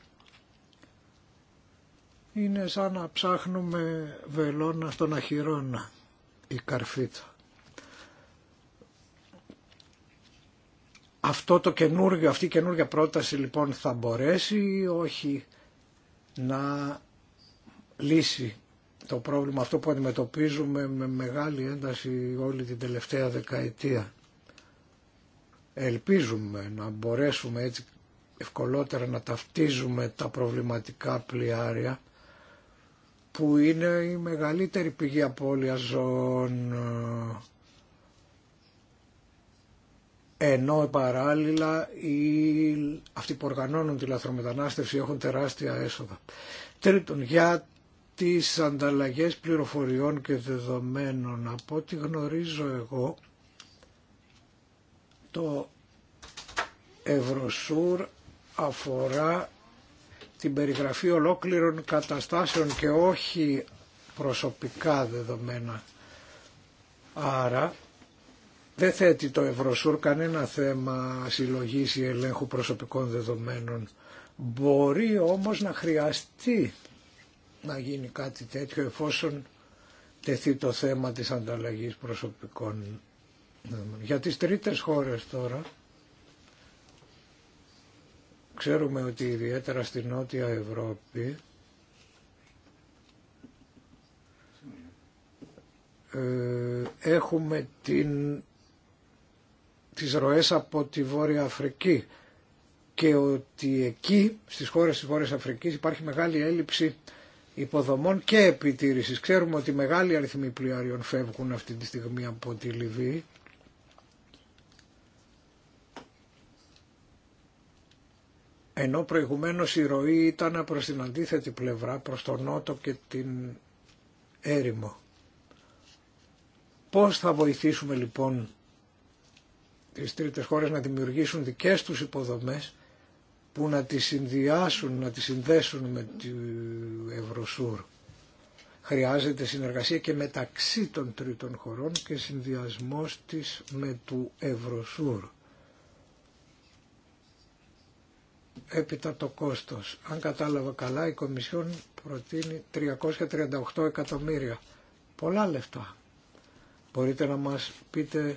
είναι σαν να ψάχνουμε βελόνα στον αχυρόνα η καρφίτσα. Αυτό το καινούργιο, αυτή η καινούργια πρόταση λοιπόν θα μπορέσει ή όχι να λύσει το πρόβλημα αυτό που αντιμετωπίζουμε με μεγάλη ένταση όλη την τελευταία δεκαετία. Ελπίζουμε να μπορέσουμε έτσι ευκολότερα να ταυτίζουμε τα προβληματικά πλοιάρια που είναι η μεγαλύτερη πηγή απώλεια ζώων ενώ παράλληλα οι, αυτοί που οργανώνουν τη λαθρομετανάστευση έχουν τεράστια έσοδα. Τρίτον, για τις ανταλλαγές πληροφοριών και δεδομένων, από ό,τι γνωρίζω εγώ, το Ευρωσούρ αφορά την περιγραφή ολόκληρων καταστάσεων και όχι προσωπικά δεδομένα. Άρα δεν θέτει το Ευρωσούρ κανένα θέμα συλλογής ή ελέγχου προσωπικών δεδομένων. Μπορεί όμως να χρειαστεί να γίνει κάτι τέτοιο εφόσον τεθεί το θέμα της ανταλλαγής προσωπικών. Για τις τρίτες χώρες τώρα Ξέρουμε ότι ιδιαίτερα στη Νότια Ευρώπη ε, έχουμε την, τις ροές από τη Βόρεια Αφρική και ότι εκεί στις χώρες της Βόρειας Αφρικής υπάρχει μεγάλη έλλειψη υποδομών και επιτήρησης. Ξέρουμε ότι μεγάλοι αριθμοί πλοιάριων φεύγουν αυτή τη στιγμή από τη Λιβύη ενώ προηγουμένως η ροή ήταν προς την αντίθετη πλευρά, προς τον νότο και την έρημο. Πώς θα βοηθήσουμε λοιπόν τις τρίτες χώρες να δημιουργήσουν δικές τους υποδομές που να τις συνδυάσουν, να τις συνδέσουν με την Ευρωσούρ. Χρειάζεται συνεργασία και μεταξύ των τρίτων χωρών και συνδυασμός της με του Ευρωσούρ. έπειτα το κόστος. Αν κατάλαβα καλά η Κομισιόν προτείνει 338 εκατομμύρια. Πολλά λεφτά. Μπορείτε να μας πείτε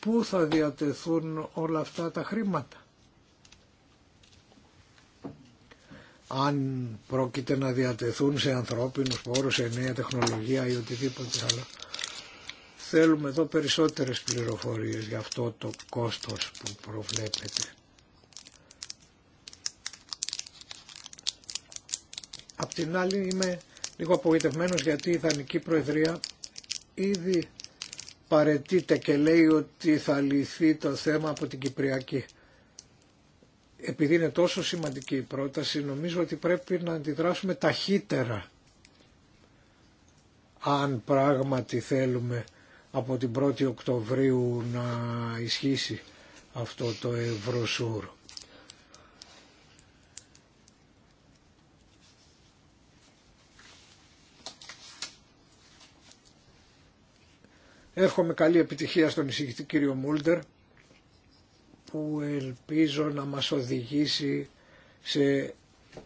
πού θα διατεθούν όλα αυτά τα χρήματα. Αν πρόκειται να διατεθούν σε ανθρώπινους πόρους, σε νέα τεχνολογία ή οτιδήποτε άλλο. Θέλουμε εδώ περισσότερες πληροφορίες για αυτό το κόστος που προβλέπετε. Απ' την άλλη είμαι λίγο απογοητευμένος γιατί η Ιδανική Προεδρία ήδη παρετείται και λέει ότι θα λυθεί το θέμα από την Κυπριακή. Επειδή είναι τόσο σημαντική η πρόταση, νομίζω ότι πρέπει να αντιδράσουμε ταχύτερα. Αν πράγματι θέλουμε από την 1η Οκτωβρίου να ισχύσει αυτό το ευρωσούρο. Εύχομαι καλή επιτυχία στον εισηγητή κύριο Μούλτερ που ελπίζω να μας οδηγήσει σε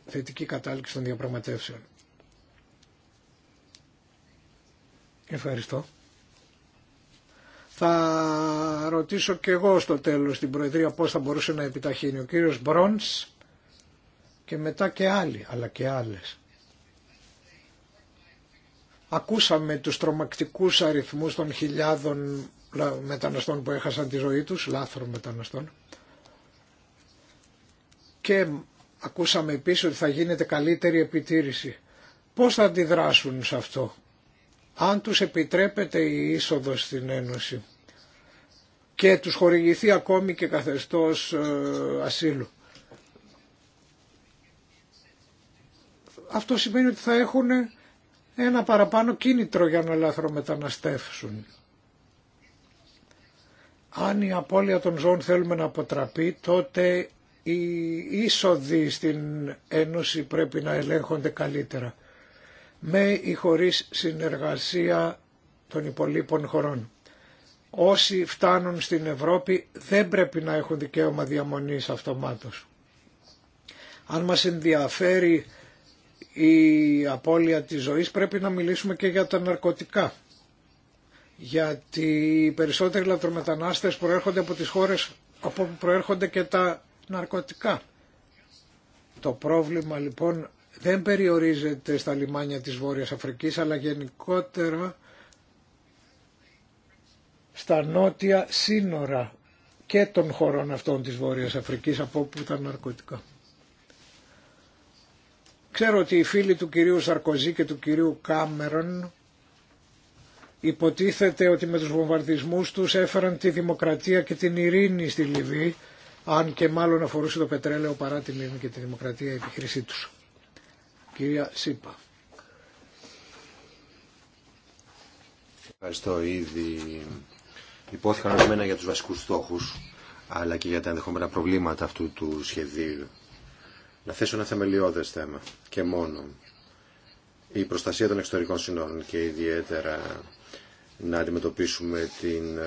θετική κατάληξη των διαπραγματεύσεων. Ευχαριστώ. Θα ρωτήσω και εγώ στο τέλος την Προεδρία πώς θα μπορούσε να επιταχύνει ο κύριος Μπρόντς και μετά και άλλοι, αλλά και άλλες. Ακούσαμε τους τρομακτικούς αριθμούς των χιλιάδων μεταναστών που έχασαν τη ζωή τους, λάθρων μεταναστών. Και ακούσαμε επίσης ότι θα γίνεται καλύτερη επιτήρηση. Πώς θα αντιδράσουν σε αυτό, αν τους επιτρέπεται η είσοδος στην Ένωση και τους χορηγηθεί ακόμη και καθεστώς ε, ασύλου. Αυτό σημαίνει ότι θα έχουν ένα παραπάνω κίνητρο για να λαθρομεταναστεύσουν. Αν η απώλεια των ζώων θέλουμε να αποτραπεί, τότε οι είσοδοι στην Ένωση πρέπει να ελέγχονται καλύτερα, με ή χωρίς συνεργασία των υπολείπων χωρών. Όσοι φτάνουν στην Ευρώπη δεν πρέπει να έχουν δικαίωμα διαμονής αυτομάτως. Αν μας ενδιαφέρει η απώλεια της ζωής πρέπει να μιλήσουμε και για τα ναρκωτικά. Γιατί οι περισσότεροι λατρομετανάστες προέρχονται από τις χώρες από που προέρχονται και τα ναρκωτικά. Το πρόβλημα λοιπόν δεν περιορίζεται στα λιμάνια της Βόρειας Αφρικής αλλά γενικότερα στα νότια σύνορα και των χωρών αυτών της Βόρειας Αφρικής από όπου τα ναρκωτικά. Ξέρω ότι οι φίλοι του κυρίου Σαρκοζή και του κυρίου Κάμερον υποτίθεται ότι με τους βομβαρδισμούς τους έφεραν τη δημοκρατία και την ειρήνη στη Λιβύη, αν και μάλλον αφορούσε το πετρέλαιο παρά την ειρήνη και τη δημοκρατία η επιχείρησή τους. Κυρία Σίπα. Ευχαριστώ ήδη. Υπόθηκαν ορισμένα για τους βασικούς στόχους, αλλά και για τα ενδεχόμενα προβλήματα αυτού του σχεδίου να θέσω ένα θεμελιώδες θέμα και μόνο. Η προστασία των εξωτερικών συνόρων και ιδιαίτερα να αντιμετωπίσουμε την,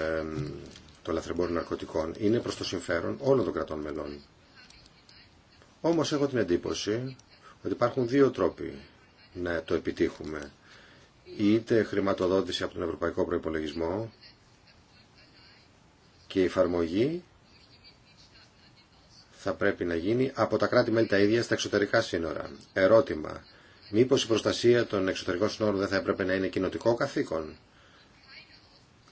το λαθρεμπόριο ναρκωτικών είναι προς το συμφέρον όλων των κρατών μελών. Όμως έχω την εντύπωση ότι υπάρχουν δύο τρόποι να το επιτύχουμε. Είτε χρηματοδότηση από τον Ευρωπαϊκό Προϋπολογισμό και εφαρμογή θα πρέπει να γίνει από τα κράτη-μέλη τα ίδια στα εξωτερικά σύνορα. Ερώτημα. Μήπω η προστασία των εξωτερικών σύνορων δεν θα έπρεπε να είναι κοινοτικό καθήκον.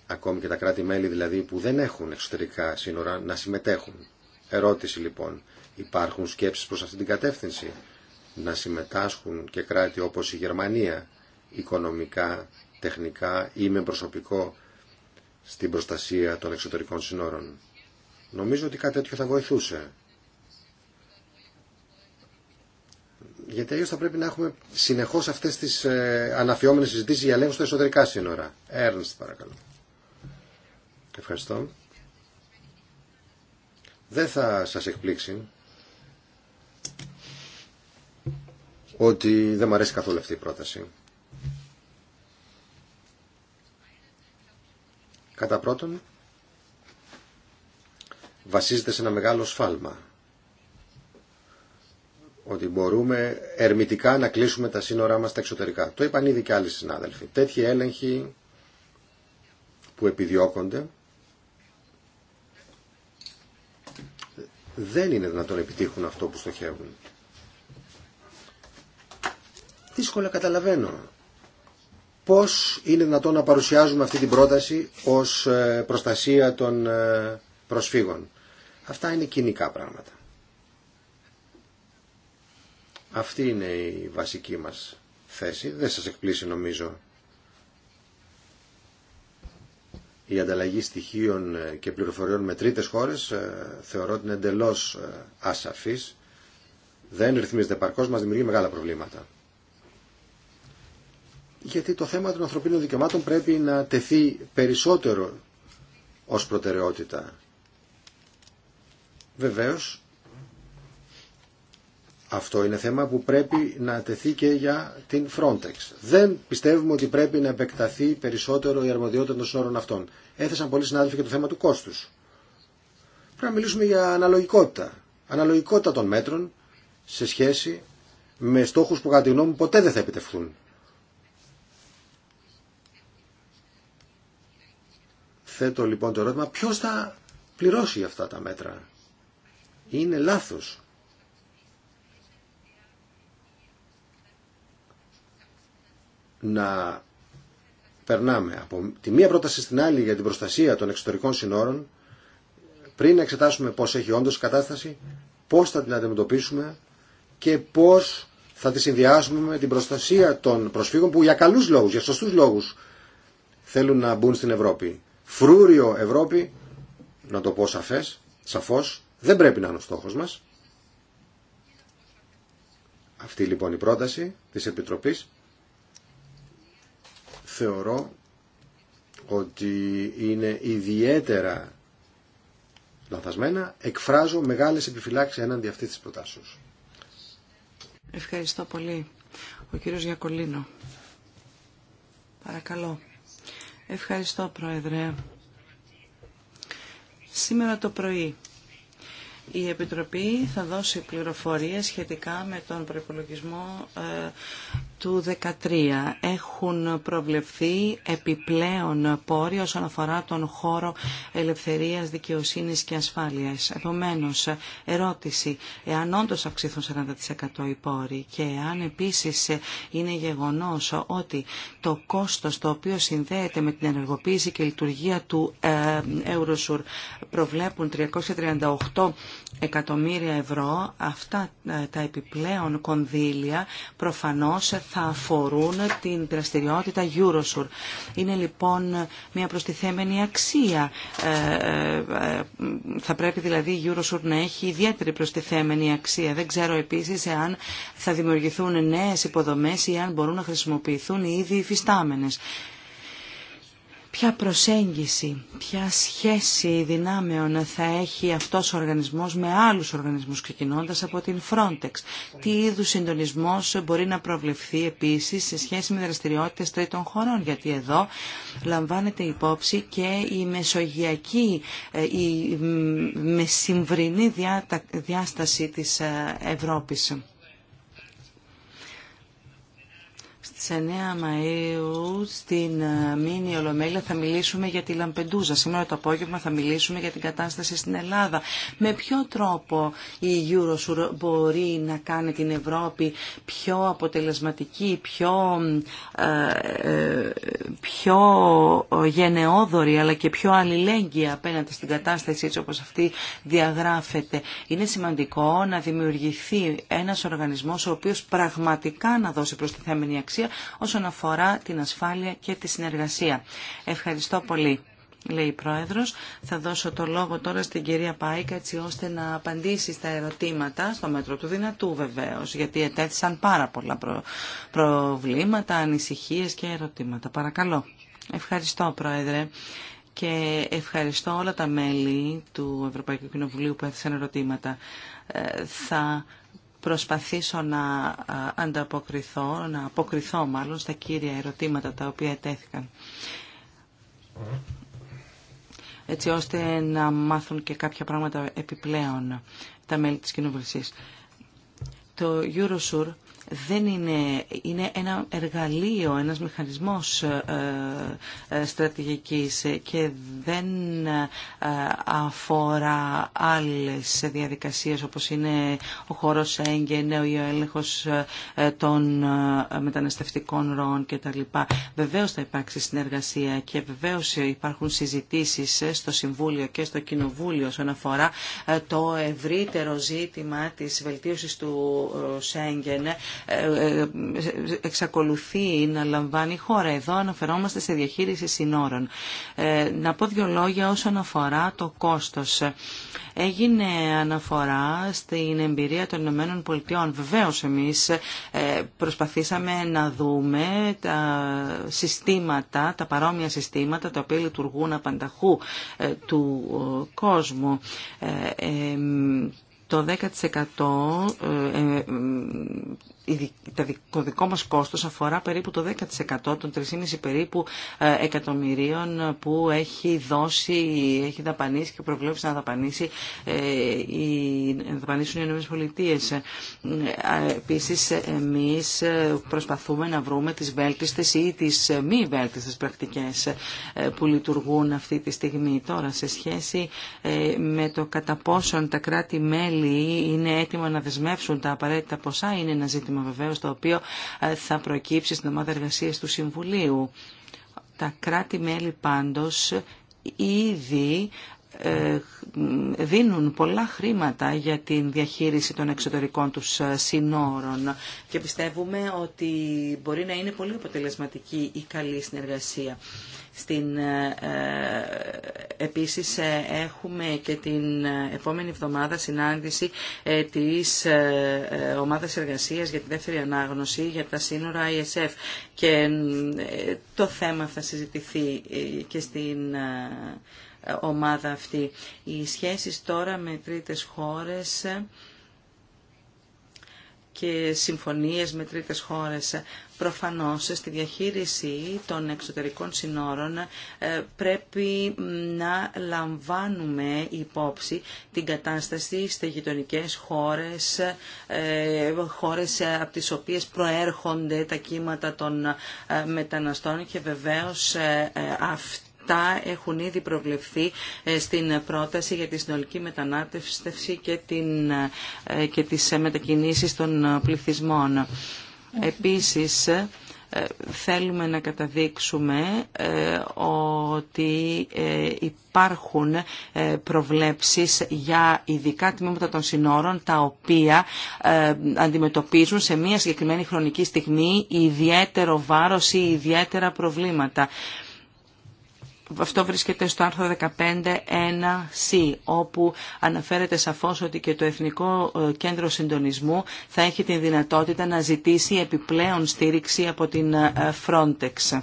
Ακόμη και τα κράτη-μέλη δηλαδή που δεν έχουν εξωτερικά σύνορα να συμμετέχουν. Ερώτηση λοιπόν. Υπάρχουν σκέψει προ αυτή την κατεύθυνση. Να συμμετάσχουν και κράτη όπω η Γερμανία οικονομικά, τεχνικά ή με προσωπικό στην προστασία των εξωτερικών σύνορων. Νομίζω ότι κάτι τέτοιο θα βοηθούσε. γιατί αλλιώ θα πρέπει να έχουμε συνεχώ αυτέ τι ε, αναφιόμενε συζητήσει για ελέγχου στα εσωτερικά σύνορα. Έρνστ, παρακαλώ. Ευχαριστώ. Δεν θα σας εκπλήξει ότι δεν μου αρέσει καθόλου αυτή η πρόταση. Κατά πρώτον, βασίζεται σε ένα μεγάλο σφάλμα ότι μπορούμε ερμητικά να κλείσουμε τα σύνορά μας τα εξωτερικά. Το είπαν ήδη και άλλοι συνάδελφοι. Τέτοιοι έλεγχοι που επιδιώκονται δεν είναι δυνατόν επιτύχουν αυτό που στοχεύουν. Δύσκολα καταλαβαίνω πώς είναι δυνατόν να παρουσιάζουμε αυτή την πρόταση ως ε, προστασία των ε, προσφύγων. Αυτά είναι κοινικά πράγματα. Αυτή είναι η βασική μας θέση. Δεν σας εκπλήσει νομίζω η ανταλλαγή στοιχείων και πληροφοριών με τρίτες χώρες ε, θεωρώ ότι είναι εντελώς ε, ασαφής. Δεν ρυθμίζεται παρκώς, μας δημιουργεί μεγάλα προβλήματα. Γιατί το θέμα των ανθρωπίνων δικαιωμάτων πρέπει να τεθεί περισσότερο ως προτεραιότητα. Βεβαίως, αυτό είναι θέμα που πρέπει να τεθεί και για την Frontex. Δεν πιστεύουμε ότι πρέπει να επεκταθεί περισσότερο η αρμοδιότητα των συνόρων αυτών. Έθεσαν πολλοί συνάδελφοι και το θέμα του κόστου. Πρέπει να μιλήσουμε για αναλογικότητα. Αναλογικότητα των μέτρων σε σχέση με στόχους που κατά τη γνώμη μου ποτέ δεν θα επιτευχθούν. Θέτω λοιπόν το ερώτημα ποιος θα πληρώσει αυτά τα μέτρα. Είναι λάθος να περνάμε από τη μία πρόταση στην άλλη για την προστασία των εξωτερικών συνόρων πριν να εξετάσουμε πώς έχει όντως η κατάσταση, πώς θα την αντιμετωπίσουμε και πώς θα τη συνδυάσουμε με την προστασία των προσφύγων που για καλούς λόγους, για σωστούς λόγους θέλουν να μπουν στην Ευρώπη. Φρούριο Ευρώπη, να το πω σαφές, σαφώς, δεν πρέπει να είναι ο στόχος μας. Αυτή λοιπόν η πρόταση της Επιτροπής θεωρώ ότι είναι ιδιαίτερα λαθασμένα. εκφράζω μεγάλες επιφυλάξεις έναντι αυτής της προτάσεως. Ευχαριστώ πολύ. Ο κύριος Γιακολίνο. Παρακαλώ. Ευχαριστώ, Πρόεδρε. Σήμερα το πρωί η Επιτροπή θα δώσει πληροφορίες σχετικά με τον προϋπολογισμό ε, του 2013. Έχουν προβλεφθεί επιπλέον πόροι όσον αφορά τον χώρο ελευθερίας, δικαιοσύνης και ασφάλειας. Επομένως, ερώτηση, εάν όντως αυξηθούν 40% οι πόροι και εάν επίσης είναι γεγονός ότι το κόστος το οποίο συνδέεται με την ενεργοποίηση και λειτουργία του ε, Eurosur προβλέπουν 338 εκατομμύρια ευρώ, αυτά ε, τα επιπλέον κονδύλια προφανώς θα αφορούν την δραστηριότητα Eurosur. Είναι λοιπόν μια προστιθέμενη αξία. Ε, ε, θα πρέπει δηλαδή η Eurosur να έχει ιδιαίτερη προστιθέμενη αξία. Δεν ξέρω επίσης εάν θα δημιουργηθούν νέες υποδομές ή αν μπορούν να χρησιμοποιηθούν οι ήδη υφιστάμενες. Ποια προσέγγιση, ποια σχέση δυνάμεων θα έχει αυτός ο οργανισμός με άλλους οργανισμούς ξεκινώντας από την Frontex. Τι είδους συντονισμός μπορεί να προβλεφθεί επίσης σε σχέση με δραστηριότητες τρίτων χωρών, γιατί εδώ λαμβάνεται υπόψη και η μεσογειακή, ε, η μεσημβρινή διάσταση της ε, Ευρώπης. Στις 9 Μαΐου στην ε, Μίνη Ολομέλεια θα μιλήσουμε για τη Λαμπεντούζα. Σήμερα το απόγευμα θα μιλήσουμε για την κατάσταση στην Ελλάδα. Με ποιο τρόπο η Eurosur μπορεί να κάνει την Ευρώπη πιο αποτελεσματική, πιο, ε, ε, πιο γενναιόδορη αλλά και πιο αλληλέγγυη απέναντι στην κατάσταση έτσι όπως αυτή διαγράφεται. Είναι σημαντικό να δημιουργηθεί ένας οργανισμός ο οποίος πραγματικά να δώσει προστιθέμενη αξία όσον αφορά την ασφάλεια και τη συνεργασία. Ευχαριστώ πολύ λέει η Πρόεδρος. Θα δώσω το λόγο τώρα στην κυρία Πάικα έτσι ώστε να απαντήσει στα ερωτήματα στο μέτρο του δυνατού βεβαίως, γιατί ετέθησαν πάρα πολλά προβλήματα, ανησυχίες και ερωτήματα. Παρακαλώ. Ευχαριστώ Πρόεδρε και ευχαριστώ όλα τα μέλη του Ευρωπαϊκού Κοινοβουλίου που έθεσαν ερωτήματα. Ε, θα προσπαθήσω να ανταποκριθώ, να αποκριθώ μάλλον στα κύρια ερωτήματα τα οποία τέθηκαν. Έτσι ώστε να μάθουν και κάποια πράγματα επιπλέον τα μέλη της κοινοβουλίας. Το Eurosur δεν είναι, είναι ένα εργαλείο, ένας μηχανισμός ε, ε, στρατηγικής και δεν ε, αφορά άλλες διαδικασίες όπως είναι ο χώρος έγκαινε, ο έλεγχος των μεταναστευτικών ροών κτλ. Βεβαίως θα υπάρξει συνεργασία και βεβαίως υπάρχουν συζητήσεις στο Συμβούλιο και στο Κοινοβούλιο όσον αφορά το ευρύτερο ζήτημα της βελτίωσης του Σέγγεν εξακολουθεί να λαμβάνει η χώρα. Εδώ αναφερόμαστε σε διαχείριση συνόρων. Ε, να πω δύο λόγια όσον αφορά το κόστος. Έγινε αναφορά στην εμπειρία των Ηνωμένων Πολιτειών. Βεβαίως εμείς ε, προσπαθήσαμε να δούμε τα συστήματα, τα παρόμοια συστήματα τα οποία λειτουργούν απανταχού ε, του κόσμου. Το 10% το δικό μας κόστος αφορά περίπου το 10% των 3,5 περίπου ε, εκατομμυρίων που έχει δώσει, έχει δαπανίσει και προβλέψει να δαπανίσει ε, να δαπανίσουν οι Ηνωμένες Πολιτείες. Ε, επίσης, εμείς προσπαθούμε να βρούμε τις βέλτιστες ή τις μη βέλτιστες πρακτικές που λειτουργούν αυτή τη στιγμή. Τώρα, σε σχέση με το κατά πόσον τα κράτη-μέλη είναι έτοιμα να δεσμεύσουν τα απαραίτητα ποσά, είναι ένα ζήτημα βεβαίως το οποίο ε, θα προκύψει στην ομάδα εργασίας του Συμβουλίου. Τα κράτη-μέλη πάντως ήδη ε, δίνουν πολλά χρήματα για την διαχείριση των εξωτερικών τους ε, συνόρων και πιστεύουμε ότι μπορεί να είναι πολύ αποτελεσματική η καλή συνεργασία. Στην, ε, ε, επίσης ε, έχουμε και την επόμενη εβδομάδα συνάντηση της ομάδας εργασίας για τη δεύτερη ανάγνωση για τα σύνορα ISF και το θέμα θα συζητηθεί και στην ομάδα αυτή. Οι σχέσεις τώρα με τρίτες χώρες και συμφωνίες με τρίτες χώρες. Προφανώς στη διαχείριση των εξωτερικών συνόρων ε, πρέπει να λαμβάνουμε υπόψη την κατάσταση στις γειτονικέ χώρες, ε, χώρες από τις οποίες προέρχονται τα κύματα των ε, μεταναστών και βεβαίως αυτή Αυτά έχουν ήδη προβλεφθεί ε, στην πρόταση για τη συνολική μετανάστευση και, την, ε, και τις μετακινήσεις των ε, πληθυσμών. Επίσης, θέλουμε να καταδείξουμε ότι υπάρχουν προβλέψεις για ειδικά τμήματα των συνόρων τα οποία αντιμετωπίζουν σε μια συγκεκριμένη χρονική στιγμή ιδιαίτερο βάρος ή ιδιαίτερα προβλήματα αυτό βρίσκεται στο άρθρο 15.1c, όπου αναφέρεται σαφώς ότι και το Εθνικό ε, Κέντρο Συντονισμού θα έχει την δυνατότητα να ζητήσει επιπλέον στήριξη από την ε, Frontex.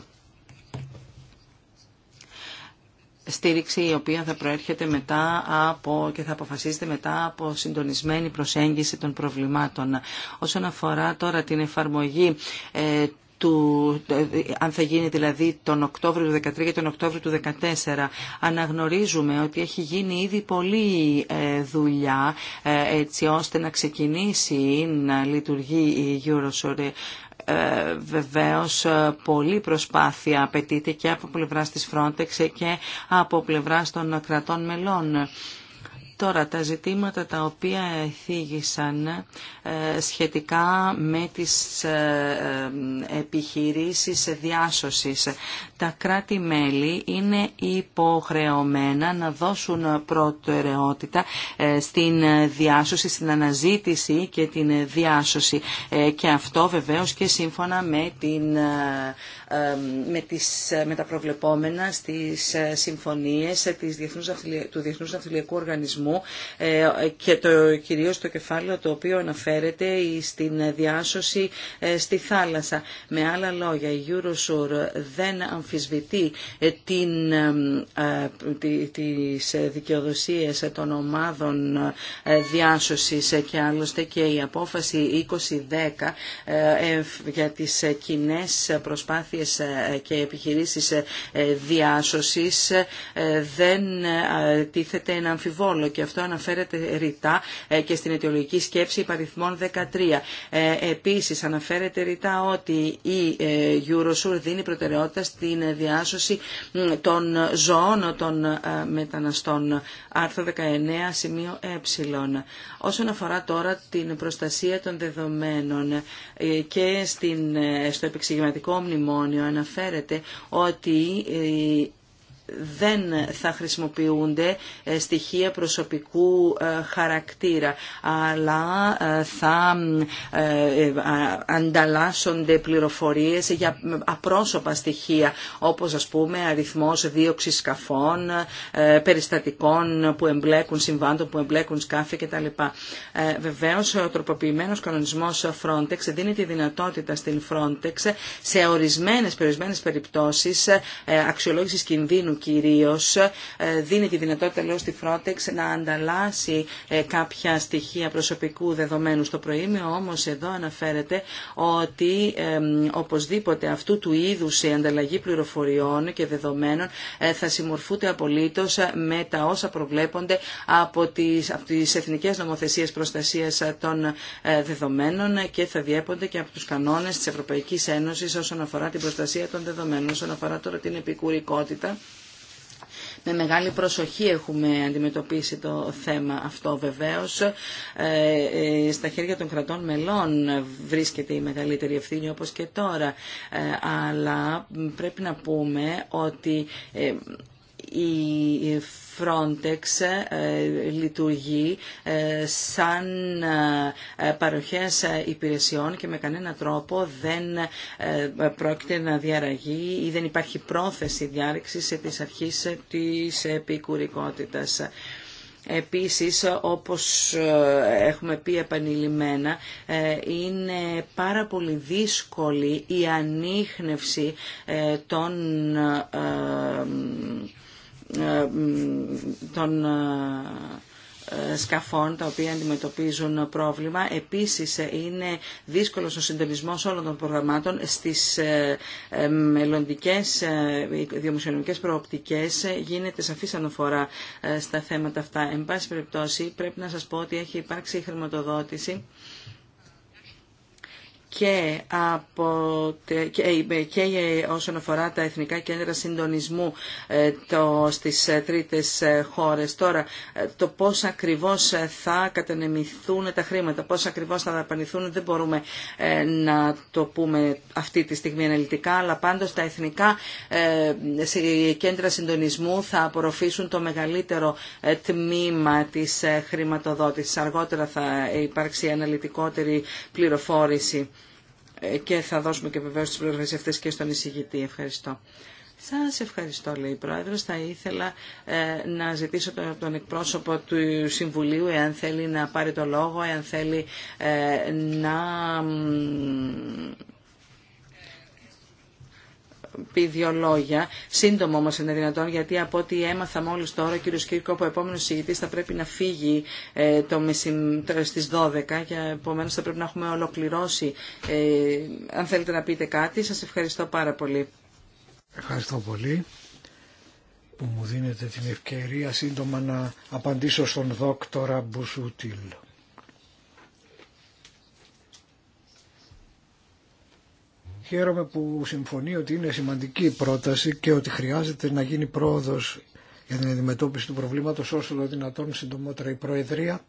Στήριξη η οποία θα προέρχεται μετά από και θα αποφασίζεται μετά από συντονισμένη προσέγγιση των προβλημάτων. Όσον αφορά τώρα την εφαρμογή ε, του, ε, αν θα γίνει δηλαδή τον Οκτώβριο του 2013 και τον Οκτώβριο του 2014. Αναγνωρίζουμε ότι έχει γίνει ήδη πολλή ε, δουλειά ε, έτσι ώστε να ξεκινήσει να λειτουργεί η EuroSource. ε, βεβαίως πολλή προσπάθεια απαιτείται και από πλευράς της Frontex και από πλευράς των κρατών μελών. Τώρα, τα ζητήματα τα οποία θίγησαν ε, σχετικά με τις ε, ε, επιχειρήσεις διάσωσης τα κράτη-μέλη είναι υποχρεωμένα να δώσουν προτεραιότητα ε, στην διάσωση, στην αναζήτηση και την διάσωση. Ε, και αυτό βεβαίως και σύμφωνα με, την, ε, με, τα προβλεπόμενα στις συμφωνίες της του Διεθνούς Ναυτιλιακού Οργανισμού και το, κυρίως το κεφάλαιο το οποίο αναφέρεται στην διάσωση στη θάλασσα. Με άλλα λόγια, η Eurosur δεν αμφισβητεί ε, την, ε, ε, τις δικαιοδοσίες των ομάδων διάσωσης και άλλωστε και η απόφαση 2010 για τις κοινέ προσπάθειες και επιχειρήσεις διάσωσης δεν τίθεται ένα αμφιβόλο και αυτό αναφέρεται ρητά και στην αιτιολογική σκέψη υπαριθμών 13. Επίσης αναφέρεται ρητά ότι η Eurosur δίνει προτεραιότητα στη την διάσωση των ζώων των ε, μεταναστών. Άρθρο 19, σημείο ε. Όσον αφορά τώρα την προστασία των δεδομένων ε, και στην, ε, στο επεξηγηματικό μνημόνιο αναφέρεται ότι δεν θα χρησιμοποιούνται ε, στοιχεία προσωπικού ε, χαρακτήρα, αλλά ε, θα ανταλλάσσονται πληροφορίες για απρόσωπα στοιχεία, όπως ας πούμε αριθμός δίωξη σκαφών, περιστατικών που εμπλέκουν, συμβάντων που εμπλέκουν σκάφη κτλ. Βεβαίως, ο τροποποιημένος κανονισμός Frontex δίνει τη δυνατότητα στην Frontex σε ορισμένες περιορισμένες περιπτώσεις αξιολόγησης κινδύνου κυρίως ε, δίνει τη δυνατότητα, λέω, στη Frontex να ανταλλάσσει ε, κάποια στοιχεία προσωπικού δεδομένου στο προήμιο, όμως εδώ αναφέρεται ότι οπωσδήποτε αυτού του είδου η ανταλλαγή πληροφοριών και δεδομένων ε, θα συμμορφούνται απολύτως με τα όσα προβλέπονται από τις, από τις Εθνικές Νομοθεσίες Προστασίας των Δεδομένων και θα διέπονται και από τους κανόνες της Ευρωπαϊκής Ένωσης όσον αφορά την προστασία των δεδομένων, όσον αφορά τώρα την επικουρικότητα. Με μεγάλη προσοχή έχουμε αντιμετωπίσει το θέμα αυτό βεβαίως. Ε, ε, στα χέρια των κρατών μελών βρίσκεται η μεγαλύτερη ευθύνη όπως και τώρα. Ε, αλλά πρέπει να πούμε ότι η Frontex ε, λειτουργεί ε, σαν ε, παροχές υπηρεσιών και με κανένα τρόπο δεν πρόκειται να διαραγεί ή δεν υπάρχει πρόθεση διάρρηξης της αρχής της επικουρικότητας. Επίσης, όπως έχουμε πει επανειλημμένα, είναι πάρα πολύ δύσκολη η ανείχνευση των ε, των ε, σκαφών τα οποία αντιμετωπίζουν πρόβλημα. Επίσης ε, είναι δύσκολος ο συντονισμός όλων των προγραμμάτων στις μελλοντικές διομοσιονομικές προοπτικές γίνεται σαφής αναφορά στα θέματα αυτά. Εν πάση περιπτώσει πρέπει να σας πω ότι έχει υπάρξει χρηματοδότηση και, από, και, ε, και ε, όσον αφορά τα εθνικά κέντρα συντονισμού ε, το, στις τρίτες χώρες. Τώρα, το πώς ακριβώς θα κατανεμηθούν τα χρήματα, πώς ακριβώς θα δαπανηθούν, δεν μπορούμε να το πούμε αυτή τη στιγμή αναλυτικά, αλλά πάντως τα εθνικά κέντρα συντονισμού θα απορροφήσουν το μεγαλύτερο τμήμα της χρηματοδότησης. Αργότερα θα υπάρξει αναλυτικότερη πληροφόρηση. Ε, και θα δώσουμε και βεβαίως τις πληροφορίες αυτές και στον εισηγητή. Ευχαριστώ. Σας ευχαριστώ, λέει η Πρόεδρος. Θα ήθελα ε, να ζητήσω τον, εκπρόσωπο του Συμβουλίου, εάν θέλει να πάρει το λόγο, εάν θέλει ε, να πει δύο λόγια. Σύντομο όμω είναι δυνατόν, γιατί από ό,τι έμαθα μόλι τώρα, ο κύριο Κύρκο, ο επόμενο ηγητή, θα πρέπει να φύγει ε, το στι 12 και επομένω θα πρέπει να έχουμε ολοκληρώσει. Ε, αν θέλετε να πείτε κάτι, σα ευχαριστώ πάρα πολύ. Ευχαριστώ πολύ που μου δίνετε την ευκαιρία σύντομα να απαντήσω στον δόκτορα Μπουσούτιλ. Χαίρομαι που συμφωνεί ότι είναι σημαντική η πρόταση και ότι χρειάζεται να γίνει πρόοδος για την αντιμετώπιση του προβλήματος όσο το δυνατόν συντομότερα. Η Προεδρία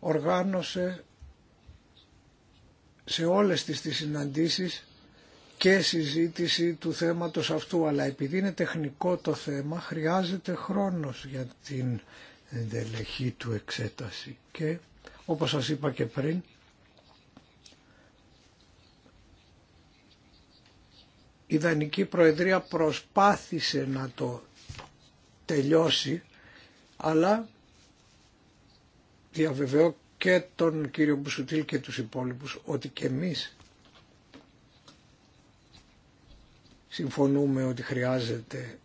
οργάνωσε σε όλες τις, τις συναντήσεις και συζήτηση του θέματος αυτού, αλλά επειδή είναι τεχνικό το θέμα, χρειάζεται χρόνος για την εντελεχή του εξέταση. Και όπως σας είπα και πριν, η Δανική Προεδρία προσπάθησε να το τελειώσει αλλά διαβεβαιώ και τον κύριο Μπουσουτήλ και τους υπόλοιπους ότι και εμείς συμφωνούμε ότι χρειάζεται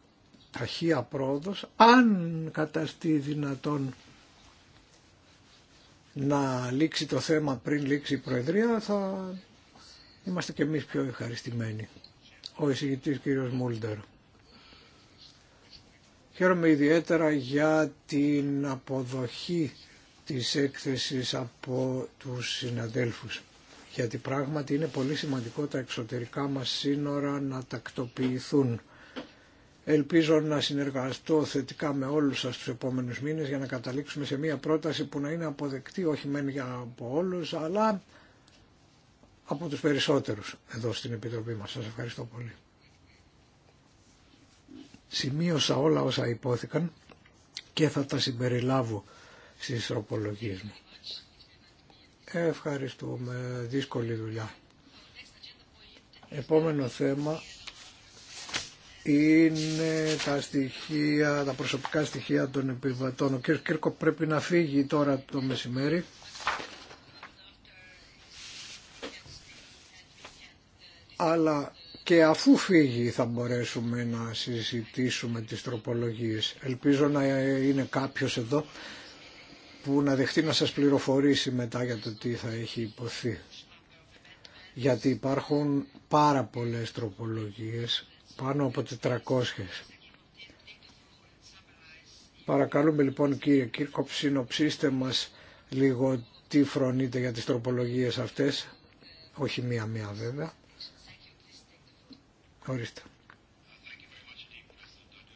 ταχεία πρόοδος αν καταστεί δυνατόν να λήξει το θέμα πριν λήξει η Προεδρία θα είμαστε και εμείς πιο ευχαριστημένοι ο εισηγητής κύριος Μούλτερ. Χαίρομαι ιδιαίτερα για την αποδοχή της έκθεσης από τους συναδέλφους. Γιατί πράγματι είναι πολύ σημαντικό τα εξωτερικά μας σύνορα να τακτοποιηθούν. Ελπίζω να συνεργαστώ θετικά με όλους σας τους επόμενους μήνες για να καταλήξουμε σε μια πρόταση που να είναι αποδεκτή όχι μεν για από όλους αλλά από τους περισσότερους εδώ στην Επιτροπή μας. Σας ευχαριστώ πολύ. Σημείωσα όλα όσα υπόθηκαν και θα τα συμπεριλάβω στις τροπολογίες μου. Ευχαριστούμε. Δύσκολη δουλειά. Επόμενο θέμα είναι τα στοιχεία, τα προσωπικά στοιχεία των επιβατών. Ο κ. Κύρκο πρέπει να φύγει τώρα το μεσημέρι. αλλά και αφού φύγει θα μπορέσουμε να συζητήσουμε τις τροπολογίες. Ελπίζω να είναι κάποιος εδώ που να δεχτεί να σας πληροφορήσει μετά για το τι θα έχει υποθεί. Γιατί υπάρχουν πάρα πολλές τροπολογίες, πάνω από 400. Παρακαλούμε λοιπόν κύριε κύρκο, συνοψίστε μας λίγο τι φρονείτε για τις τροπολογίες αυτές, όχι μία-μία βέβαια. Ορίστε.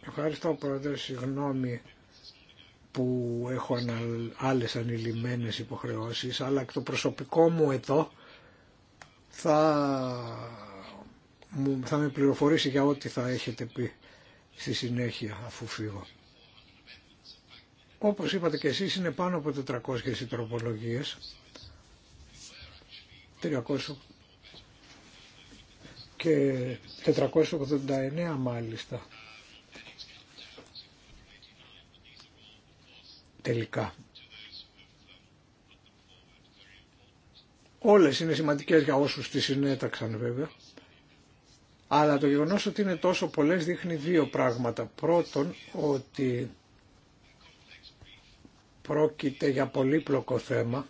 Ευχαριστώ πρόεδρε, συγγνώμη που έχω άλλες ανηλυμένες υποχρεώσεις, αλλά το προσωπικό μου εδώ θα, θα με πληροφορήσει για ό,τι θα έχετε πει στη συνέχεια αφού φύγω. Όπως είπατε και εσείς είναι πάνω από 400 οι τροπολογίες, 300 και 489 μάλιστα τελικά. Όλες είναι σημαντικές για όσους τις συνέταξαν βέβαια. Αλλά το γεγονός ότι είναι τόσο πολλές δείχνει δύο πράγματα. Πρώτον ότι πρόκειται για πολύπλοκο θέμα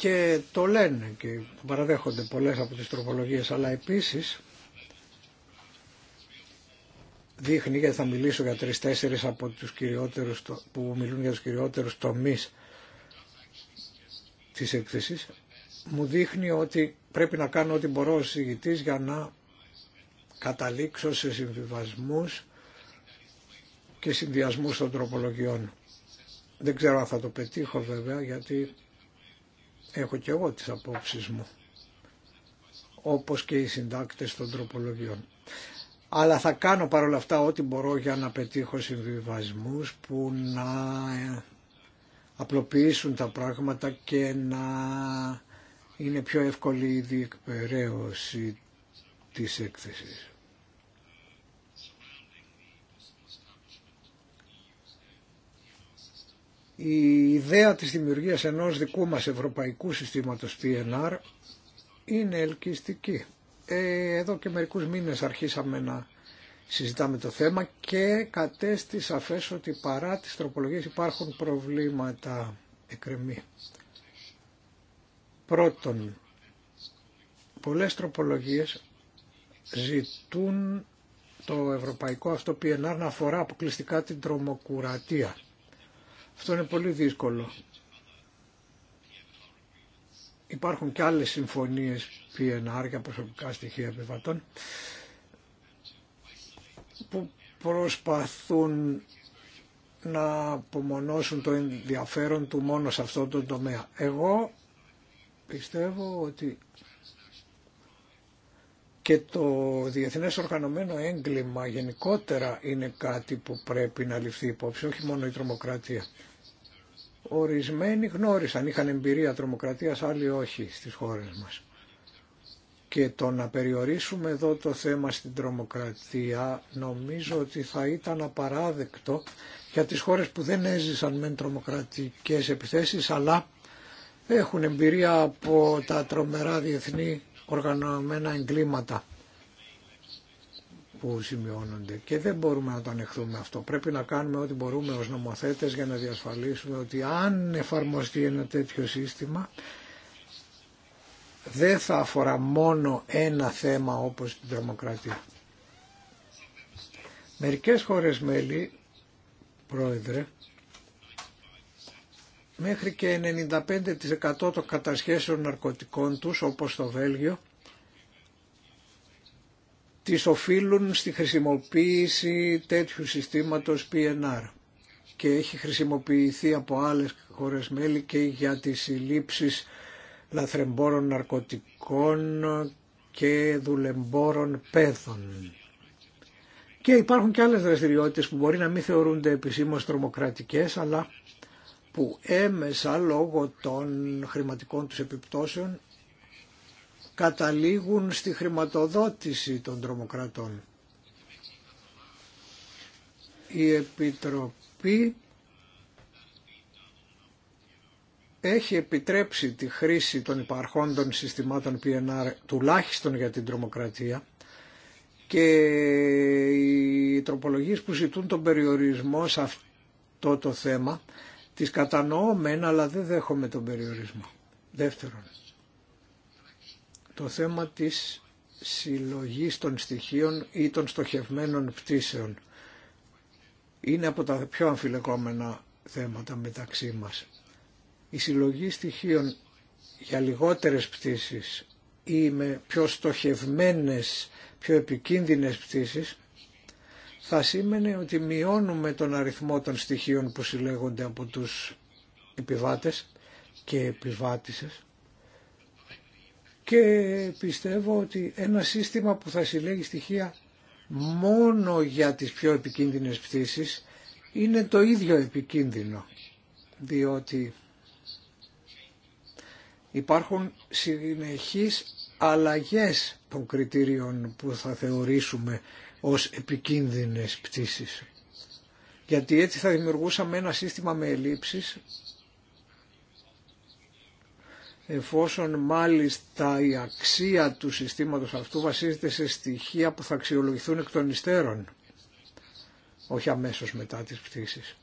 και το λένε και παραδέχονται πολλές από τις τροπολογίες αλλά επίσης δείχνει γιατί θα μιλήσω για τρεις-τέσσερις από τους κυριότερους που μιλούν για τους κυριότερους τομείς της έκθεσης μου δείχνει ότι πρέπει να κάνω ό,τι μπορώ ως συγητής για να καταλήξω σε συμβιβασμούς και συνδυασμούς των τροπολογιών. Δεν ξέρω αν θα το πετύχω βέβαια γιατί έχω και εγώ τις απόψεις μου, όπως και οι συντάκτες των τροπολογιών. Αλλά θα κάνω παρόλα αυτά ό,τι μπορώ για να πετύχω συμβιβασμούς που να απλοποιήσουν τα πράγματα και να είναι πιο εύκολη η διεκπαιρέωση της έκθεσης. Η ιδέα της δημιουργίας ενός δικού μας ευρωπαϊκού συστήματος PNR είναι ελκυστική. Ε, εδώ και μερικούς μήνες αρχίσαμε να συζητάμε το θέμα και κατέστη σαφές ότι παρά τις τροπολογίες υπάρχουν προβλήματα εκκρεμή. Πρώτον, πολλές τροπολογίες ζητούν το ευρωπαϊκό αυτό PNR να αφορά αποκλειστικά την τρομοκουρατία αυτό είναι πολύ δύσκολο. Υπάρχουν και άλλες συμφωνίες PNR για προσωπικά στοιχεία επιβατών που προσπαθούν να απομονώσουν το ενδιαφέρον του μόνο σε αυτόν τον τομέα. Εγώ πιστεύω ότι και το διεθνές οργανωμένο έγκλημα γενικότερα είναι κάτι που πρέπει να ληφθεί υπόψη, όχι μόνο η τρομοκρατία. Ορισμένοι γνώρισαν, είχαν εμπειρία τρομοκρατίας, άλλοι όχι στις χώρες μας. Και το να περιορίσουμε εδώ το θέμα στην τρομοκρατία νομίζω ότι θα ήταν απαράδεκτο για τις χώρες που δεν έζησαν με τρομοκρατικές επιθέσεις αλλά έχουν εμπειρία από τα τρομερά διεθνή οργανωμένα εγκλήματα που σημειώνονται και δεν μπορούμε να το ανεχθούμε αυτό. Πρέπει να κάνουμε ό,τι μπορούμε ως νομοθέτες για να διασφαλίσουμε ότι αν εφαρμοστεί ένα τέτοιο σύστημα δεν θα αφορά μόνο ένα θέμα όπως την τρομοκρατία. Μερικές χώρες μέλη, πρόεδρε, μέχρι και 95% των κατασχέσεων ναρκωτικών τους όπως το Βέλγιο τις οφείλουν στη χρησιμοποίηση τέτοιου συστήματος PNR και έχει χρησιμοποιηθεί από άλλες χώρες μέλη και για τις συλλήψεις λαθρεμπόρων ναρκωτικών και δουλεμπόρων πέθων. Και υπάρχουν και άλλες δραστηριότητες που μπορεί να μην θεωρούνται επισήμως τρομοκρατικές, αλλά που έμεσα λόγω των χρηματικών τους επιπτώσεων καταλήγουν στη χρηματοδότηση των τρομοκρατών. Η Επιτροπή έχει επιτρέψει τη χρήση των υπαρχόντων συστημάτων PNR τουλάχιστον για την τρομοκρατία και οι τροπολογίες που ζητούν τον περιορισμό σε αυτό το θέμα τις κατανοώ αλλά δεν δέχομαι τον περιορισμό. Δεύτερον, το θέμα της συλλογής των στοιχείων ή των στοχευμένων πτήσεων. Είναι από τα πιο αμφιλεγόμενα θέματα μεταξύ μας. Η συλλογή στοιχείων για λιγότερες πτήσεις ή με πιο στοχευμένες, πιο επικίνδυνες πτήσεις θα σήμαινε ότι μειώνουμε τον αριθμό των στοιχείων που συλλέγονται από τους επιβάτες και επιβάτησες και πιστεύω ότι ένα σύστημα που θα συλλέγει στοιχεία μόνο για τις πιο επικίνδυνες πτήσεις είναι το ίδιο επικίνδυνο διότι υπάρχουν συνεχείς αλλαγές των κριτήριων που θα θεωρήσουμε ως επικίνδυνες πτήσεις. Γιατί έτσι θα δημιουργούσαμε ένα σύστημα με ελλείψεις εφόσον μάλιστα η αξία του συστήματος αυτού βασίζεται σε στοιχεία που θα αξιολογηθούν εκ των υστέρων, όχι αμέσως μετά τις πτήσεις.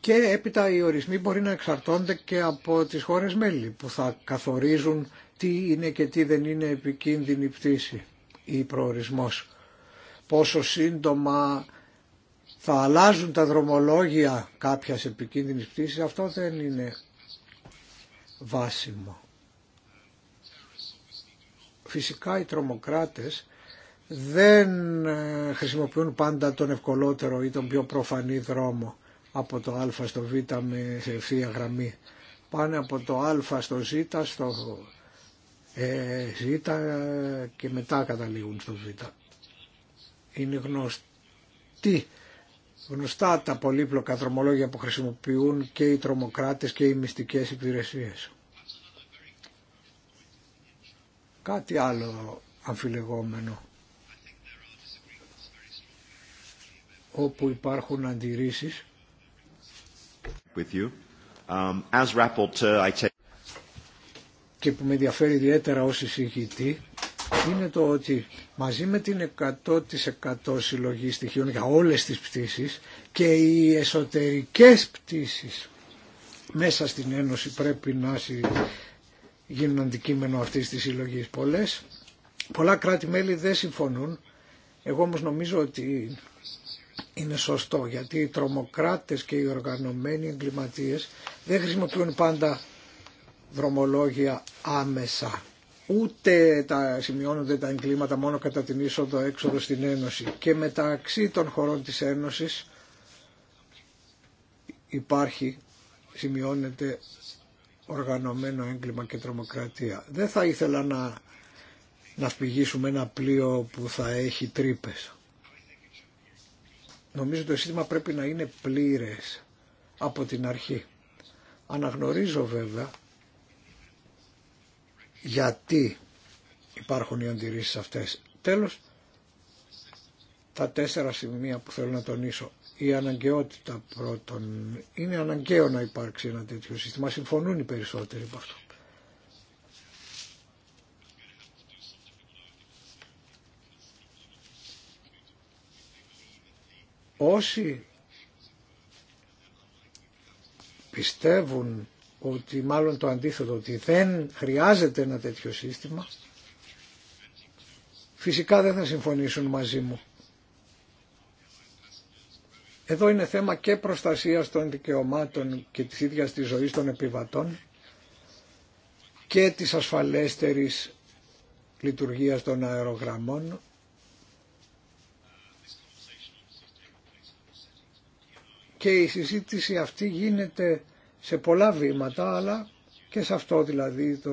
Και έπειτα οι ορισμοί μπορεί να εξαρτώνται και από τις χώρες μέλη που θα καθορίζουν τι είναι και τι δεν είναι επικίνδυνη πτήση ή προορισμός. Πόσο σύντομα θα αλλάζουν τα δρομολόγια κάποιας επικίνδυνης πτήσης, αυτό δεν είναι βάσιμο. Φυσικά οι τρομοκράτες δεν ε, χρησιμοποιούν πάντα τον ευκολότερο ή τον πιο προφανή δρόμο από το α στο β με σε ευθεία γραμμή. Πάνε από το α στο ζ στο ε, ζ ε, και μετά καταλήγουν στο β. Είναι γνωστή γνωστά τα πολύπλοκα δρομολόγια που χρησιμοποιούν και οι τρομοκράτες και οι μυστικές υπηρεσίες. Κάτι άλλο αμφιλεγόμενο όπου υπάρχουν αντιρρήσεις um, και που με ενδιαφέρει ιδιαίτερα ως εισηγητή είναι το ότι μαζί με την 100% συλλογή στοιχείων για όλες τις πτήσεις και οι εσωτερικές πτήσεις μέσα στην Ένωση πρέπει να γίνουν αντικείμενο αυτής της συλλογή πολλες πολλές. Πολλά κράτη-μέλη δεν συμφωνούν. Εγώ όμως νομίζω ότι είναι σωστό γιατί οι τρομοκράτες και οι οργανωμένοι εγκληματίες δεν χρησιμοποιούν πάντα δρομολόγια άμεσα ούτε τα σημειώνονται τα εγκλήματα μόνο κατά την είσοδο έξοδο στην Ένωση και μεταξύ των χωρών της Ένωσης υπάρχει, σημειώνεται οργανωμένο έγκλημα και τρομοκρατία. Δεν θα ήθελα να, να φυγήσουμε ένα πλοίο που θα έχει τρύπε. Νομίζω το σύστημα πρέπει να είναι πλήρες από την αρχή. Αναγνωρίζω βέβαια γιατί υπάρχουν οι αντιρρήσεις αυτές. Τέλος, τα τέσσερα σημεία που θέλω να τονίσω. Η αναγκαιότητα πρώτον. Είναι αναγκαίο να υπάρξει ένα τέτοιο σύστημα. Συμφωνούν οι περισσότεροι από αυτό. Όσοι πιστεύουν ότι μάλλον το αντίθετο, ότι δεν χρειάζεται ένα τέτοιο σύστημα, φυσικά δεν θα συμφωνήσουν μαζί μου. Εδώ είναι θέμα και προστασίας των δικαιωμάτων και της ίδιας της ζωής των επιβατών και της ασφαλέστερης λειτουργίας των αερογραμμών και η συζήτηση αυτή γίνεται σε πολλά βήματα, αλλά και σε αυτό δηλαδή το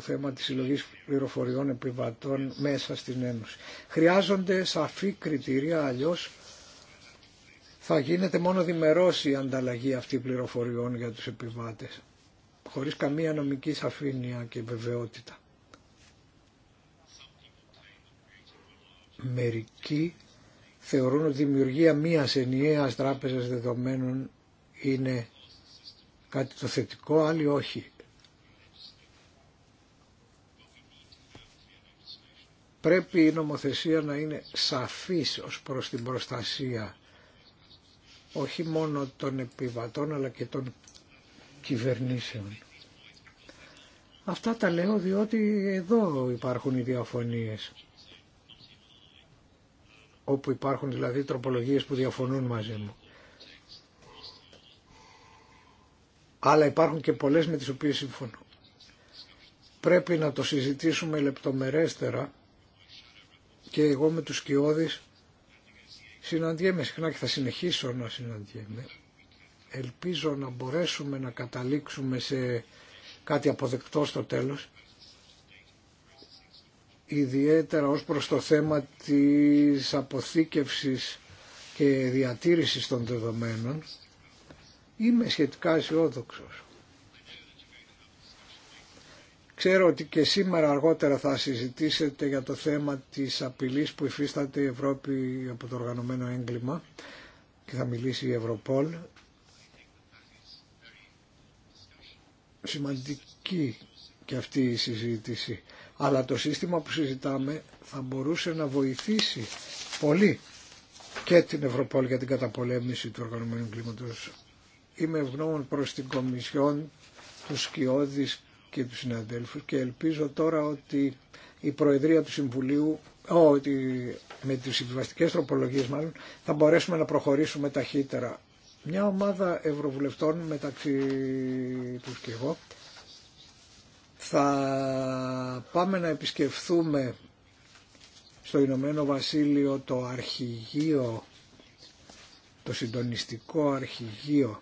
θέμα της συλλογής πληροφοριών επιβατών μέσα στην Ένωση. Χρειάζονται σαφή κριτήρια, αλλιώς θα γίνεται μόνο διμερός η ανταλλαγή αυτή πληροφοριών για τους επιβάτες, χωρίς καμία νομική σαφήνεια και βεβαιότητα. Μερικοί θεωρούν ότι η δημιουργία μίας ενιαίας τράπεζας δεδομένων είναι κάτι το θετικό, άλλοι όχι. Πρέπει η νομοθεσία να είναι σαφής ως προς την προστασία όχι μόνο των επιβατών αλλά και των κυβερνήσεων. Αυτά τα λέω διότι εδώ υπάρχουν οι διαφωνίες. Όπου υπάρχουν δηλαδή τροπολογίες που διαφωνούν μαζί μου. αλλά υπάρχουν και πολλές με τις οποίες συμφωνώ. Πρέπει να το συζητήσουμε λεπτομερέστερα και εγώ με τους σκιώδεις συναντιέμαι συχνά και θα συνεχίσω να συναντιέμαι. Ελπίζω να μπορέσουμε να καταλήξουμε σε κάτι αποδεκτό στο τέλος ιδιαίτερα ως προς το θέμα της αποθήκευσης και διατήρησης των δεδομένων Είμαι σχετικά αισιόδοξο. Ξέρω ότι και σήμερα αργότερα θα συζητήσετε για το θέμα της απειλής που υφίσταται η Ευρώπη από το οργανωμένο έγκλημα και θα μιλήσει η Ευρωπόλ. Σημαντική και αυτή η συζήτηση. Αλλά το σύστημα που συζητάμε θα μπορούσε να βοηθήσει πολύ και την Ευρωπόλ για την καταπολέμηση του οργανωμένου κλίματος Είμαι ευγνώμων προς την Κομισιόν, τους Σκιώδης και τους συναδέλφους και ελπίζω τώρα ότι η Προεδρία του Συμβουλίου, ότι με τις συμβιβαστικές τροπολογίες μάλλον, θα μπορέσουμε να προχωρήσουμε ταχύτερα. Μια ομάδα ευρωβουλευτών μεταξύ τους και εγώ θα πάμε να επισκεφθούμε στο Ηνωμένο Βασίλειο το αρχηγείο, το συντονιστικό αρχηγείο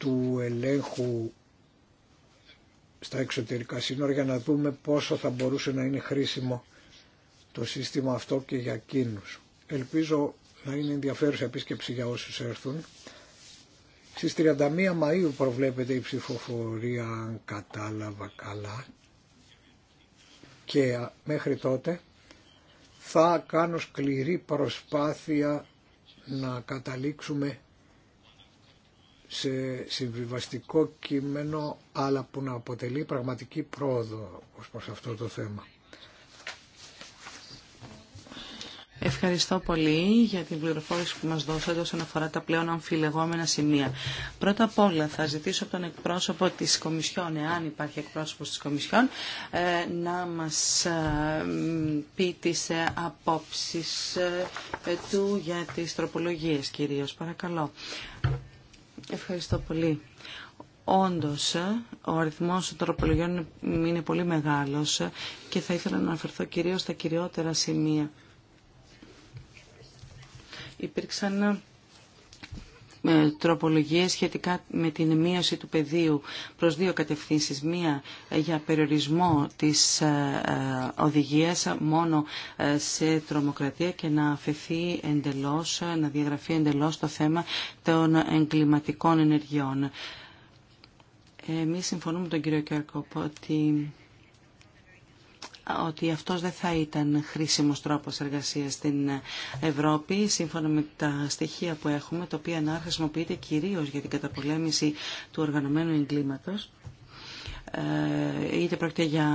του ελέγχου στα εξωτερικά σύνορα για να δούμε πόσο θα μπορούσε να είναι χρήσιμο το σύστημα αυτό και για εκείνους. Ελπίζω να είναι ενδιαφέρουσα επίσκεψη για όσους έρθουν. Στις 31 Μαΐου προβλέπεται η ψηφοφορία, αν κατάλαβα καλά. Και μέχρι τότε θα κάνω σκληρή προσπάθεια να καταλήξουμε σε συμβιβαστικό κείμενο αλλά που να αποτελεί πραγματική πρόοδο ως προς αυτό το θέμα. Ευχαριστώ πολύ για την πληροφόρηση που μας δώσατε όσον αφορά τα πλέον αμφιλεγόμενα σημεία. Πρώτα απ' όλα θα ζητήσω από τον εκπρόσωπο της Κομισιόν, εάν υπάρχει εκπρόσωπος της Κομισιόν, ε, να μας ε, πει τις ε, απόψεις του για τις τροπολογίες κυρίως. Παρακαλώ. Ευχαριστώ πολύ. Όντως, ο αριθμός των τροπολογιών είναι πολύ μεγάλος και θα ήθελα να αναφερθώ κυρίως στα κυριότερα σημεία. Υπήρξαν ε, τροπολογίες σχετικά με την μείωση του πεδίου προς δύο κατευθύνσεις. Μία ε, για περιορισμό της ε, οδηγίας μόνο σε τρομοκρατία και να αφαιθεί εντελώς, να διαγραφεί εντελώς το θέμα των εγκληματικών ενεργειών. Εμείς συμφωνούμε με τον κύριο Κέρκοπ ότι ότι αυτός δεν θα ήταν χρήσιμος τρόπος εργασίας στην Ευρώπη, σύμφωνα με τα στοιχεία που έχουμε, τα οποία να χρησιμοποιείται κυρίως για την καταπολέμηση του οργανωμένου εγκλήματος. Ε, είτε πρόκειται για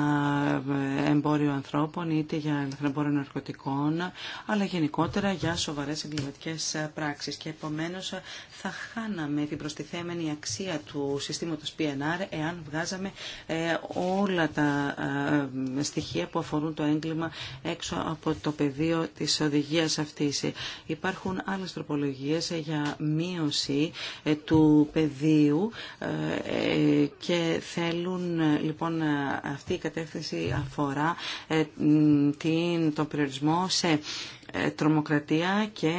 ε, εμπόριο ανθρώπων, είτε για εμπόριο ναρκωτικών, αλλά γενικότερα για σοβαρές εγκληματικέ πράξεις. Και επομένως θα χάναμε την προστιθέμενη αξία του συστήματος PNR εάν βγάζαμε ε, όλα τα στοιχεία που αφορούν το έγκλημα έξω από το πεδίο της οδηγίας αυτής. Υπάρχουν άλλες τροπολογίες για μείωση του πεδίου και θέλουν λοιπόν αυτή η κατεύθυνση αφορά ε, την, τον περιορισμό σε ε, τρομοκρατία και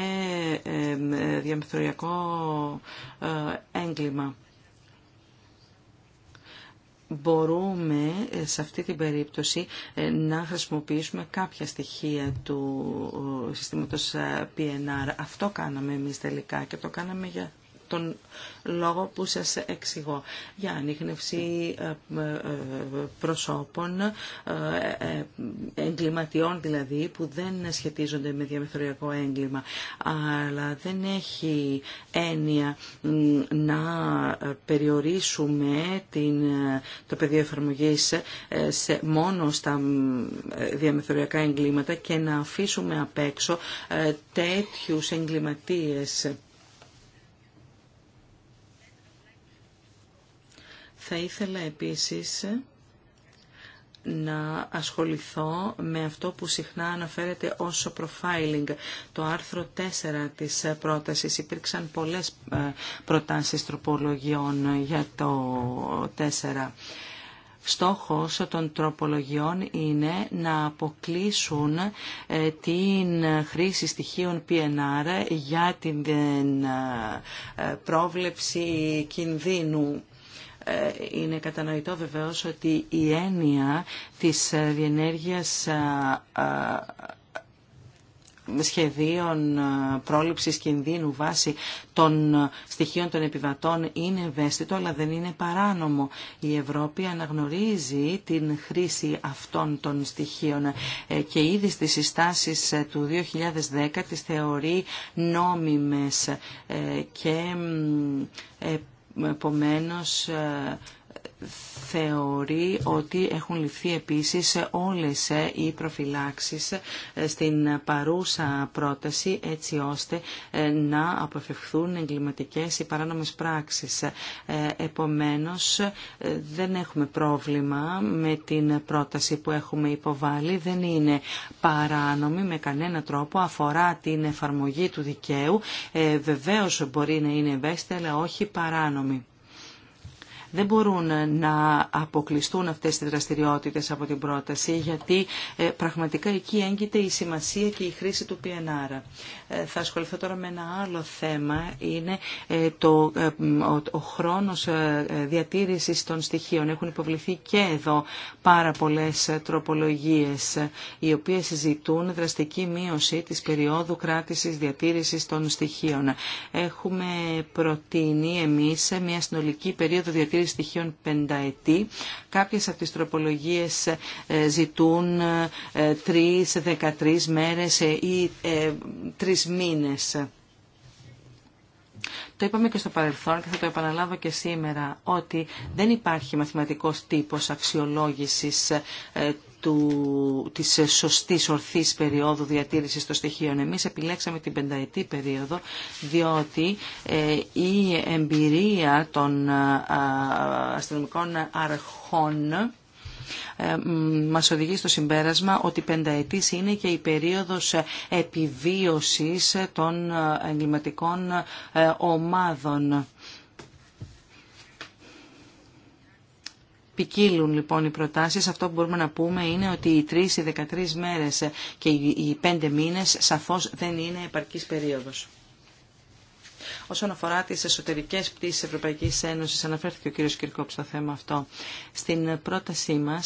ε, διαμεθοριακό έγκλημα μπορούμε σε αυτή την περίπτωση να χρησιμοποιήσουμε κάποια στοιχεία του συστήματος PNR. Αυτό κάναμε εμείς τελικά και το κάναμε για τον λόγο που σας εξηγώ. Για ανείχνευση ε, ε, προσώπων, ε, εγκληματιών δηλαδή, που δεν σχετίζονται με διαμεθοριακό έγκλημα, αλλά δεν έχει έννοια να περιορίσουμε την, το πεδίο εφαρμογής μόνο στα διαμεθοριακά εγκλήματα και να αφήσουμε απ' έξω τέτοιους εγκληματίες Θα ήθελα επίσης να ασχοληθώ με αυτό που συχνά αναφέρεται ως profiling. Το άρθρο 4 της πρότασης υπήρξαν πολλές ε, προτάσεις τροπολογιών για το 4. Στόχος των τροπολογιών είναι να αποκλείσουν ε, την χρήση στοιχείων PNR για την ε, πρόβλεψη κινδύνου ε, είναι κατανοητό βεβαίως ότι η έννοια της ε, διενέργειας σχεδίων ε, πρόληψης κινδύνου βάσει των στοιχείων των επιβατών είναι ευαίσθητο αλλά δεν είναι παράνομο. Η Ευρώπη αναγνωρίζει την χρήση αυτών των στοιχείων και ήδη στις συστάσεις του 2010 τις θεωρεί νόμιμες και Επομένως ε, θεωρεί ότι έχουν ληφθεί επίσης όλες ε, οι προφυλάξεις ε, στην παρούσα πρόταση έτσι ώστε ε, να αποφευχθούν εγκληματικές ή παράνομες πράξεις. Επομένως δεν έχουμε πρόβλημα με την πρόταση που έχουμε υποβάλει, δεν είναι παράνομη με κανένα τρόπο, αφορά την εφαρμογή του δικαίου, βεβαίως μπορεί να είναι ευαίσθητα αλλά όχι παράνομη δεν μπορούν να αποκλειστούν αυτές τις δραστηριότητες από την πρόταση γιατί ε, πραγματικά εκεί έγκυται η σημασία και η χρήση του PNR. Ε, θα ασχοληθώ τώρα με ένα άλλο θέμα, είναι ε, το, ο χρόνος διατήρησης των στοιχείων. Έχουν υποβληθεί και εδώ πάρα πολλές τροπολογίες οι οποίες ζητούν δραστική μείωση της περίοδου κράτησης διατήρησης των στοιχείων. Έχουμε προτείνει εμείς μια συνολική περίοδο διατήρησης στοιχείων πενταετή. Κάποιες από τις τροπολογίες ε, ζητούν ε, τρεις, δεκατρεις μέρες ε, ή τρεις μήνες. Το είπαμε και στο παρελθόν και θα το επαναλάβω και σήμερα ότι δεν υπάρχει μαθηματικός τύπος αξιολόγησης του, της σωστής ορθής περίοδου διατήρησης των στοιχείων. Εμείς επιλέξαμε την πενταετή περίοδο διότι ε, η εμπειρία των αστυνομικών αρχών ε, μας οδηγεί στο συμπέρασμα ότι πενταετής είναι και η περίοδος επιβίωσης των ε, εγκληματικών ομάδων. Ποικίλουν λοιπόν οι προτάσει. Αυτό που μπορούμε να πούμε είναι ότι οι 3, οι 13 μέρες και οι πέντε μήνες σαφώς δεν είναι επαρκής περίοδος. Όσον αφορά τις εσωτερικές πτήσεις Ευρωπαϊκής Ένωσης, αναφέρθηκε ο κύριος Κυρκόπ στο θέμα αυτό. Στην πρότασή μα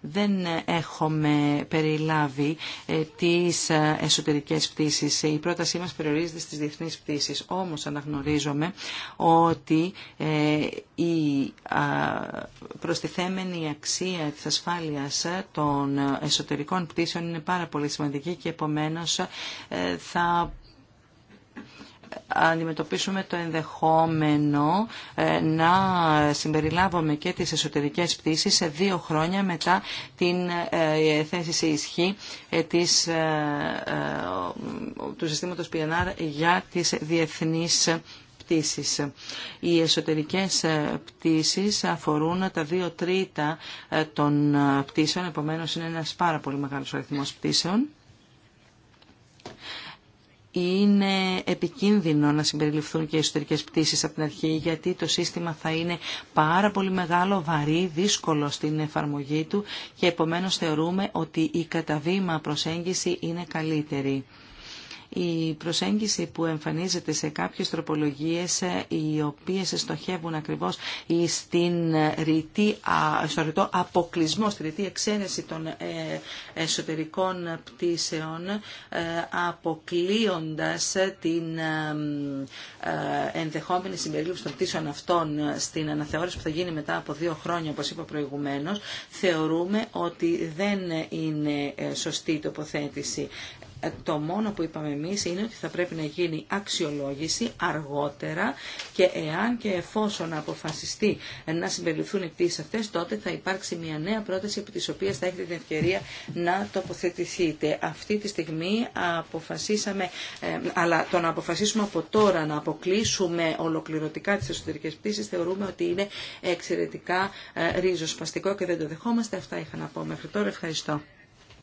δεν έχουμε περιλάβει ε, τις ε, εσωτερικές πτήσεις. Η πρότασή μας περιορίζεται στις διεθνείς πτήσεις. Όμως αναγνωρίζομαι ότι ε, η προστιθέμενη αξία της ασφάλειας των εσωτερικών πτήσεων είναι πάρα πολύ σημαντική και επομένως θα αντιμετωπίσουμε το ενδεχόμενο ε, να συμπεριλάβουμε και τις εσωτερικές πτήσεις σε δύο χρόνια μετά την ε, θέση σε ισχύ ε, της, του συστήματος PNR για τις διεθνείς πτήσεις. Οι εσωτερικές πτήσεις αφορούν τα δύο τρίτα των πτήσεων, επομένως είναι ένας πάρα πολύ μεγάλος αριθμός πτήσεων είναι επικίνδυνο να συμπεριληφθούν και εσωτερικές πτήσει από την αρχή γιατί το σύστημα θα είναι πάρα πολύ μεγάλο, βαρύ, δύσκολο στην εφαρμογή του και επομένως θεωρούμε ότι η καταβήμα προσέγγιση είναι καλύτερη η προσέγγιση που εμφανίζεται σε κάποιες τροπολογίες ε, οι οποίες στοχεύουν ακριβώς στην ρητή, στο ρητό αποκλεισμό, στη ρητή εξαίρεση των ε, εσωτερικών πτήσεων ε, αποκλείοντας την ενδεχόμενη συμπερίληψη των πτήσεων αυτών στην αναθεώρηση που θα γίνει μετά από δύο χρόνια όπως είπα προηγουμένως θεωρούμε ότι δεν είναι σωστή η τοποθέτηση το μόνο που είπαμε εμείς είναι ότι θα πρέπει να γίνει αξιολόγηση αργότερα και εάν και εφόσον αποφασιστεί να συμπεριληφθούν οι πτήσεις αυτές, τότε θα υπάρξει μια νέα πρόταση από της οποίας θα έχετε την ευκαιρία να τοποθετηθείτε. Αυτή τη στιγμή αποφασίσαμε, αλλά το να αποφασίσουμε από τώρα να αποκλείσουμε ολοκληρωτικά τις εσωτερικές πτήσεις θεωρούμε ότι είναι εξαιρετικά ε, ρίζοσπαστικό και δεν το δεχόμαστε. Αυτά είχα να πω μέχρι τώρα. Ευχαριστώ.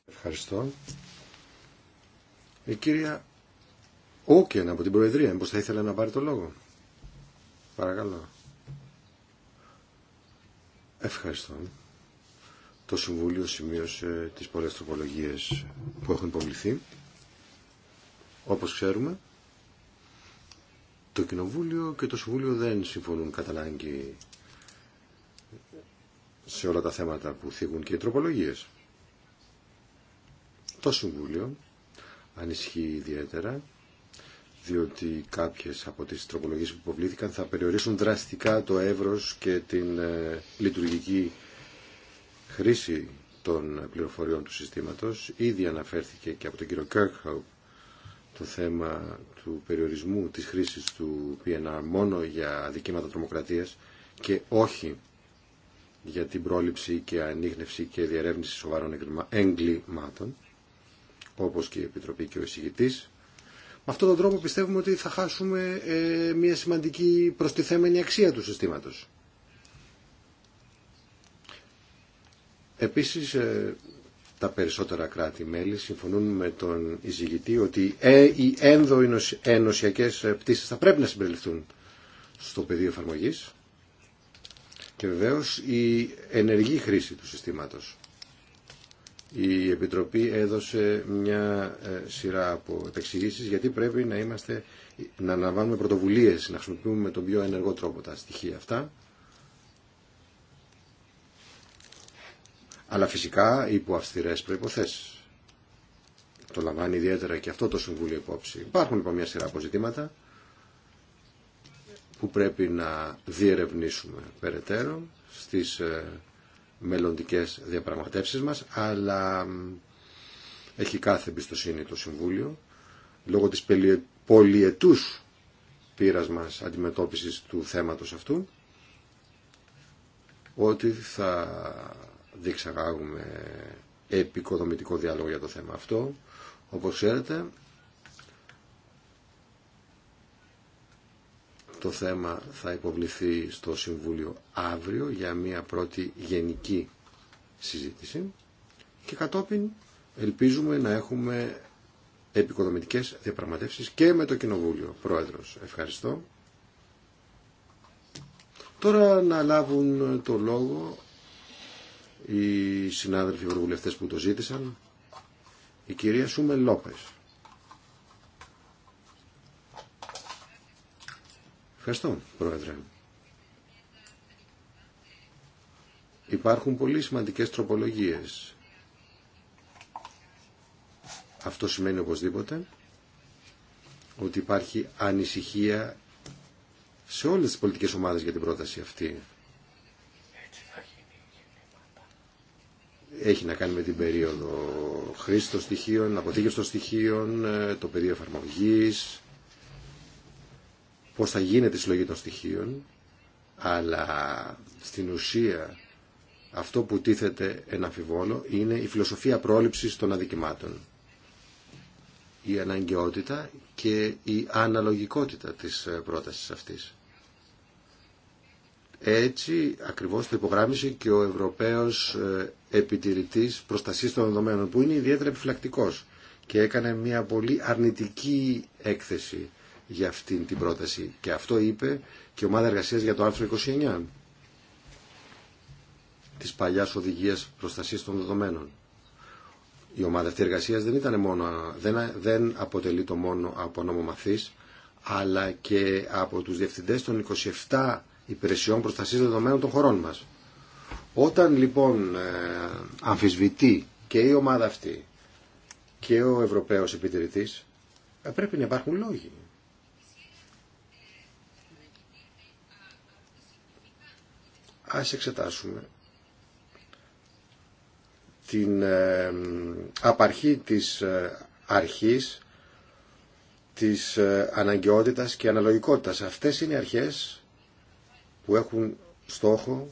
Ευχαριστώ. Η κυρία Όκεν από την Προεδρία, μήπως θα ήθελε να πάρει το λόγο. Παρακαλώ. Ευχαριστώ. Το Συμβούλιο σημείωσε τις πολλές τροπολογίες που έχουν υποβληθεί. Όπως ξέρουμε, το Κοινοβούλιο και το Συμβούλιο δεν συμφωνούν κατά ανάγκη σε όλα τα θέματα που θίγουν και οι τροπολογίες. Το Συμβούλιο ανισχύει ιδιαίτερα διότι κάποιες από τις τροπολογίες που υποβλήθηκαν θα περιορίσουν δραστικά το εύρος και την ε, λειτουργική χρήση των πληροφοριών του συστήματος. Ήδη αναφέρθηκε και από τον κύριο το θέμα του περιορισμού της χρήσης του PNR μόνο για αδικήματα τρομοκρατίας και όχι για την πρόληψη και ανείχνευση και διερεύνηση σοβαρών εγκλημάτων όπως και η Επιτροπή και ο εισηγητής. Με αυτόν τον τρόπο πιστεύουμε ότι θα χάσουμε ε, μια σημαντική προστιθέμενη αξία του συστήματος. Επίσης, ε, τα περισσότερα κράτη-μέλη συμφωνούν με τον εισηγητή ότι ε, οι ενδοενωσιακές πτήσεις θα πρέπει να συμπεριληφθούν στο πεδίο εφαρμογής και βεβαίως η ενεργή χρήση του συστήματος. Η Επιτροπή έδωσε μια ε, σειρά από εξηγήσει γιατί πρέπει να, είμαστε, να αναλαμβάνουμε πρωτοβουλίε, να χρησιμοποιούμε με τον πιο ενεργό τρόπο τα στοιχεία αυτά. Αλλά φυσικά υπό αυστηρέ προποθέσει. Το λαμβάνει ιδιαίτερα και αυτό το Συμβούλιο υπόψη. Υπάρχουν λοιπόν μια σειρά από ζητήματα που πρέπει να διερευνήσουμε περαιτέρω στις ε, μελλοντικές διαπραγματεύσεις μας, αλλά έχει κάθε εμπιστοσύνη το Συμβούλιο, λόγω της πολιετούς πείρας μας αντιμετώπισης του θέματος αυτού, ότι θα διεξαγάγουμε επικοδομητικό διάλογο για το θέμα αυτό. Όπως ξέρετε, Το θέμα θα υποβληθεί στο Συμβούλιο αύριο για μια πρώτη γενική συζήτηση και κατόπιν ελπίζουμε να έχουμε επικοδομητικές διαπραγματεύσεις και με το Κοινοβούλιο. Πρόεδρος, ευχαριστώ. Τώρα να λάβουν το λόγο οι συνάδελφοι ευρωβουλευτές που το ζήτησαν. Η κυρία Σούμε Λόπες. Ευχαριστώ, Πρόεδρε. Υπάρχουν πολύ σημαντικές τροπολογίες. Αυτό σημαίνει οπωσδήποτε ότι υπάρχει ανησυχία σε όλες τις πολιτικές ομάδες για την πρόταση αυτή. Έχει να κάνει με την περίοδο χρήση των στοιχείων, αποθήκευση των στοιχείων, το πεδίο εφαρμογής, πώς θα γίνεται η συλλογή των στοιχείων, αλλά στην ουσία αυτό που τίθεται εν αμφιβόλο είναι η φιλοσοφία πρόληψης των αδικημάτων. Η αναγκαιότητα και η αναλογικότητα της ε, πρότασης αυτής. Έτσι ακριβώς το υπογράμμισε και ο Ευρωπαίος ε, Επιτηρητής Προστασίας των Δεδομένων που είναι ιδιαίτερα επιφυλακτικός και έκανε μια πολύ αρνητική έκθεση για αυτήν την πρόταση. Και αυτό είπε και η ομάδα εργασίας για το άρθρο 29 της παλιάς οδηγίας προστασίας των δεδομένων. Η ομάδα αυτή εργασίας δεν, ήταν μόνο, δεν, δεν αποτελεί το μόνο από νομομαθείς, αλλά και από τους διευθυντές των 27 υπηρεσιών προστασίας δεδομένων των χωρών μας. Όταν λοιπόν ε, αμφισβητεί και η ομάδα αυτή και ο Ευρωπαίος επιτηρητής, ε, πρέπει να υπάρχουν λόγοι. Ας εξετάσουμε την ε, απαρχή της ε, αρχής της ε, αναγκαιότητας και αναλογικότητας. Αυτές είναι οι αρχές που έχουν στόχο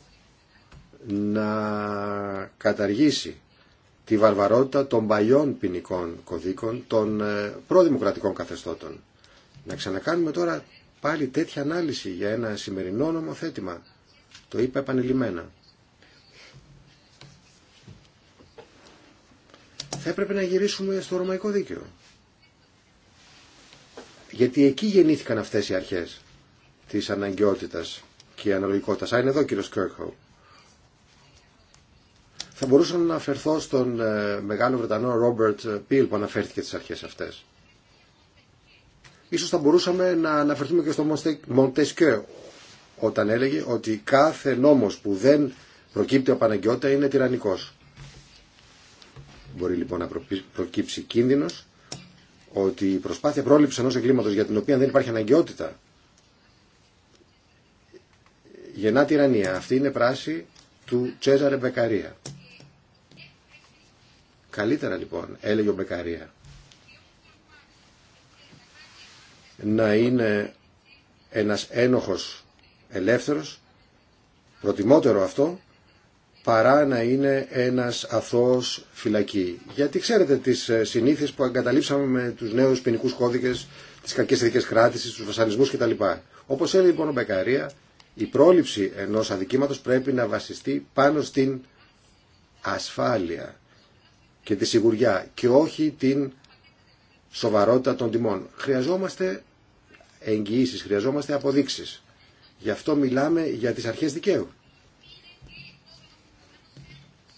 να καταργήσει τη βαρβαρότητα των παλιών ποινικών κωδίκων, των προδημοκρατικών καθεστώτων. Να ξανακάνουμε τώρα πάλι τέτοια ανάλυση για ένα σημερινό νομοθέτημα το είπα επανειλημμένα. Θα έπρεπε να γυρίσουμε στο ρωμαϊκό δίκαιο. Γιατί εκεί γεννήθηκαν αυτές οι αρχές της αναγκαιότητας και αναλογικότητας. Α, είναι εδώ ο κύριος Κέρκο. Θα μπορούσα να αναφερθώ στον ε, μεγάλο Βρετανό Ρόμπερτ Πιλ που αναφέρθηκε τις αρχές αυτές. Ίσως θα μπορούσαμε να αναφερθούμε και στο Μοντεσκέ, όταν έλεγε ότι κάθε νόμος που δεν προκύπτει από αναγκαιότητα είναι τυραννικός. Μπορεί λοιπόν να προκύψει κίνδυνος ότι η προσπάθεια πρόληψης ενός εγκλήματος για την οποία δεν υπάρχει αναγκαιότητα γεννά τυραννία. Αυτή είναι πράση του Τσέζαρε Μπεκαρία. Καλύτερα λοιπόν, έλεγε ο Μπεκαρία, να είναι ένας ένοχος ελεύθερος, προτιμότερο αυτό, παρά να είναι ένας αθώος φυλακή. Γιατί ξέρετε τις ε, συνήθειες που εγκαταλείψαμε με τους νέους ποινικού κώδικες, τις κακές ειδικές κράτησης, τους βασανισμούς κτλ. Όπως έλεγε λοιπόν ο Μπεκαρία, η πρόληψη ενός αδικήματος πρέπει να βασιστεί πάνω στην ασφάλεια και τη σιγουριά και όχι την σοβαρότητα των τιμών. Χρειαζόμαστε εγγυήσεις, χρειαζόμαστε αποδείξεις. Γι' αυτό μιλάμε για τις αρχές δικαίου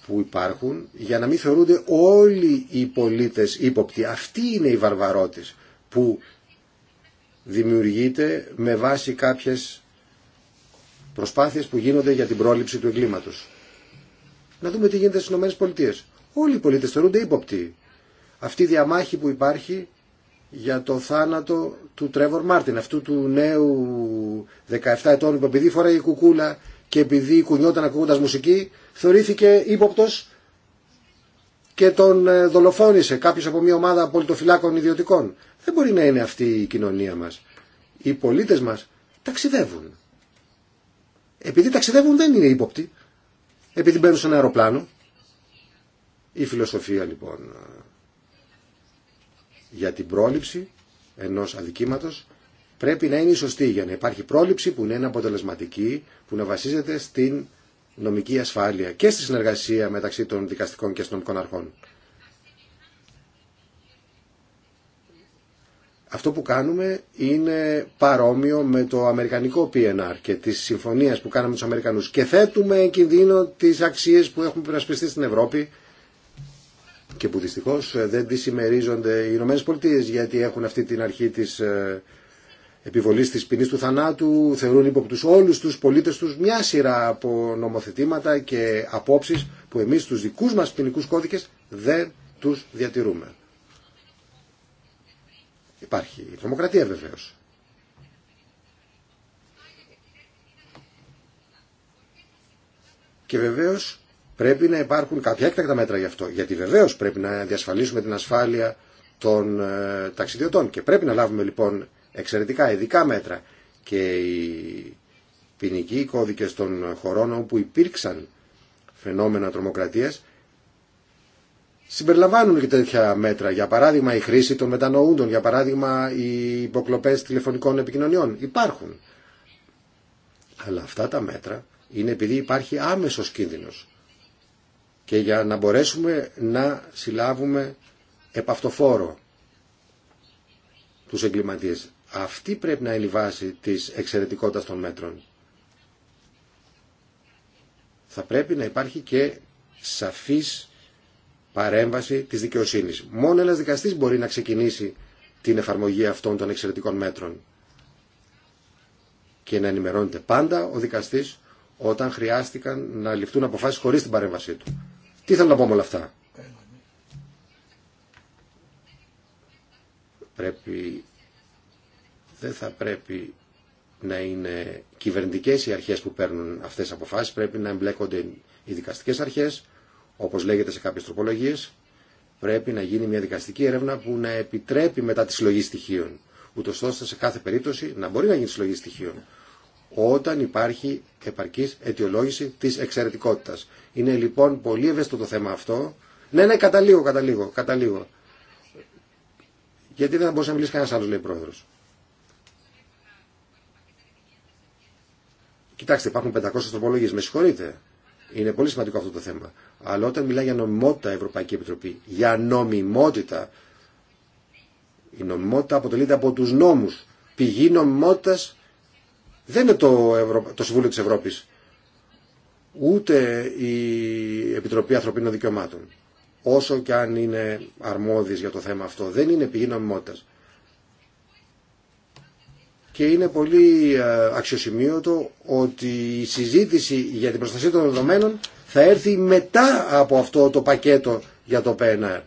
που υπάρχουν για να μην θεωρούνται όλοι οι πολίτες ύποπτοι. Αυτή είναι η βαρβαρότης που δημιουργείται με βάση κάποιες προσπάθειες που γίνονται για την πρόληψη του εγκλήματος. Να δούμε τι γίνεται στις ΗΠΑ. Όλοι οι πολίτες θεωρούνται ύποπτοι. Αυτή η διαμάχη που υπάρχει για το θάνατο του Τρέβορ Μάρτιν, αυτού του νέου 17 ετών που επειδή φοράει κουκούλα και επειδή κουνιόταν ακούγοντα μουσική, θεωρήθηκε ύποπτο και τον ε, δολοφόνησε κάποιο από μια ομάδα πολιτοφυλάκων ιδιωτικών. Δεν μπορεί να είναι αυτή η κοινωνία μα. Οι πολίτε μα ταξιδεύουν. Επειδή ταξιδεύουν δεν είναι ύποπτοι. Επειδή μπαίνουν σε ένα αεροπλάνο. Η φιλοσοφία λοιπόν για την πρόληψη ενός αδικήματος πρέπει να είναι η σωστή για να υπάρχει πρόληψη που να είναι αποτελεσματική, που να βασίζεται στην νομική ασφάλεια και στη συνεργασία μεταξύ των δικαστικών και αστυνομικών αρχών. Αυτό που κάνουμε είναι παρόμοιο με το αμερικανικό PNR και τις συμφωνίες που κάναμε με τους Αμερικανούς και θέτουμε κινδύνο τι αξίε που έχουμε περασπιστεί στην Ευρώπη και που δυστυχώς ε, δεν τη συμμερίζονται οι Ηνωμένε Πολιτείε γιατί έχουν αυτή την αρχή της ε, επιβολής της ποινή του θανάτου, θεωρούν ύποπτους όλους τους πολίτες τους μια σειρά από νομοθετήματα και απόψεις που εμείς τους δικούς μας ποινικού κώδικες δεν τους διατηρούμε. Υπάρχει η τρομοκρατία βεβαίως. Και βεβαίως Πρέπει να υπάρχουν κάποια έκτακτα μέτρα γι' αυτό, γιατί βεβαίω πρέπει να διασφαλίσουμε την ασφάλεια των ε, ταξιδιωτών και πρέπει να λάβουμε λοιπόν εξαιρετικά ειδικά μέτρα και οι ποινικοί κώδικες των χωρών όπου υπήρξαν φαινόμενα τρομοκρατία συμπεριλαμβάνουν και τέτοια μέτρα. Για παράδειγμα, η χρήση των μετανοούντων, για παράδειγμα, οι υποκλοπέ τηλεφωνικών επικοινωνιών. Υπάρχουν. Αλλά αυτά τα μέτρα είναι επειδή υπάρχει άμεσο κίνδυνο και για να μπορέσουμε να συλλάβουμε επαυτοφόρο τους εγκληματίες. Αυτή πρέπει να είναι η βάση της εξαιρετικότητας των μέτρων. Θα πρέπει να υπάρχει και σαφής παρέμβαση της δικαιοσύνης. Μόνο ένας δικαστής μπορεί να ξεκινήσει την εφαρμογή αυτών των εξαιρετικών μέτρων και να ενημερώνεται πάντα ο δικαστής όταν χρειάστηκαν να ληφθούν αποφάσεις χωρίς την παρέμβασή του. Τι θέλω να πω με όλα αυτά. Πρέπει, δεν θα πρέπει να είναι κυβερνητικές οι αρχές που παίρνουν αυτές τις αποφάσεις, πρέπει να εμπλέκονται οι δικαστικές αρχές, όπως λέγεται σε κάποιες τροπολογίες, πρέπει να γίνει μια δικαστική έρευνα που να επιτρέπει μετά τη συλλογή στοιχείων, Ούτως ώστε σε κάθε περίπτωση να μπορεί να γίνει συλλογή στοιχείων όταν υπάρχει επαρκής αιτιολόγηση της εξαιρετικότητας. Είναι λοιπόν πολύ ευαίσθητο το θέμα αυτό. Ναι, ναι, κατά λίγο, κατά λίγο, Γιατί δεν θα μπορούσε να μιλήσει κανένα άλλο, λέει ο πρόεδρο. Κοιτάξτε, υπάρχουν 500 τροπολογίε, με συγχωρείτε. Είναι πολύ σημαντικό αυτό το θέμα. Αλλά όταν μιλάει για νομιμότητα η Ευρωπαϊκή Επιτροπή, για νομιμότητα, η νομιμότητα αποτελείται από του νόμου. Πηγή νομιμότητα δεν είναι το, το Συμβούλιο της Ευρώπης, ούτε η Επιτροπή Ανθρωπίνων Δικαιωμάτων, όσο και αν είναι αρμόδιες για το θέμα αυτό, δεν είναι πηγή νομιμότητας. Και είναι πολύ ε, αξιοσημείωτο ότι η συζήτηση για την προστασία των δεδομένων θα έρθει μετά από αυτό το πακέτο για το PNR.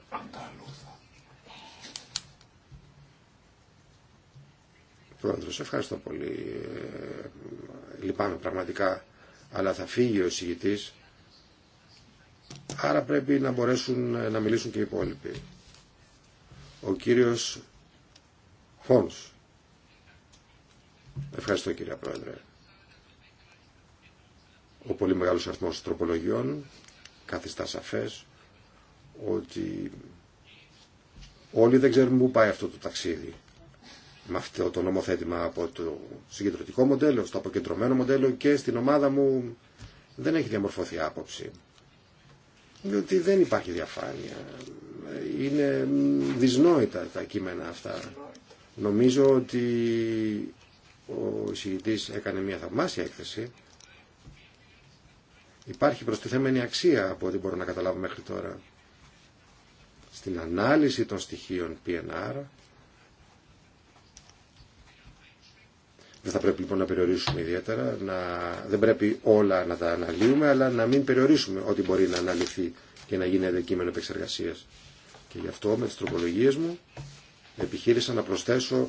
Πρόεδρος, ευχαριστώ πολύ. Ε, λυπάμαι πραγματικά, αλλά θα φύγει ο εισηγητής. Άρα πρέπει να μπορέσουν ε, να μιλήσουν και οι υπόλοιποι. Ο κύριος Φόνς. Ευχαριστώ κύριε Πρόεδρε. Ο πολύ μεγάλος αριθμός τροπολογιών καθιστά σαφές ότι όλοι δεν ξέρουμε πού πάει αυτό το ταξίδι με αυτό το νομοθέτημα από το συγκεντρωτικό μοντέλο στο αποκεντρωμένο μοντέλο και στην ομάδα μου δεν έχει διαμορφωθεί άποψη. Διότι δεν υπάρχει διαφάνεια. Είναι δυσνόητα τα κείμενα αυτά. Νομίζω ότι ο εισηγητής έκανε μια θαυμάσια έκθεση. Υπάρχει προστιθέμενη αξία από ό,τι μπορώ να καταλάβω μέχρι τώρα. Στην ανάλυση των στοιχείων PNR Δεν θα πρέπει λοιπόν να περιορίσουμε ιδιαίτερα, να... δεν πρέπει όλα να τα αναλύουμε, αλλά να μην περιορίσουμε ό,τι μπορεί να αναλυθεί και να γίνει αντικείμενο επεξεργασία. Και γι' αυτό με τι τροπολογίε μου επιχείρησα να προσθέσω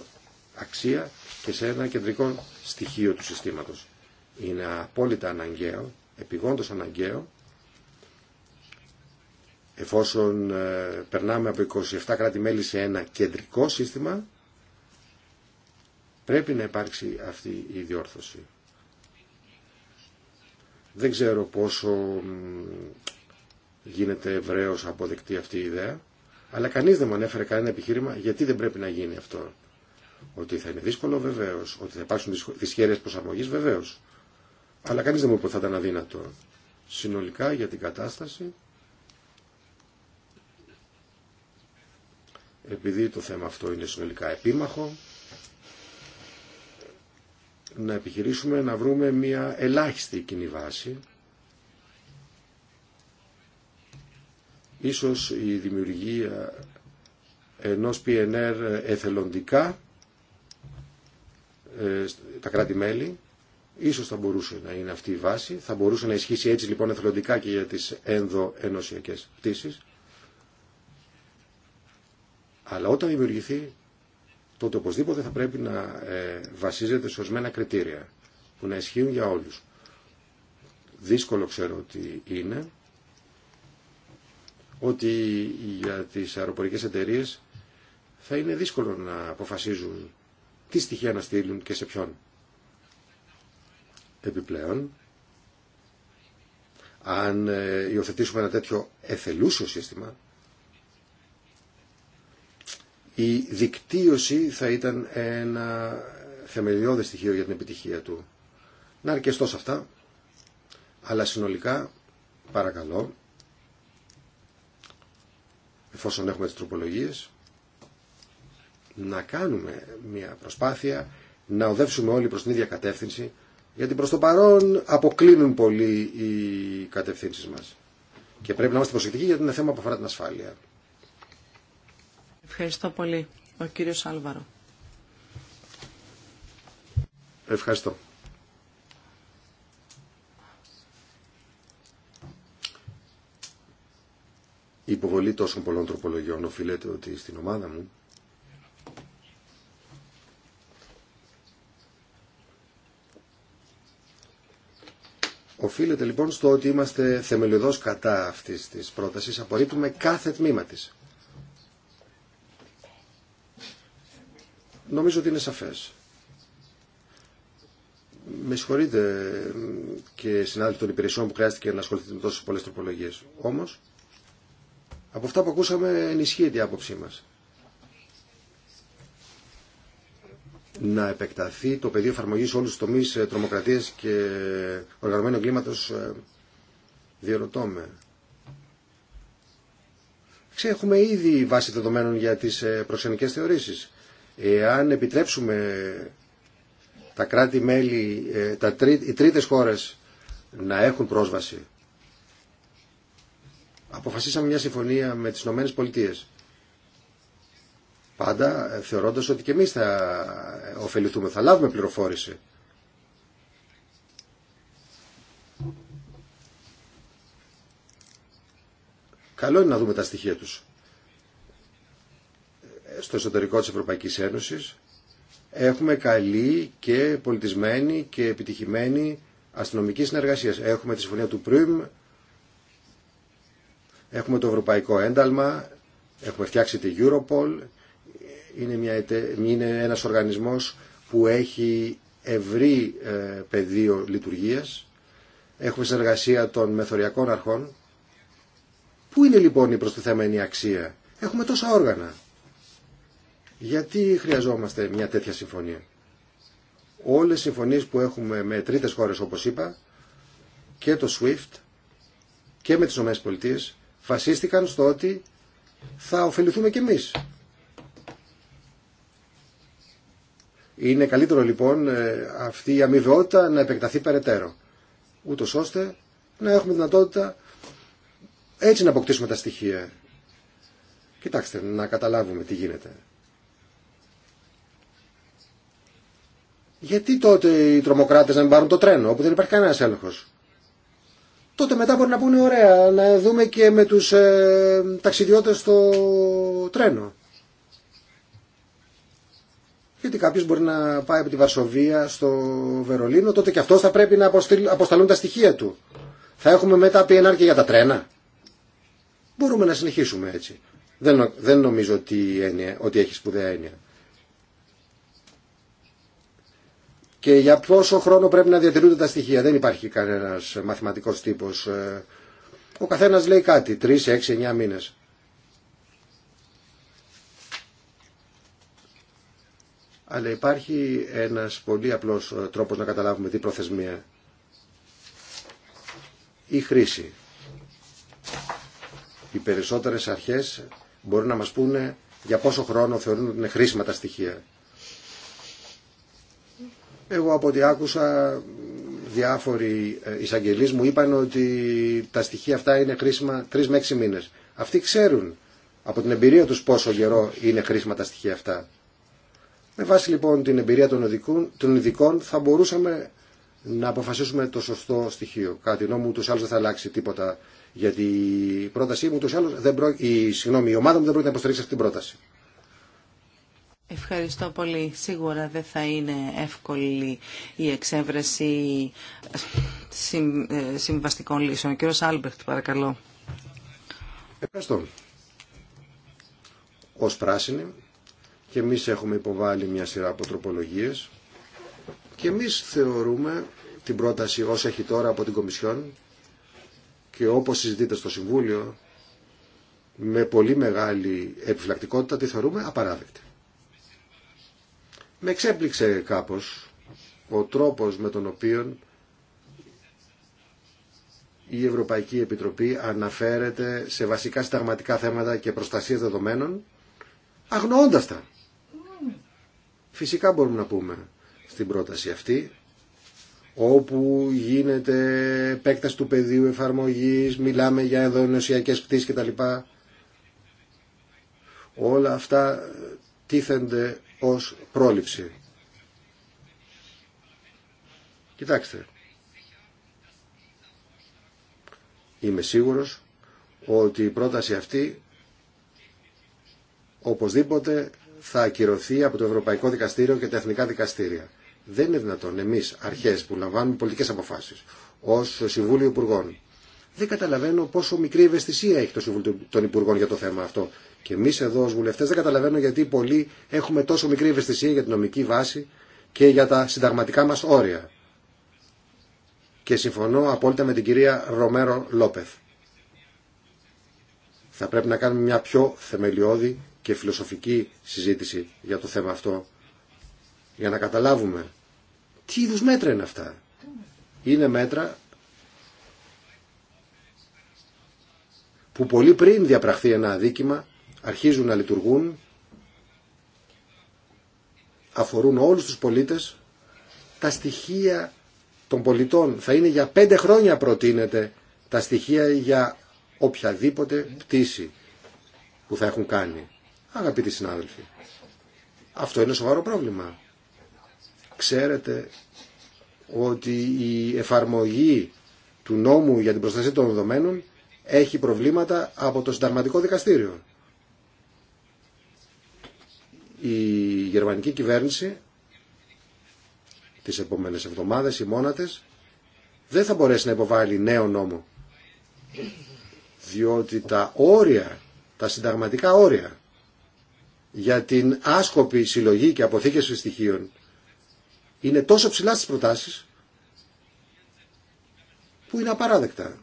αξία και σε ένα κεντρικό στοιχείο του συστήματος. Είναι απόλυτα αναγκαίο, επιγόντω αναγκαίο, εφόσον ε, περνάμε από 27 κράτη-μέλη σε ένα κεντρικό σύστημα, Πρέπει να υπάρξει αυτή η διόρθωση. Δεν ξέρω πόσο γίνεται ευρέως αποδεκτή αυτή η ιδέα, αλλά κανείς δεν μου ανέφερε κανένα επιχείρημα γιατί δεν πρέπει να γίνει αυτό. Ότι θα είναι δύσκολο βεβαίως, ότι θα υπάρξουν δυσχέρειες προσαρμογής βεβαίως. Αλλά κανείς δεν μου είπε ότι θα ήταν αδύνατο. Συνολικά για την κατάσταση, επειδή το θέμα αυτό είναι συνολικά επίμαχο, να επιχειρήσουμε να βρούμε μια ελάχιστη κοινή βάση. Ίσως η δημιουργία ενός PNR εθελοντικά ε, τα κράτη-μέλη, ίσως θα μπορούσε να είναι αυτή η βάση, θα μπορούσε να ισχύσει έτσι λοιπόν εθελοντικά και για τις ενδοενωσιακές πτήσεις. Αλλά όταν δημιουργηθεί τότε οπωσδήποτε θα πρέπει να ε, βασίζεται σε ορισμένα κριτήρια που να ισχύουν για όλους. Δύσκολο ξέρω ότι είναι ότι για τις αεροπορικές εταιρείες θα είναι δύσκολο να αποφασίζουν τι στοιχεία να στείλουν και σε ποιον. Επιπλέον, αν ε, υιοθετήσουμε ένα τέτοιο εθελούσιο σύστημα, η δικτύωση θα ήταν ένα θεμελιώδες στοιχείο για την επιτυχία του. Να αρκεστώ σε αυτά, αλλά συνολικά παρακαλώ, εφόσον έχουμε τις τροπολογίες, να κάνουμε μια προσπάθεια να οδεύσουμε όλοι προς την ίδια κατεύθυνση, γιατί προς το παρόν αποκλίνουν πολύ οι κατευθύνσεις μας. Και πρέπει να είμαστε προσεκτικοί γιατί είναι θέμα που αφορά την ασφάλεια. Ευχαριστώ πολύ. Ο κύριος Άλβαρο. Ευχαριστώ. Η υποβολή τόσων πολλών τροπολογιών οφείλεται ότι στην ομάδα μου Οφείλεται λοιπόν στο ότι είμαστε θεμελιωδώς κατά αυτής της πρότασης, απορρίπτουμε κάθε τμήμα της. Νομίζω ότι είναι σαφές. Με συγχωρείτε και συνάδελφοι των υπηρεσιών που χρειάστηκε να ασχοληθείτε με τόσες πολλές τροπολογίες. Όμως, από αυτά που ακούσαμε ενισχύεται η άποψή μας. να επεκταθεί το πεδίο εφαρμογή σε όλου του τομεί ε, τρομοκρατία και οργανωμένου κλίματος, ε, διερωτώμε. Ξέχουμε ήδη βάση δεδομένων για τι ε, προξενικές θεωρήσεις. Εάν επιτρέψουμε τα κράτη-μέλη, ε, τα οι τρίτες χώρες να έχουν πρόσβαση, αποφασίσαμε μια συμφωνία με τις Ηνωμένες Πολιτείες. Πάντα θεωρώντας ότι και εμείς θα ωφεληθούμε, θα λάβουμε πληροφόρηση. Καλό είναι να δούμε τα στοιχεία τους στο εσωτερικό της Ευρωπαϊκής Ένωσης έχουμε καλή και πολιτισμένη και επιτυχημένη αστυνομική συνεργασία. Έχουμε τη συμφωνία του ΠΡΙΜ, έχουμε το Ευρωπαϊκό Ένταλμα, έχουμε φτιάξει τη Europol, είναι, μια, είναι ένας οργανισμός που έχει ευρύ ε, πεδίο λειτουργίας, έχουμε συνεργασία των μεθοριακών αρχών. Πού είναι λοιπόν η προστιθέμενη αξία. Έχουμε τόσα όργανα. Γιατί χρειαζόμαστε μια τέτοια συμφωνία. Όλες οι συμφωνίες που έχουμε με τρίτες χώρες όπως είπα και το SWIFT και με τις ΗΠΑ βασίστηκαν στο ότι θα ωφεληθούμε κι εμείς. Είναι καλύτερο λοιπόν ε, αυτή η αμοιβαιότητα να επεκταθεί περαιτέρω. Ούτω ώστε να έχουμε δυνατότητα έτσι να αποκτήσουμε τα στοιχεία. Κοιτάξτε, να καταλάβουμε τι γίνεται. Γιατί τότε οι τρομοκράτες να μην πάρουν το τρένο, όπου δεν υπάρχει κανένας έλεγχος. Τότε μετά μπορεί να πούνε ωραία, να δούμε και με τους ε, ταξιδιώτες το τρένο. Γιατί κάποιο μπορεί να πάει από τη Βαρσοβία στο Βερολίνο, τότε και αυτό θα πρέπει να αποσταλούν τα στοιχεία του. Θα έχουμε μετά PNR και για τα τρένα. Μπορούμε να συνεχίσουμε έτσι. Δεν, δεν νομίζω ότι, ότι έχει σπουδαία έννοια. και για πόσο χρόνο πρέπει να διατηρούνται τα στοιχεία. Δεν υπάρχει κανένας μαθηματικός τύπος. Ε, ο καθένας λέει κάτι, τρει, έξι, εννιά μήνες. Αλλά υπάρχει ένας πολύ απλός ε, τρόπος να καταλάβουμε τι προθεσμία. Η χρήση. Οι περισσότερες αρχές μπορούν να μας πούνε για πόσο χρόνο θεωρούν ότι είναι χρήσιμα τα στοιχεία. Εγώ από ό,τι άκουσα διάφοροι ε, εισαγγελεί μου είπαν ότι τα στοιχεία αυτά είναι χρήσιμα τρει με έξι μήνες. Αυτοί ξέρουν από την εμπειρία του πόσο καιρό είναι χρήσιμα τα στοιχεία αυτά. Με βάση λοιπόν την εμπειρία των, των ειδικών θα μπορούσαμε να αποφασίσουμε το σωστό στοιχείο. Κάτι νόμου τους άλλους δεν θα αλλάξει τίποτα γιατί η πρότασή μου τους άλλους δεν η, συγγνώμη, η ομάδα μου δεν πρόκειται να υποστηρίξει αυτή την πρόταση. Ευχαριστώ πολύ. Σίγουρα δεν θα είναι εύκολη η εξέβρεση ε, συμβαστικών λύσεων. κύριος Άλμπεχτ, παρακαλώ. Ευχαριστώ. Ως πράσινοι και εμείς έχουμε υποβάλει μια σειρά από τροπολογίες και εμείς θεωρούμε την πρόταση όσο έχει τώρα από την Κομισιόν και όπως συζητείται στο Συμβούλιο με πολύ μεγάλη επιφυλακτικότητα τη θεωρούμε απαράδεκτη με εξέπληξε κάπως ο τρόπος με τον οποίο η Ευρωπαϊκή Επιτροπή αναφέρεται σε βασικά συνταγματικά θέματα και προστασία δεδομένων, αγνοώντας τα. Φυσικά μπορούμε να πούμε στην πρόταση αυτή, όπου γίνεται επέκταση του πεδίου εφαρμογής, μιλάμε για ενδονοσιακές πτήσεις κτλ. Όλα αυτά τίθενται ως πρόληψη. Κοιτάξτε, είμαι σίγουρος ότι η πρόταση αυτή οπωσδήποτε θα ακυρωθεί από το Ευρωπαϊκό Δικαστήριο και τα Εθνικά Δικαστήρια. Δεν είναι δυνατόν εμείς αρχές που λαμβάνουμε πολιτικές αποφάσεις ως Συμβούλιο Υπουργών. Δεν καταλαβαίνω πόσο μικρή ευαισθησία έχει το Συμβούλιο των Υπουργών για το θέμα αυτό. Και εμεί εδώ ω βουλευτέ δεν καταλαβαίνω γιατί πολλοί έχουμε τόσο μικρή ευαισθησία για την νομική βάση και για τα συνταγματικά μα όρια. Και συμφωνώ απόλυτα με την κυρία Ρομέρο Λόπεθ. Θα πρέπει να κάνουμε μια πιο θεμελιώδη και φιλοσοφική συζήτηση για το θέμα αυτό για να καταλάβουμε τι είδου μέτρα είναι αυτά. Είναι μέτρα που πολύ πριν διαπραχθεί ένα αδίκημα αρχίζουν να λειτουργούν αφορούν όλους τους πολίτες τα στοιχεία των πολιτών θα είναι για πέντε χρόνια προτείνεται τα στοιχεία για οποιαδήποτε πτήση που θα έχουν κάνει αγαπητοί συνάδελφοι αυτό είναι σοβαρό πρόβλημα ξέρετε ότι η εφαρμογή του νόμου για την προστασία των δεδομένων έχει προβλήματα από το συνταγματικό δικαστήριο η γερμανική κυβέρνηση τις επόμενες εβδομάδες ή μόνατες δεν θα μπορέσει να υποβάλει νέο νόμο διότι τα όρια, τα συνταγματικά όρια για την άσκοπη συλλογή και αποθήκευση στοιχείων είναι τόσο ψηλά στις προτάσεις που είναι απαράδεκτα.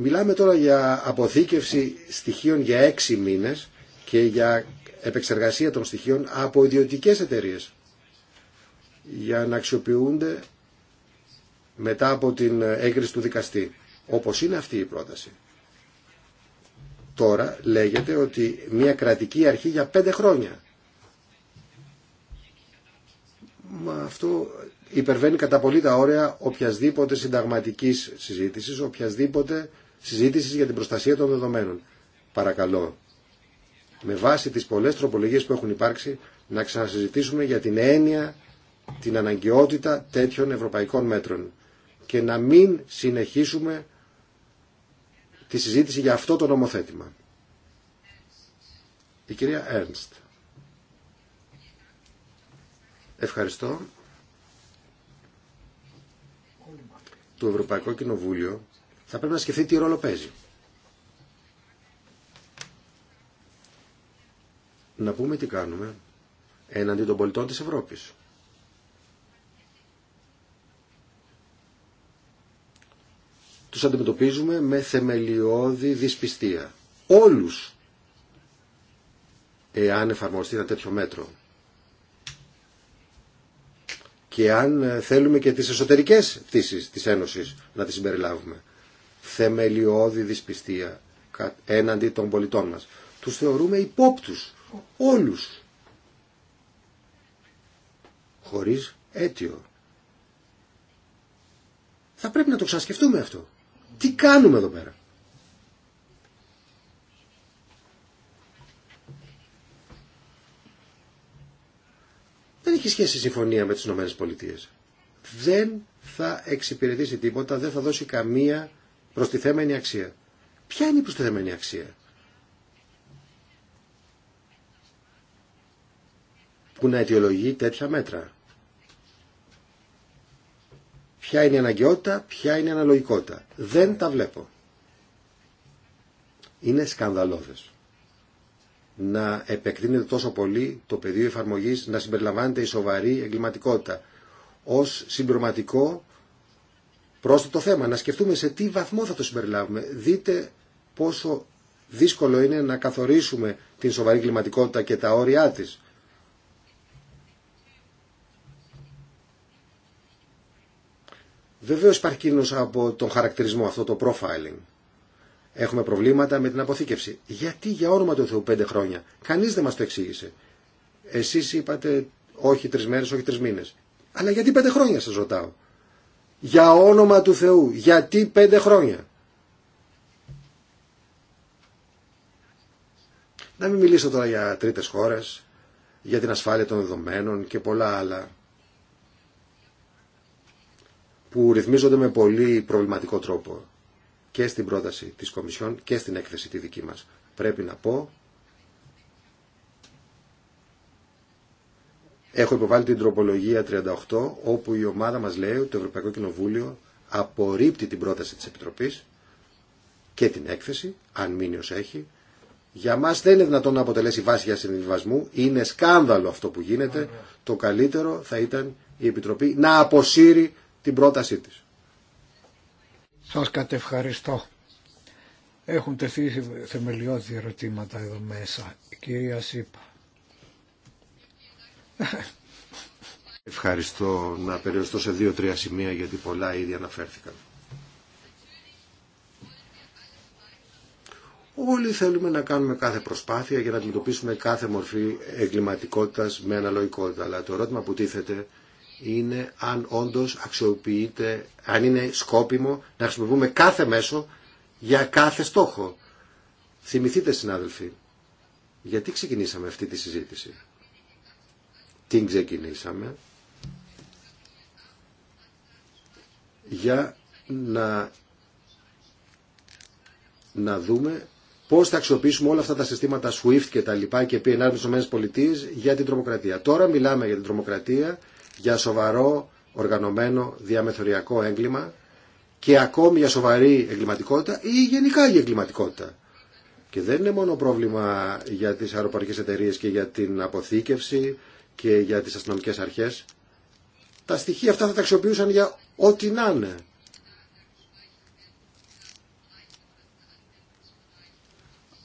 Μιλάμε τώρα για αποθήκευση στοιχείων για έξι μήνες και για επεξεργασία των στοιχείων από ιδιωτικές εταιρείες για να αξιοποιούνται μετά από την έγκριση του δικαστή, όπως είναι αυτή η πρόταση. Τώρα λέγεται ότι μια κρατική αρχή για πέντε χρόνια. αυτό υπερβαίνει κατά πολύ τα όρια οποιασδήποτε συνταγματικής συζήτησης, οποιασδήποτε συζήτησης για την προστασία των δεδομένων. Παρακαλώ, με βάση τις πολλές τροπολογίες που έχουν υπάρξει, να ξανασυζητήσουμε για την έννοια, την αναγκαιότητα τέτοιων ευρωπαϊκών μέτρων και να μην συνεχίσουμε τη συζήτηση για αυτό το νομοθέτημα. Η κυρία Έρνστ. Ευχαριστώ. Το Ευρωπαϊκό Κοινοβούλιο θα πρέπει να σκεφτεί τι ρόλο παίζει. Να πούμε τι κάνουμε έναντι των πολιτών της Ευρώπης. Τους αντιμετωπίζουμε με θεμελιώδη δυσπιστία. Όλους, εάν εφαρμοστεί ένα τέτοιο μέτρο. Και αν θέλουμε και τις εσωτερικές πτήσεις της Ένωσης να τις συμπεριλάβουμε θεμελιώδη δυσπιστία έναντι των πολιτών μας. Τους θεωρούμε υπόπτους, όλους, χωρίς αίτιο. Θα πρέπει να το ξανασκεφτούμε αυτό. Τι κάνουμε εδώ πέρα. Δεν έχει σχέση η συμφωνία με τις Ηνωμένες Πολιτείες. Δεν θα εξυπηρετήσει τίποτα, δεν θα δώσει καμία προστιθέμενη αξία. Ποια είναι η προστιθέμενη αξία που να αιτιολογεί τέτοια μέτρα. Ποια είναι η αναγκαιότητα, ποια είναι η αναλογικότητα. Δεν τα βλέπω. Είναι σκανδαλώδες να επεκτείνεται τόσο πολύ το πεδίο εφαρμογής, να συμπεριλαμβάνεται η σοβαρή εγκληματικότητα ως συμπροματικό πρόσθετο θέμα, να σκεφτούμε σε τι βαθμό θα το συμπεριλάβουμε. Δείτε πόσο δύσκολο είναι να καθορίσουμε την σοβαρή κλιματικότητα και τα όρια της. Βεβαίω υπάρχει κίνδυνο από τον χαρακτηρισμό, αυτό το profiling. Έχουμε προβλήματα με την αποθήκευση. Γιατί για όνομα του Θεού πέντε χρόνια. Κανεί δεν μα το εξήγησε. Εσεί είπατε όχι τρει μέρε, όχι τρει μήνε. Αλλά γιατί πέντε χρόνια σα ρωτάω. Για όνομα του Θεού. Γιατί πέντε χρόνια. Να μην μιλήσω τώρα για τρίτες χώρες, για την ασφάλεια των δεδομένων και πολλά άλλα που ρυθμίζονται με πολύ προβληματικό τρόπο και στην πρόταση της Κομισιόν και στην έκθεση τη δική μας. Πρέπει να πω Έχω υποβάλει την τροπολογία 38, όπου η ομάδα μας λέει ότι το Ευρωπαϊκό Κοινοβούλιο απορρίπτει την πρόταση της Επιτροπής και την έκθεση, αν μείνει έχει. Για μας δεν είναι δυνατόν να αποτελέσει βάση για συμβιβασμού. Είναι σκάνδαλο αυτό που γίνεται. Το καλύτερο θα ήταν η Επιτροπή να αποσύρει την πρότασή της. Σας κατευχαριστώ. Έχουν τεθεί θεμελιώδη ερωτήματα εδώ μέσα. Η κυρία Σίπα. Ευχαριστώ να περιοριστώ σε δύο-τρία σημεία γιατί πολλά ήδη αναφέρθηκαν. Όλοι θέλουμε να κάνουμε κάθε προσπάθεια για να αντιμετωπίσουμε κάθε μορφή εγκληματικότητας με αναλογικότητα. Αλλά το ερώτημα που τίθεται είναι αν όντως αξιοποιείται, αν είναι σκόπιμο να χρησιμοποιούμε κάθε μέσο για κάθε στόχο. Θυμηθείτε συνάδελφοι, γιατί ξεκινήσαμε αυτή τη συζήτηση την ξεκινήσαμε για να, να δούμε πώς θα αξιοποιήσουμε όλα αυτά τα συστήματα SWIFT και τα λοιπά και PNR στι ΗΠΑ για την τρομοκρατία. Τώρα μιλάμε για την τρομοκρατία, για σοβαρό οργανωμένο διαμεθοριακό έγκλημα και ακόμη για σοβαρή εγκληματικότητα ή γενικά για εγκληματικότητα. Και δεν είναι μόνο πρόβλημα για τις αεροπορικές εταιρείες και για την αποθήκευση, και για τις αστυνομικές αρχές, τα στοιχεία αυτά θα τα αξιοποιούσαν για ό,τι να είναι.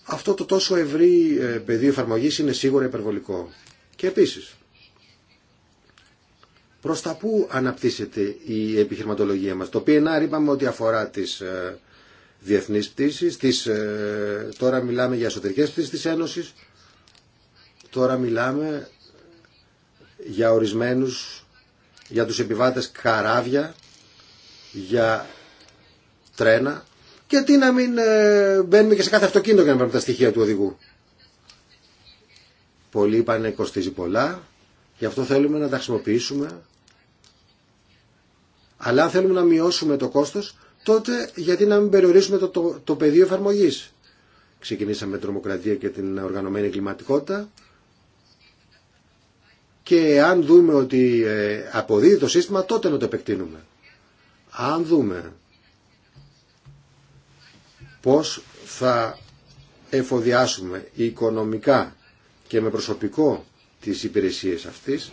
Αυτό το τόσο ευρύ ε, πεδίο εφαρμογή είναι σίγουρα υπερβολικό. Και επίσης, προς τα πού αναπτύσσεται η επιχειρηματολογία μας. Το PNR είπαμε ότι αφορά τις ε, διεθνείς πτήσεις, ε, τώρα μιλάμε για εσωτερικές πτήσεις της Ένωσης, τώρα μιλάμε για ορισμένους, για τους επιβάτες καράβια, για τρένα. Γιατί να μην ε, μπαίνουμε και σε κάθε αυτοκίνητο για να πάρουμε τα στοιχεία του οδηγού. Πολλοί είπανε κοστίζει πολλά, γι' αυτό θέλουμε να τα χρησιμοποιήσουμε. Αλλά αν θέλουμε να μειώσουμε το κόστος, τότε γιατί να μην περιορίσουμε το, το, πεδίο εφαρμογής. Ξεκινήσαμε με τρομοκρατία και την οργανωμένη εγκληματικότητα και αν δούμε ότι ε, αποδίδει το σύστημα τότε να το επεκτείνουμε. Αν δούμε πώς θα εφοδιάσουμε οικονομικά και με προσωπικό τις υπηρεσίες αυτής,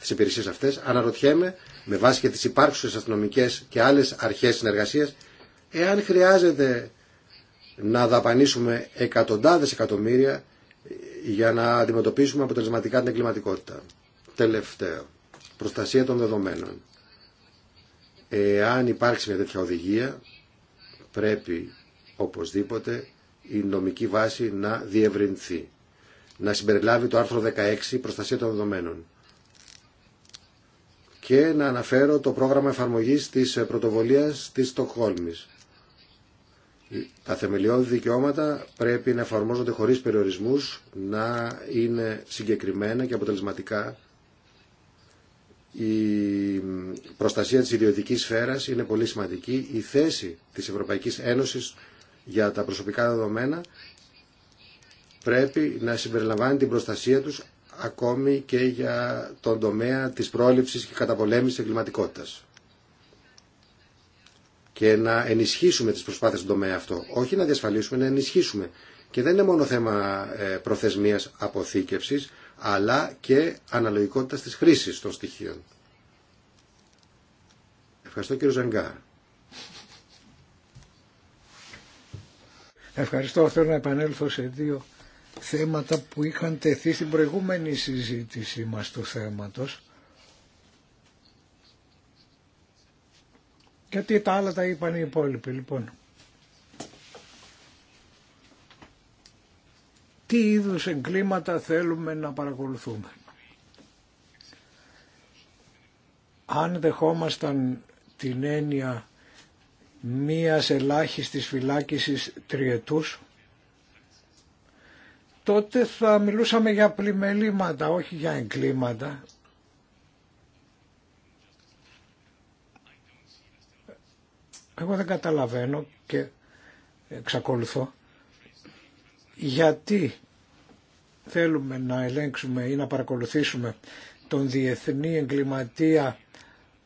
τις υπηρεσίες αυτές, αναρωτιέμαι με βάση και τις υπάρχουσες αστυνομικές και άλλες αρχές συνεργασίας, εάν χρειάζεται να δαπανίσουμε εκατοντάδες εκατομμύρια για να αντιμετωπίσουμε αποτελεσματικά την εγκληματικότητα τελευταίο. Προστασία των δεδομένων. Εάν υπάρξει μια τέτοια οδηγία, πρέπει οπωσδήποτε η νομική βάση να διευρυνθεί. Να συμπεριλάβει το άρθρο 16, προστασία των δεδομένων. Και να αναφέρω το πρόγραμμα εφαρμογής της πρωτοβολίας της Στοκχόλμης. Τα θεμελιώδη δικαιώματα πρέπει να εφαρμόζονται χωρίς περιορισμούς, να είναι συγκεκριμένα και αποτελεσματικά η προστασία της ιδιωτικής σφαίρας είναι πολύ σημαντική. Η θέση της Ευρωπαϊκής Ένωσης για τα προσωπικά δεδομένα πρέπει να συμπεριλαμβάνει την προστασία τους ακόμη και για τον τομέα της πρόληψης και καταπολέμησης εγκληματικότητας. Και να ενισχύσουμε τις προσπάθειες στον τομέα αυτό. Όχι να διασφαλίσουμε, να ενισχύσουμε. Και δεν είναι μόνο θέμα ε, προθεσμίας αποθήκευσης, αλλά και αναλογικότητα της χρήσης των στοιχείων. Ευχαριστώ κύριο Ζαγκάρ. Ευχαριστώ. Θέλω να επανέλθω σε δύο θέματα που είχαν τεθεί στην προηγούμενη συζήτησή μας του θέματος. Γιατί τα άλλα τα είπαν οι υπόλοιποι. Λοιπόν, τι είδους εγκλήματα θέλουμε να παρακολουθούμε. Αν δεχόμασταν την έννοια μίας ελάχιστης φυλάκισης τριετούς, τότε θα μιλούσαμε για πλημελήματα, όχι για εγκλήματα. Εγώ δεν καταλαβαίνω και εξακολουθώ γιατί θέλουμε να ελέγξουμε ή να παρακολουθήσουμε τον διεθνή εγκληματία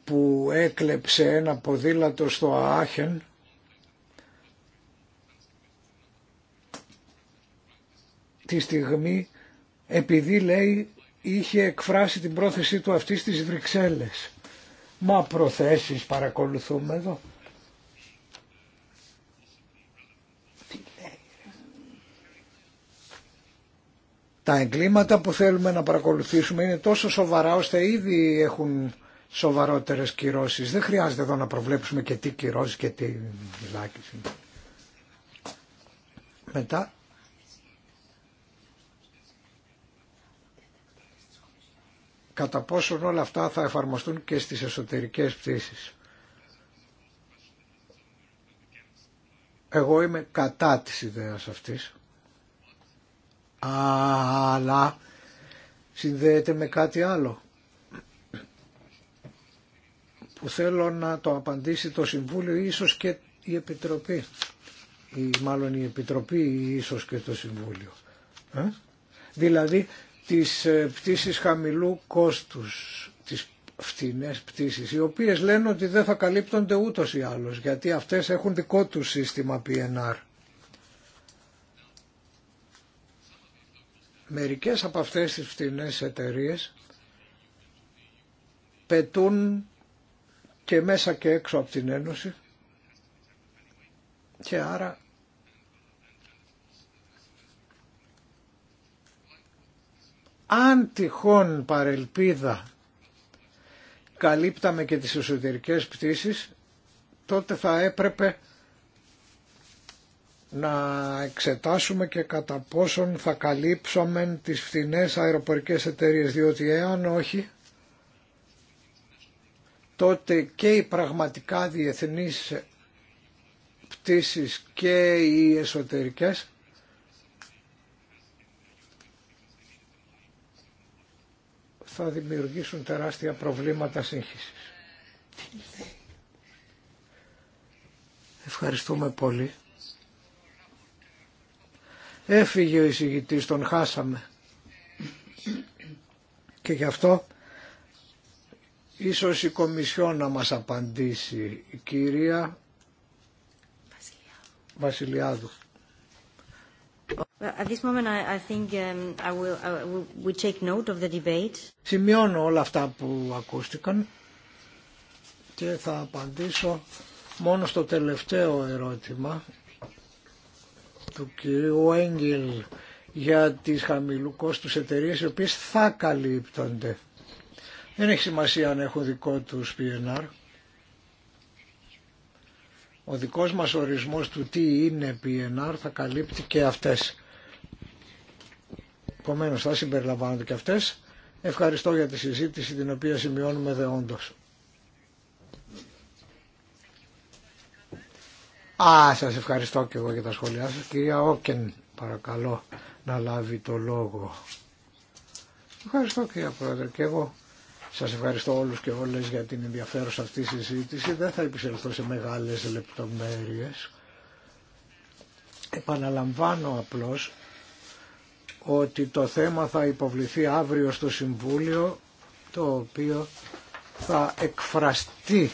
που έκλεψε ένα ποδήλατο στο Αάχεν τη στιγμή επειδή λέει είχε εκφράσει την πρόθεσή του αυτή στις Βρυξέλλες. Μα προθέσεις παρακολουθούμε εδώ. Τα εγκλήματα που θέλουμε να παρακολουθήσουμε είναι τόσο σοβαρά ώστε ήδη έχουν σοβαρότερες κυρώσεις. Δεν χρειάζεται εδώ να προβλέψουμε και τι κυρώσεις και τι φυλάκιση. Μετά κατά πόσον όλα αυτά θα εφαρμοστούν και στις εσωτερικές πτήσεις. Εγώ είμαι κατά της ιδέας αυτής αλλά συνδέεται με κάτι άλλο που θέλω να το απαντήσει το Συμβούλιο ίσως και η Επιτροπή ή μάλλον η Επιτροπή επιτροπη ίσως και το Συμβούλιο ε? δηλαδή τις ε, πτήσεις χαμηλού κόστους τις φτηνές πτήσεις οι οποίες λένε ότι δεν θα καλύπτονται ούτως ή άλλως γιατί αυτές έχουν δικό τους σύστημα PNR Μερικές από αυτές τις φτηνές εταιρείε πετούν και μέσα και έξω από την Ένωση και άρα αν τυχόν παρελπίδα καλύπταμε και τις εσωτερικές πτήσεις τότε θα έπρεπε να εξετάσουμε και κατά πόσον θα καλύψουμε τις φθηνές αεροπορικές εταιρείες, διότι εάν όχι, τότε και οι πραγματικά διεθνείς πτήσεις και οι εσωτερικές θα δημιουργήσουν τεράστια προβλήματα σύγχυσης. Ευχαριστούμε πολύ. Έφυγε ο εισηγητής, τον χάσαμε. Και γι' αυτό ίσως η Κομισιό να μας απαντήσει. Η κυρία Βασιλιάδου. Σημειώνω όλα αυτά που ακούστηκαν και θα απαντήσω μόνο στο τελευταίο ερώτημα του κυρίου Έγγελ για τις χαμηλού κόστους εταιρείες οι οποίες θα καλύπτονται. Δεν έχει σημασία αν έχουν δικό τους PNR. Ο δικός μας ορισμός του τι είναι PNR θα καλύπτει και αυτές. Επομένω θα συμπεριλαμβάνονται και αυτές. Ευχαριστώ για τη συζήτηση την οποία σημειώνουμε δεόντως. Α, σας ευχαριστώ και εγώ για τα σχόλιά σας. Κυρία Όκεν, παρακαλώ να λάβει το λόγο. Ευχαριστώ κυρία Πρόεδρε και εγώ. Σας ευχαριστώ όλους και όλες για την ενδιαφέρουσα αυτή συζήτηση. Δεν θα επισελθώ σε μεγάλες λεπτομέρειες. Επαναλαμβάνω απλώς ότι το θέμα θα υποβληθεί αύριο στο Συμβούλιο το οποίο θα εκφραστεί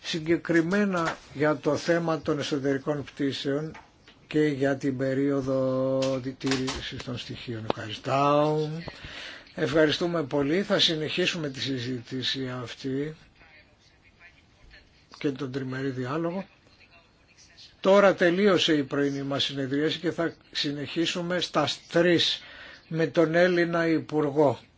συγκεκριμένα για το θέμα των εσωτερικών πτήσεων και για την περίοδο διτήρηση των στοιχείων. Ευχαριστώ. Ευχαριστούμε πολύ. Θα συνεχίσουμε τη συζήτηση αυτή και τον τριμερή διάλογο. Τώρα τελείωσε η πρωινή μας συνεδρίαση και θα συνεχίσουμε στα 3 με τον Έλληνα Υπουργό.